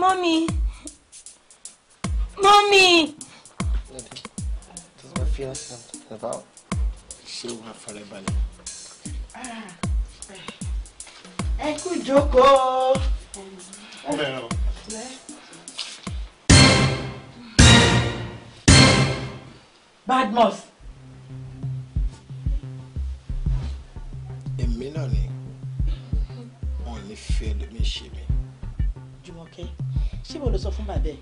Mọ́mí. feel something about? Ṣé wàá fọ̀rẹ́ balẹ̀? Ẹ kú ìjókòó. Bẹ́ẹ̀ o. Badmus. Èmi náà ni wọn ní fi ẹlòmíì ṣe mí. Jùmọ̀kẹ́, ṣé mo lọ sọ fún bàbá ẹ̀?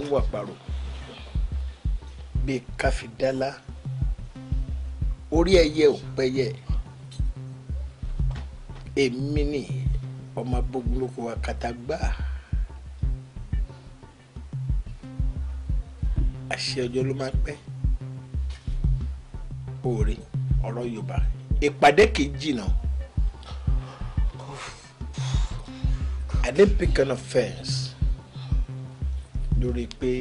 ń wà pàrọ̀ bíi káfíńdálá orí ẹyẹ ò pẹyẹ èmi ni ọmọ abogunloko akatagbá àṣẹ ọjọ́ ló máa pẹ́ oore ọ̀rọ̀ yorùbá ìpàdé kì í jìnnà I didn't pick an offense lórí pé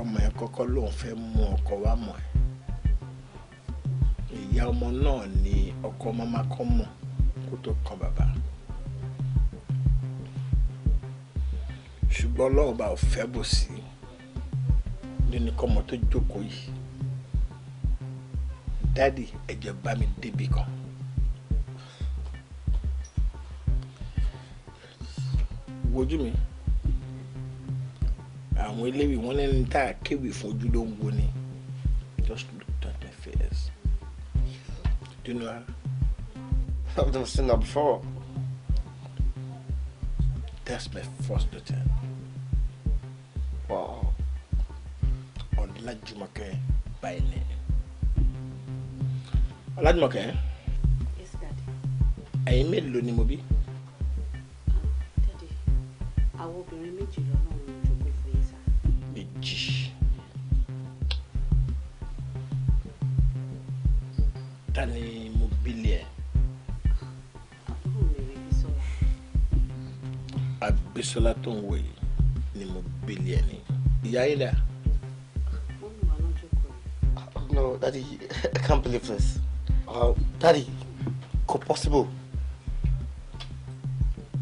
ọmọ ẹ kọ́kọ́ lòun fẹ́ mú ọkọ wá mọ̀ ẹ́ ìyá ọmọ náà ni ọkọ màmá kọ́ mọ̀ kó tó kan bàbá ṣùgbọ́n ọlọ́run bá fẹ́ bò sí nínú kọ́mọ tó jókòó yìí dáàdì ẹ̀jẹ̀ bá mi débi kan. wojú mi àwọn eléwì wọn lẹ́ni tá a kéwì fún ojú ló ń wo just look at my face do you know her. I've never seen her before. That's my first daughter. Wow. Olajumoke by name. Olajumoke. Yes, Daddy. Ẹ̀yin mélòó ni mo bí? Ah, Daddy, àwọn obìnrin méjì lọ́nà. ìyá ilẹ̀. no daddy i can't believe this uh, daddy kò possible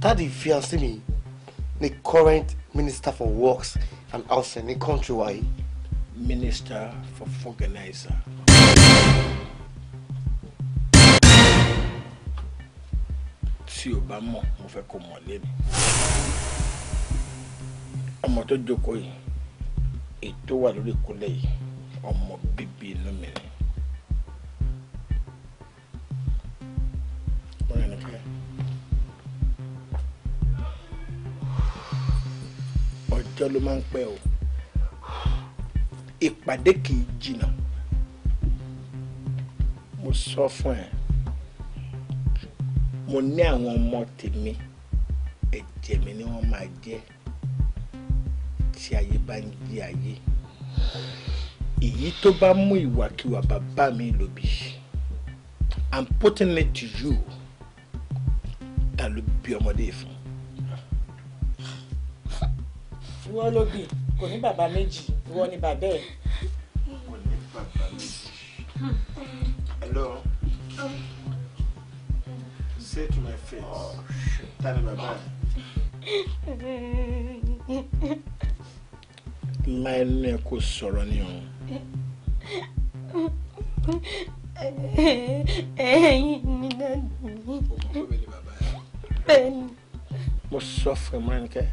daddy fiance me, the current minister for works and housing ní country wa minister for funganizer. tí o bá mọ̀ mo fẹ́ kó mọ̀ lẹ́nu ọmọ tó jókòó yìí ètò wà lórí ìkúnlẹ̀ yìí ọmọ bíbí inú mi ni. ọjọ́ ló máa ń pẹ́ o ìpàdé kì í jìnnà mo sọ fún ẹ mo ní àwọn ọmọ tèmi ẹ̀jẹ̀ mi ni wọ́n máa jẹ́ tí ayé bá ń jí ayé èyí tó bá mú ìwàkiwà bàbá mi lòbí i'm putting it to you ta ló bí ọmọdé fún. ìwọ ló bí kò ní bàbá méjì ìwọ ni bàbá ẹ. kò ní bàbá méjì. hello. say to my face. Oh, ta ni bàbá ẹ. la ẹnu ẹ kò sọ̀rọ̀ ni o. ẹ̀yin ni dáàbì mi. mo sọ fún ẹ mọ́nìkẹ́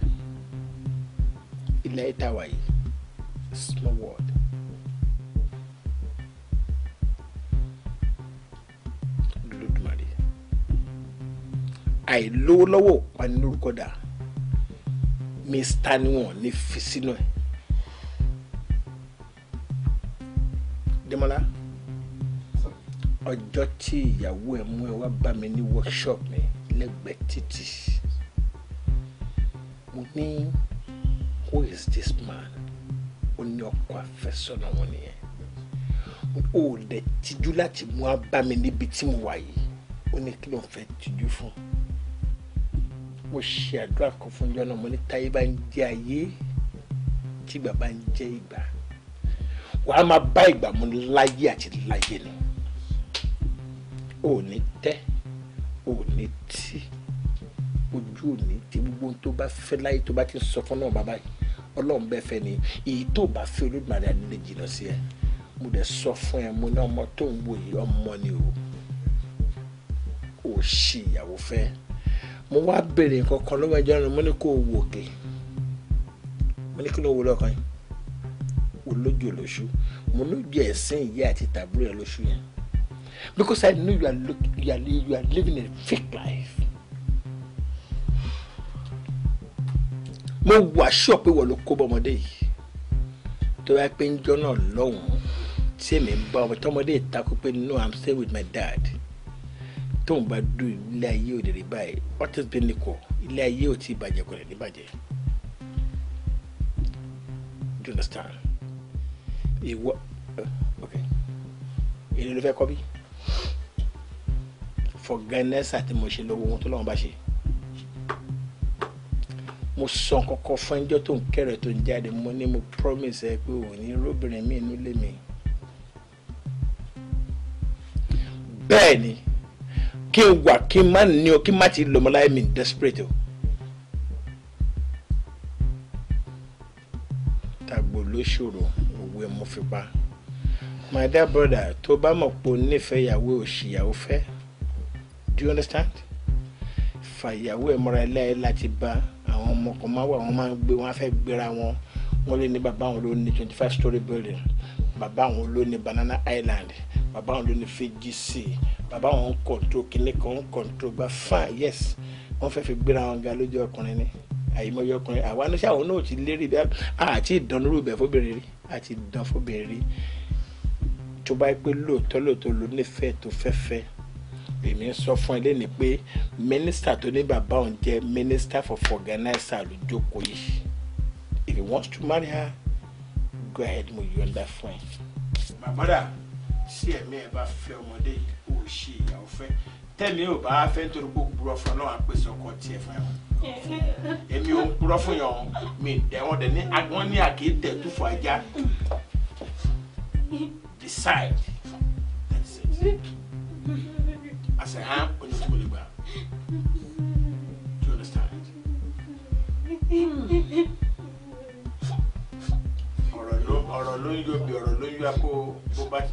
ilẹ̀ ìtawà yìí small world. Olódùmarè àìlówó lọ́wọ́ panilórúkọ dà mr ni wọn ní fi ẹ̀. Demola ọjọ́ tí ìyàwó ẹ̀ mú ẹ wá bá mi ní workshop mi lẹ́gbẹ̀ẹ́ títì mo ní who is this man ó ní ọkọ àfẹ́sọ́nà wọn nìyẹn ó dẹ̀ tijú láti mú wá bá mi níbi tí mo wà yìí ó ní kí ló ń fẹ́ tijú fún mo ṣe àdúrà kan fún ọjọ́ náà mo ní táyé bá ń jẹ́ ayé tí bàbá ń jẹ́ ìgbà wàá máa bá ìgbà mu láyé àti láyé ni òní tẹ́ òní tí ojú òní tí gbogbo tó bá fẹ́ láyé tó bá ti sọ fún náà bàbá yìí ọlọ́run bẹ́ẹ̀ fẹ́ ni èyí tó bá fẹ́ olódùmarè àdúlé jìnnà sí ẹ mo dẹ̀ sọ fún ẹ mo ní ọmọ tó ń wò yìí ọmọ ni o ò ṣe ìyàwó fẹ́ mo wá béèrè nǹkan kan lọ́wọ́ ẹjọ́ rẹ mo ní kó o wò ké mo ní kí ló wò lọ́kàn yìí lójú lóṣù mo lójú ẹ̀sìn ìyá àti tàbúrò ẹ̀ lóṣù yẹn because I know you are, look, you are, you are living a fake life. mo wà sọ pé wọ́n ló kó bọ́mọdé yìí tó bá pé ń jọ́ lọ́hùn tí èmi ń bá ọmọ ìtakú pé no I'm staying with my dad tóun bá dùn ilé ayé òde rí báyìí what has been equal ilé ayé ò tí ì bàjẹ́ kò ní bàjẹ́. Do you understand? ìwọ èyí ló fẹ́ kọ́ bí fọ̀gánẹ́sà tí mo ṣe lówó ohun tó lọ́wọ́ bá ṣe mo sọ kọ́kọ́ fún ẹjọ́ tó ń kẹ̀rẹ̀ tó ń jáde mo ní mo promise ẹ pé òun ní róbìnrin mi inú lé mi bẹ́ẹ̀ ni kí n wà kí n má ní o kí n má ti lọ́mọ láyé mi desperate o. tàgbò ló ṣòro ìyàwó ẹ̀ mọ́ fipá my dear brother tó bá mọ̀ pé o nífẹ̀ẹ́ ìyàwó ò ṣì ìyàwó fẹ́ do you understand fa ìyàwó ẹ̀ mọ́ra ẹ̀ láyé láti bá àwọn ọmọ kan máa wà wọ́n máa ń gbé wọ́n á fẹ́ gbéra wọn wọ́n lé ní bàbá àwọn ló ní twenty five story building bàbá àwọn ló ní banana island bàbá àwọn ló ní fiji sea bàbá àwọn ń control kíní kan ń control gba fine yes wọ́n fẹ́ fi gbéra wọn ga lójú ọkùnrin ni àìmọye ọkùnrin àwa ní sáwọn náà ti lérí bí àti ìdánlórú ibẹ̀ fóbìnrin rí àti ìdán fóbìnrin rí tó bá pé lóòótọ́ lóòótọ́ ló nífẹ̀ẹ́ tó fẹ́fẹ́ èmi ń sọ fún ẹ pé mínísítà tó ní bàbá òun jẹ́ mínísítà for organizer ló jókòó yìí if he wants to marry her go ahead mo yọ ọ́ndà fún ẹ. bàbáda sí ẹ̀mí ẹ̀ bá fẹ́ ọmọdé ò ṣe ìyàwó fẹ́ tẹ́mi ò bá fẹ́ nítorí gbogbo ọ̀fọ̀ náà àpèsè ọkọ tiẹ̀ fún ẹ èmi ò ń purọ́ fún yàn mi dẹ̀ wọ́n ní agbọ́n ní àké tẹ̀ tó fọ ajá decide that's it àṣẹ hàn oní tí mo lè gbà do you understand. ọ̀rọ̀ ló ọ̀rọ̀ ló ń yọbi ọ̀rọ̀ ló ń yọ akó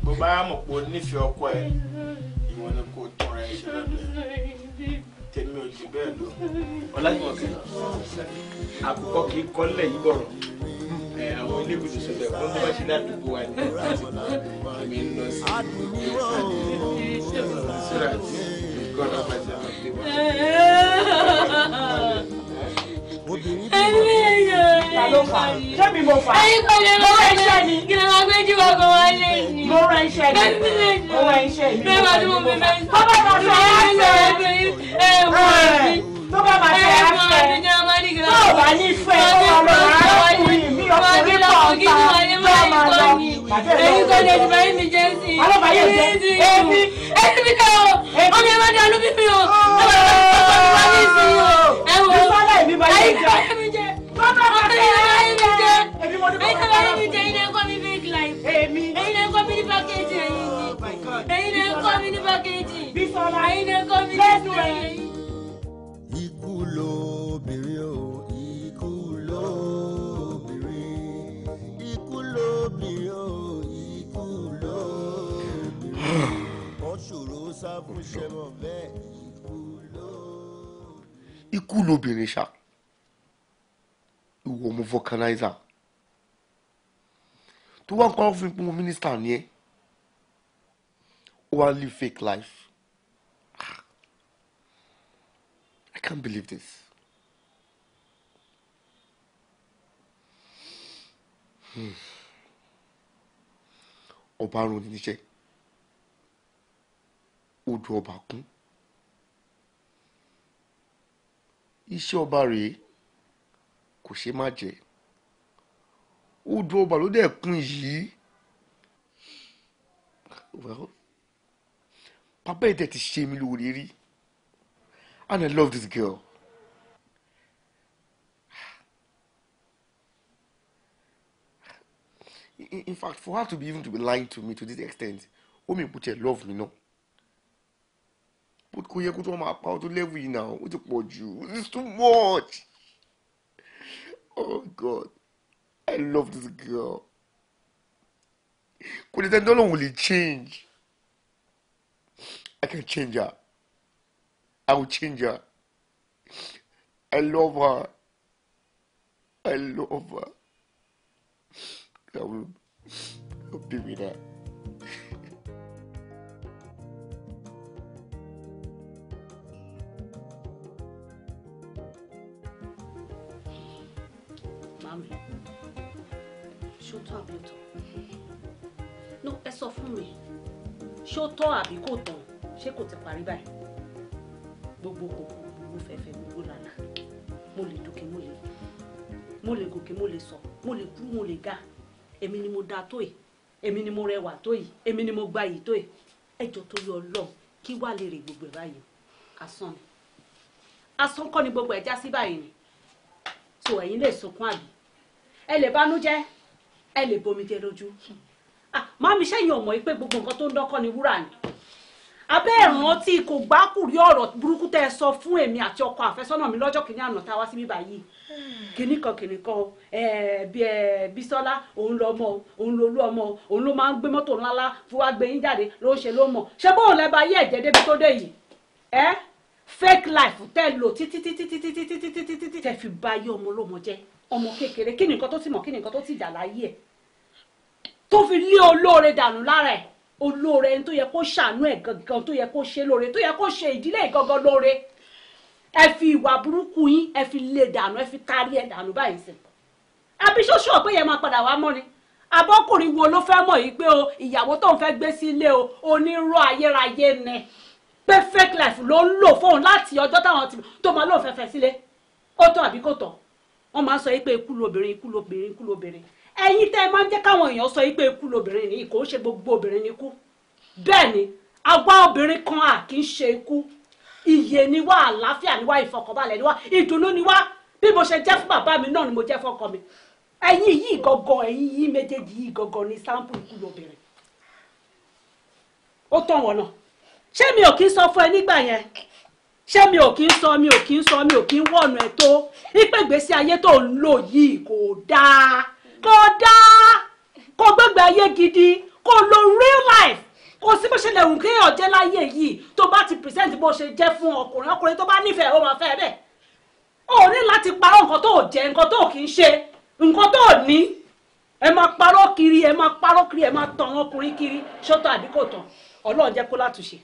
bó bá mọ̀ pé o nífẹ̀ẹ́ ọkọ ẹ̀ ìwọ ni kò tọrọ ẹ̀ ṣe lọ́dọ̀ tèmi ò jù bẹ́ẹ̀ lọ ọlájúmọ̀kẹ́ àkùkọ kì í kọ́lẹ̀ yìí bọ̀rọ̀ àwọn ilé ìbùdó sọ̀rọ̀ ẹ̀kọ́ tó bá ṣe ládùúgbò wa ní èmi ń lọ sí ìṣẹ́ra tí gọ́dọ̀ bá ṣe àwọn ìdíwọ̀n obìnrin bí wọn. ẹ̀mí ẹ̀yọ̀ ta ló fà á sẹ́mi mo fà á. ẹ̀yin pẹ̀lú ẹ̀rọ iṣẹ́ mi kí ló máa gbé jí wọ́n kan wá lé yìí. mo rán iṣẹ́ mi mo rán iṣẹ́ mi. bẹ́ẹ̀ bá dúró mi bẹ́ẹ̀. bọ́bá kan sọ wá sẹ́yìn. ẹ̀ wọ́n mi tó bá máa fẹ́ àfẹ́ tó bá ní fẹ́ ó wà lọ arákùnrin mi ọkùnrin kọ̀ọ̀kan tó máa lọ. èyí kò lè dùn báyìí mi jẹ́ sí i. ọlọ́pàá yóò jẹ́ èmi. èmi mi kẹ́ o ọmọ ẹ má dé alú bíbí o ọmọ ẹ má dé ọkọ̀ mi wá ní ìsìn o. ẹ wo èyí kò lè mi jẹ́ ọkọ̀ mi wá ní mi mi ni èyí ikú lóbìnrin o ikú lóbìnrin ikú lóbìnrin o ikú lóbìnrin ọ̀ṣọ́rọ̀ sá fún ṣẹ́mọ̀ bẹ́ẹ̀ ikú lóbìnrin. ikú lóbìnrin ṣá ìwọ ọmọ vulcanizer tó wá ń parọ́ fún mi pé mo mínísítà ni ẹ́ ó wá live fake life. can't believe this. Hmm. Ọba arun oníṣẹ́ odò ọba kún iṣẹ́ ọba rèé kò ṣe má jẹ́ odò ọba ló dẹ̀ kún yìí bàbá ẹ̀ ti ṣe mí lóore rí and I love this girl. In fact, for her to be even to be lying to me to this extent, ó mi put her love me náà. But kò yẹ kó tó wọn máa pa ọ tó level yìí náà, ó ti pọ̀ jù, this is too much. Oh God, I love this girl. Could it then ní Ọlọ́run lè change. I can change her. I will change her. I love her. I love her. I will be with her. Mami, ṣó tọ́ àbí No, ẹ sọ fún mi, ṣó tọ́ àbí kò tọ́? Ṣé kò ti parí báyìí? gbogbo kòkó gbogbo fẹ̀fẹ̀ gbogbo lànà mo lè dókè mo lè mo lè gòkè mo lè sọ mo lè kú mo lè ga èmi ni mo da tó yìí èmi ni mo rẹwà tó yìí èmi ni mo gba yìí tó yìí ẹjọ tó yọ lọ kí wàá lè rè gbogbo ẹ báyìí asán ni asán kọ́ ni gbogbo ẹ̀ já sí báyìí ni so ẹ̀yin lè sunkún àbí ẹ lè banú jẹ́ ẹ lè bomi jẹ lójú ah màmí sẹ́yìn ọmọ yìí pé gbogbo nǹkan tó ń dọ́kọ́ ni wúrà ni abẹ́ ìrántí kò gbákùrí ọ̀rọ̀ burúkú tẹ́ ẹ sọ fún èmi àti ọkọ àfẹ́sọ́nà mi lọ́jọ́ kìíní àná tá a wá síbí báyìí kìíní kan kìíní kan Bísọ́lá òun lọ ọmọ òun ló lú ọmọ òun ló máa ń gbé mọ́tò ńláńlá fún wa gbé yín jáde ló ń ṣe ló mọ̀ ṣé bóun lẹ́ bá yé ẹ̀jẹ̀ débi tó dé yìí ẹ́ fake life tẹ́ lò títí títí títí títí títí títí tẹ́ fi ba ayé ọmọ lọ́mọ jẹ́ ọmọ kékeré kí ni nǹkan tó ti mọ̀ kí ni nǹkan tó ti dà láyé ẹ̀ tó fi lé olóore dànù lára ẹ̀ olóore ẹni tó yẹ kó ṣàánú ẹ̀ gangan tó yẹ kó ṣe lóore tó yẹ kó ṣe ìdílé gangan lóore ẹ fi ìwà burúkú yín ẹ fi lè e dànù ẹ fi kárí ẹ dànù báyìí sí. àbí ṣóṣó ọ̀pẹ yẹn máa padà wá mọ́ ni abọ́kùnrin wo ló fẹ́ mọ̀ yìí pé o ìyàwó tó ń fẹ́ gbé sílé o onírọ́ ayérayé ni pé fake life ló ń lò fóun láti ọjọ́ táwọn ti tó máa lóun fẹ́fẹ́ sílé ó tọ́ àbí kò tọ́ wọ́n máa ń sọ yìí pé ikú lobìnrin ikú lobìnrin ikú lobìnrin ẹ̀yin tẹ́ ẹ máa ń jẹ́ káwọn èèyàn sọ yìí pé ikú lobìnrin ní kò ń ṣe gbogbo obìnrin ní kú bẹ́ẹ̀ ni àwa obìnrin kan à kì í ṣe ikú ìyè ni wá àlàáfíà ni wá ìfọkànbalẹ̀ ni wá ìdùnnú ni wá bí mo ṣe jẹ́ fún bàbá mi náà ni mo jẹ́ fọ́kọ mi ẹ̀yin yìí gọgọ ẹ̀yin yìí méjèèjì yìí gọgọ ni sáǹpù ikú lobìnrin ó tàn wọ́n náà ṣé mi ò kí ń sọ fún ẹ nígbà yẹn ṣé mi ò kí ń sọ mi ò kí ń sọ mi ò kí ń wọ̀nà ẹ̀ tó ìpègbèsè ayé tó ń lò yìí kò dáa kó dáa kó gbégbé ayé gidi kó lo real life kò sí bó ṣe lè wù kéèyàn jẹ́ láyé yìí tó bá ti present bó ṣe jẹ́ fún ọkùnrin ọkùnrin tó bá nífẹ̀ẹ́ ó máa fẹ́ bẹ́ẹ̀ ó ní láti parọ́ nǹkan tó jẹ́ nǹkan tó kì í ṣe nǹkan tó ní ẹ máa parọ́ kiri ẹ máa parọ́ kiri ẹ máa tàn ọkùnrin kiri ṣọ́tọ̀ àbí kò tàn ọlọ́run jẹ́ kó látúnṣe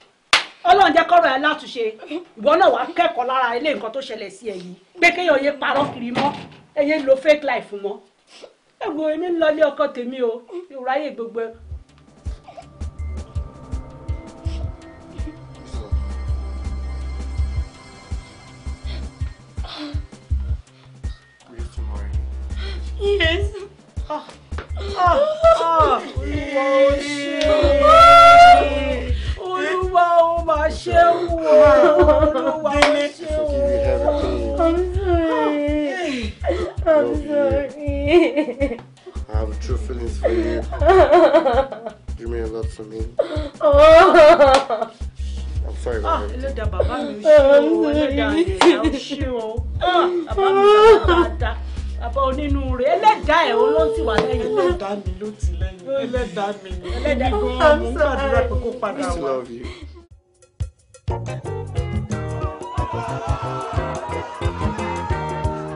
ọlọ́run jẹ́ kọ́rọ̀ ẹ látúnṣe ìwọ náà wàá kẹ́kọ̀ọ́ lára ilé nǹkan tó ṣẹlẹ̀ sí ẹ yìí pé kéèyàn yé parọ́ kiri mọ́ ẹ yé lo fake life mọ́ ẹ̀wọ̀n èmi ń lọlé ọkọ tèmi o ìwúráyè gbogbo ẹ̀. Yes. Oh. Oh. ṣe. Olúwa ó máa ṣe ṣe wò. I'm sorry. I have true feelings for you. You mean a lot to me. I'm sorry, Ah, hello, da baba mi o ṣe o, ẹlẹ́dàá o. Ah, Bàbá mi ṣe dáadáa. Bàbá onínú rẹ̀ ẹlẹ́dàá ẹ̀ olóhùn ti mi ló ti lẹ́yìn. Ah. Ẹlẹ́dàá mi ni. Ẹlẹ́dàá mo ń gbàdúrà pé kó padà I love you.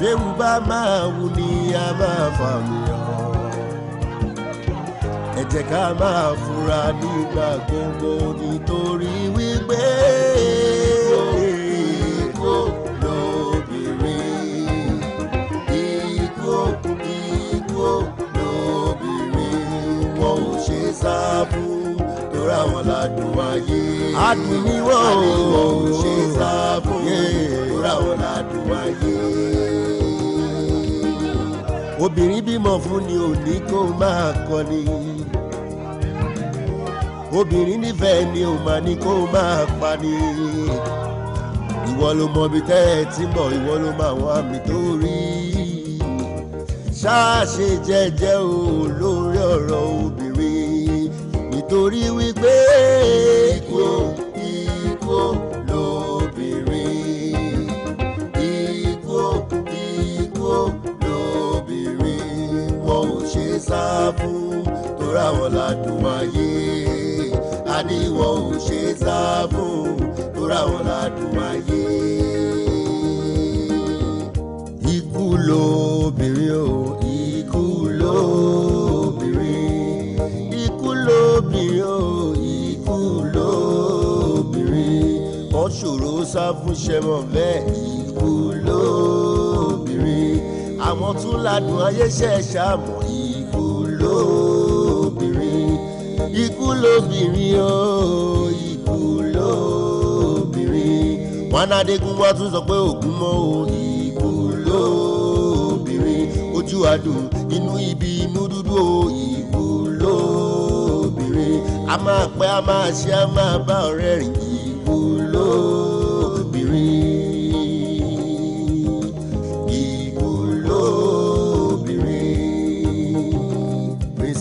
bẹ́ẹ̀rù bá máa wù ní a máa fà mí hàn. ẹ jẹ́ ká máa fura nígbà gbogbo nítorí wípé ikú lóbìnrin ikú ikú lóbìnrin wọn ò ṣe sá fún lóra wọn ládùn ayé adùn ni wọn ò ṣe sá fún lóra wọn ládùn ayé obìnrin bímọ fún ni ò ní kó máa kọni obìnrin nífẹ̀ẹ́ ni ò máa ní kó máa pani ìwọ ló mọ ibi tẹ́ ẹ ti mọ̀ ìwọ ló mọ àwọn àmì tó rí ṣáàṣe jẹ́jẹ́ o lórí ọ̀rọ̀ obìnrin nítorí wípé ikú ikú. sáfù tóra wọn ládùn ayé àníwọ̀ ò ṣe sáfù tóra wọn ládùn ayé. ikú lóbìnrin o ikú lóbìnrin ikú lóbìnrin o ikú lóbìnrin wọ́n ṣòro sáfù ṣẹmọ̀ bẹ́ẹ̀ ikú lóbìnrin àwọn tún ládùn ayé ṣẹ̀ṣẹ̀ àmọ́ yìí lóbìnrin ikú lóbìnrin o ikú lóbìnrin wọn adégún wá tún sọ pé ògún mọ́ o ikú lóbìnrin ojú adùn inú ibi inú dúdú o ikú lóbìnrin a máa pẹ́ a máa ṣe a máa bá ọ̀rẹ́ rìn ikú lóbìnrin.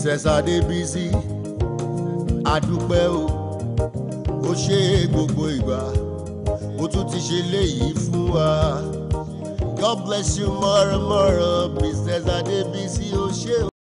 princess adébísí adúpẹ́ o ó ṣe é gbogbo ìgbà ó tún ti ṣe léyìí fún wa god bless you mọ̀rọ̀mọ̀rọ̀ princess adébísí o.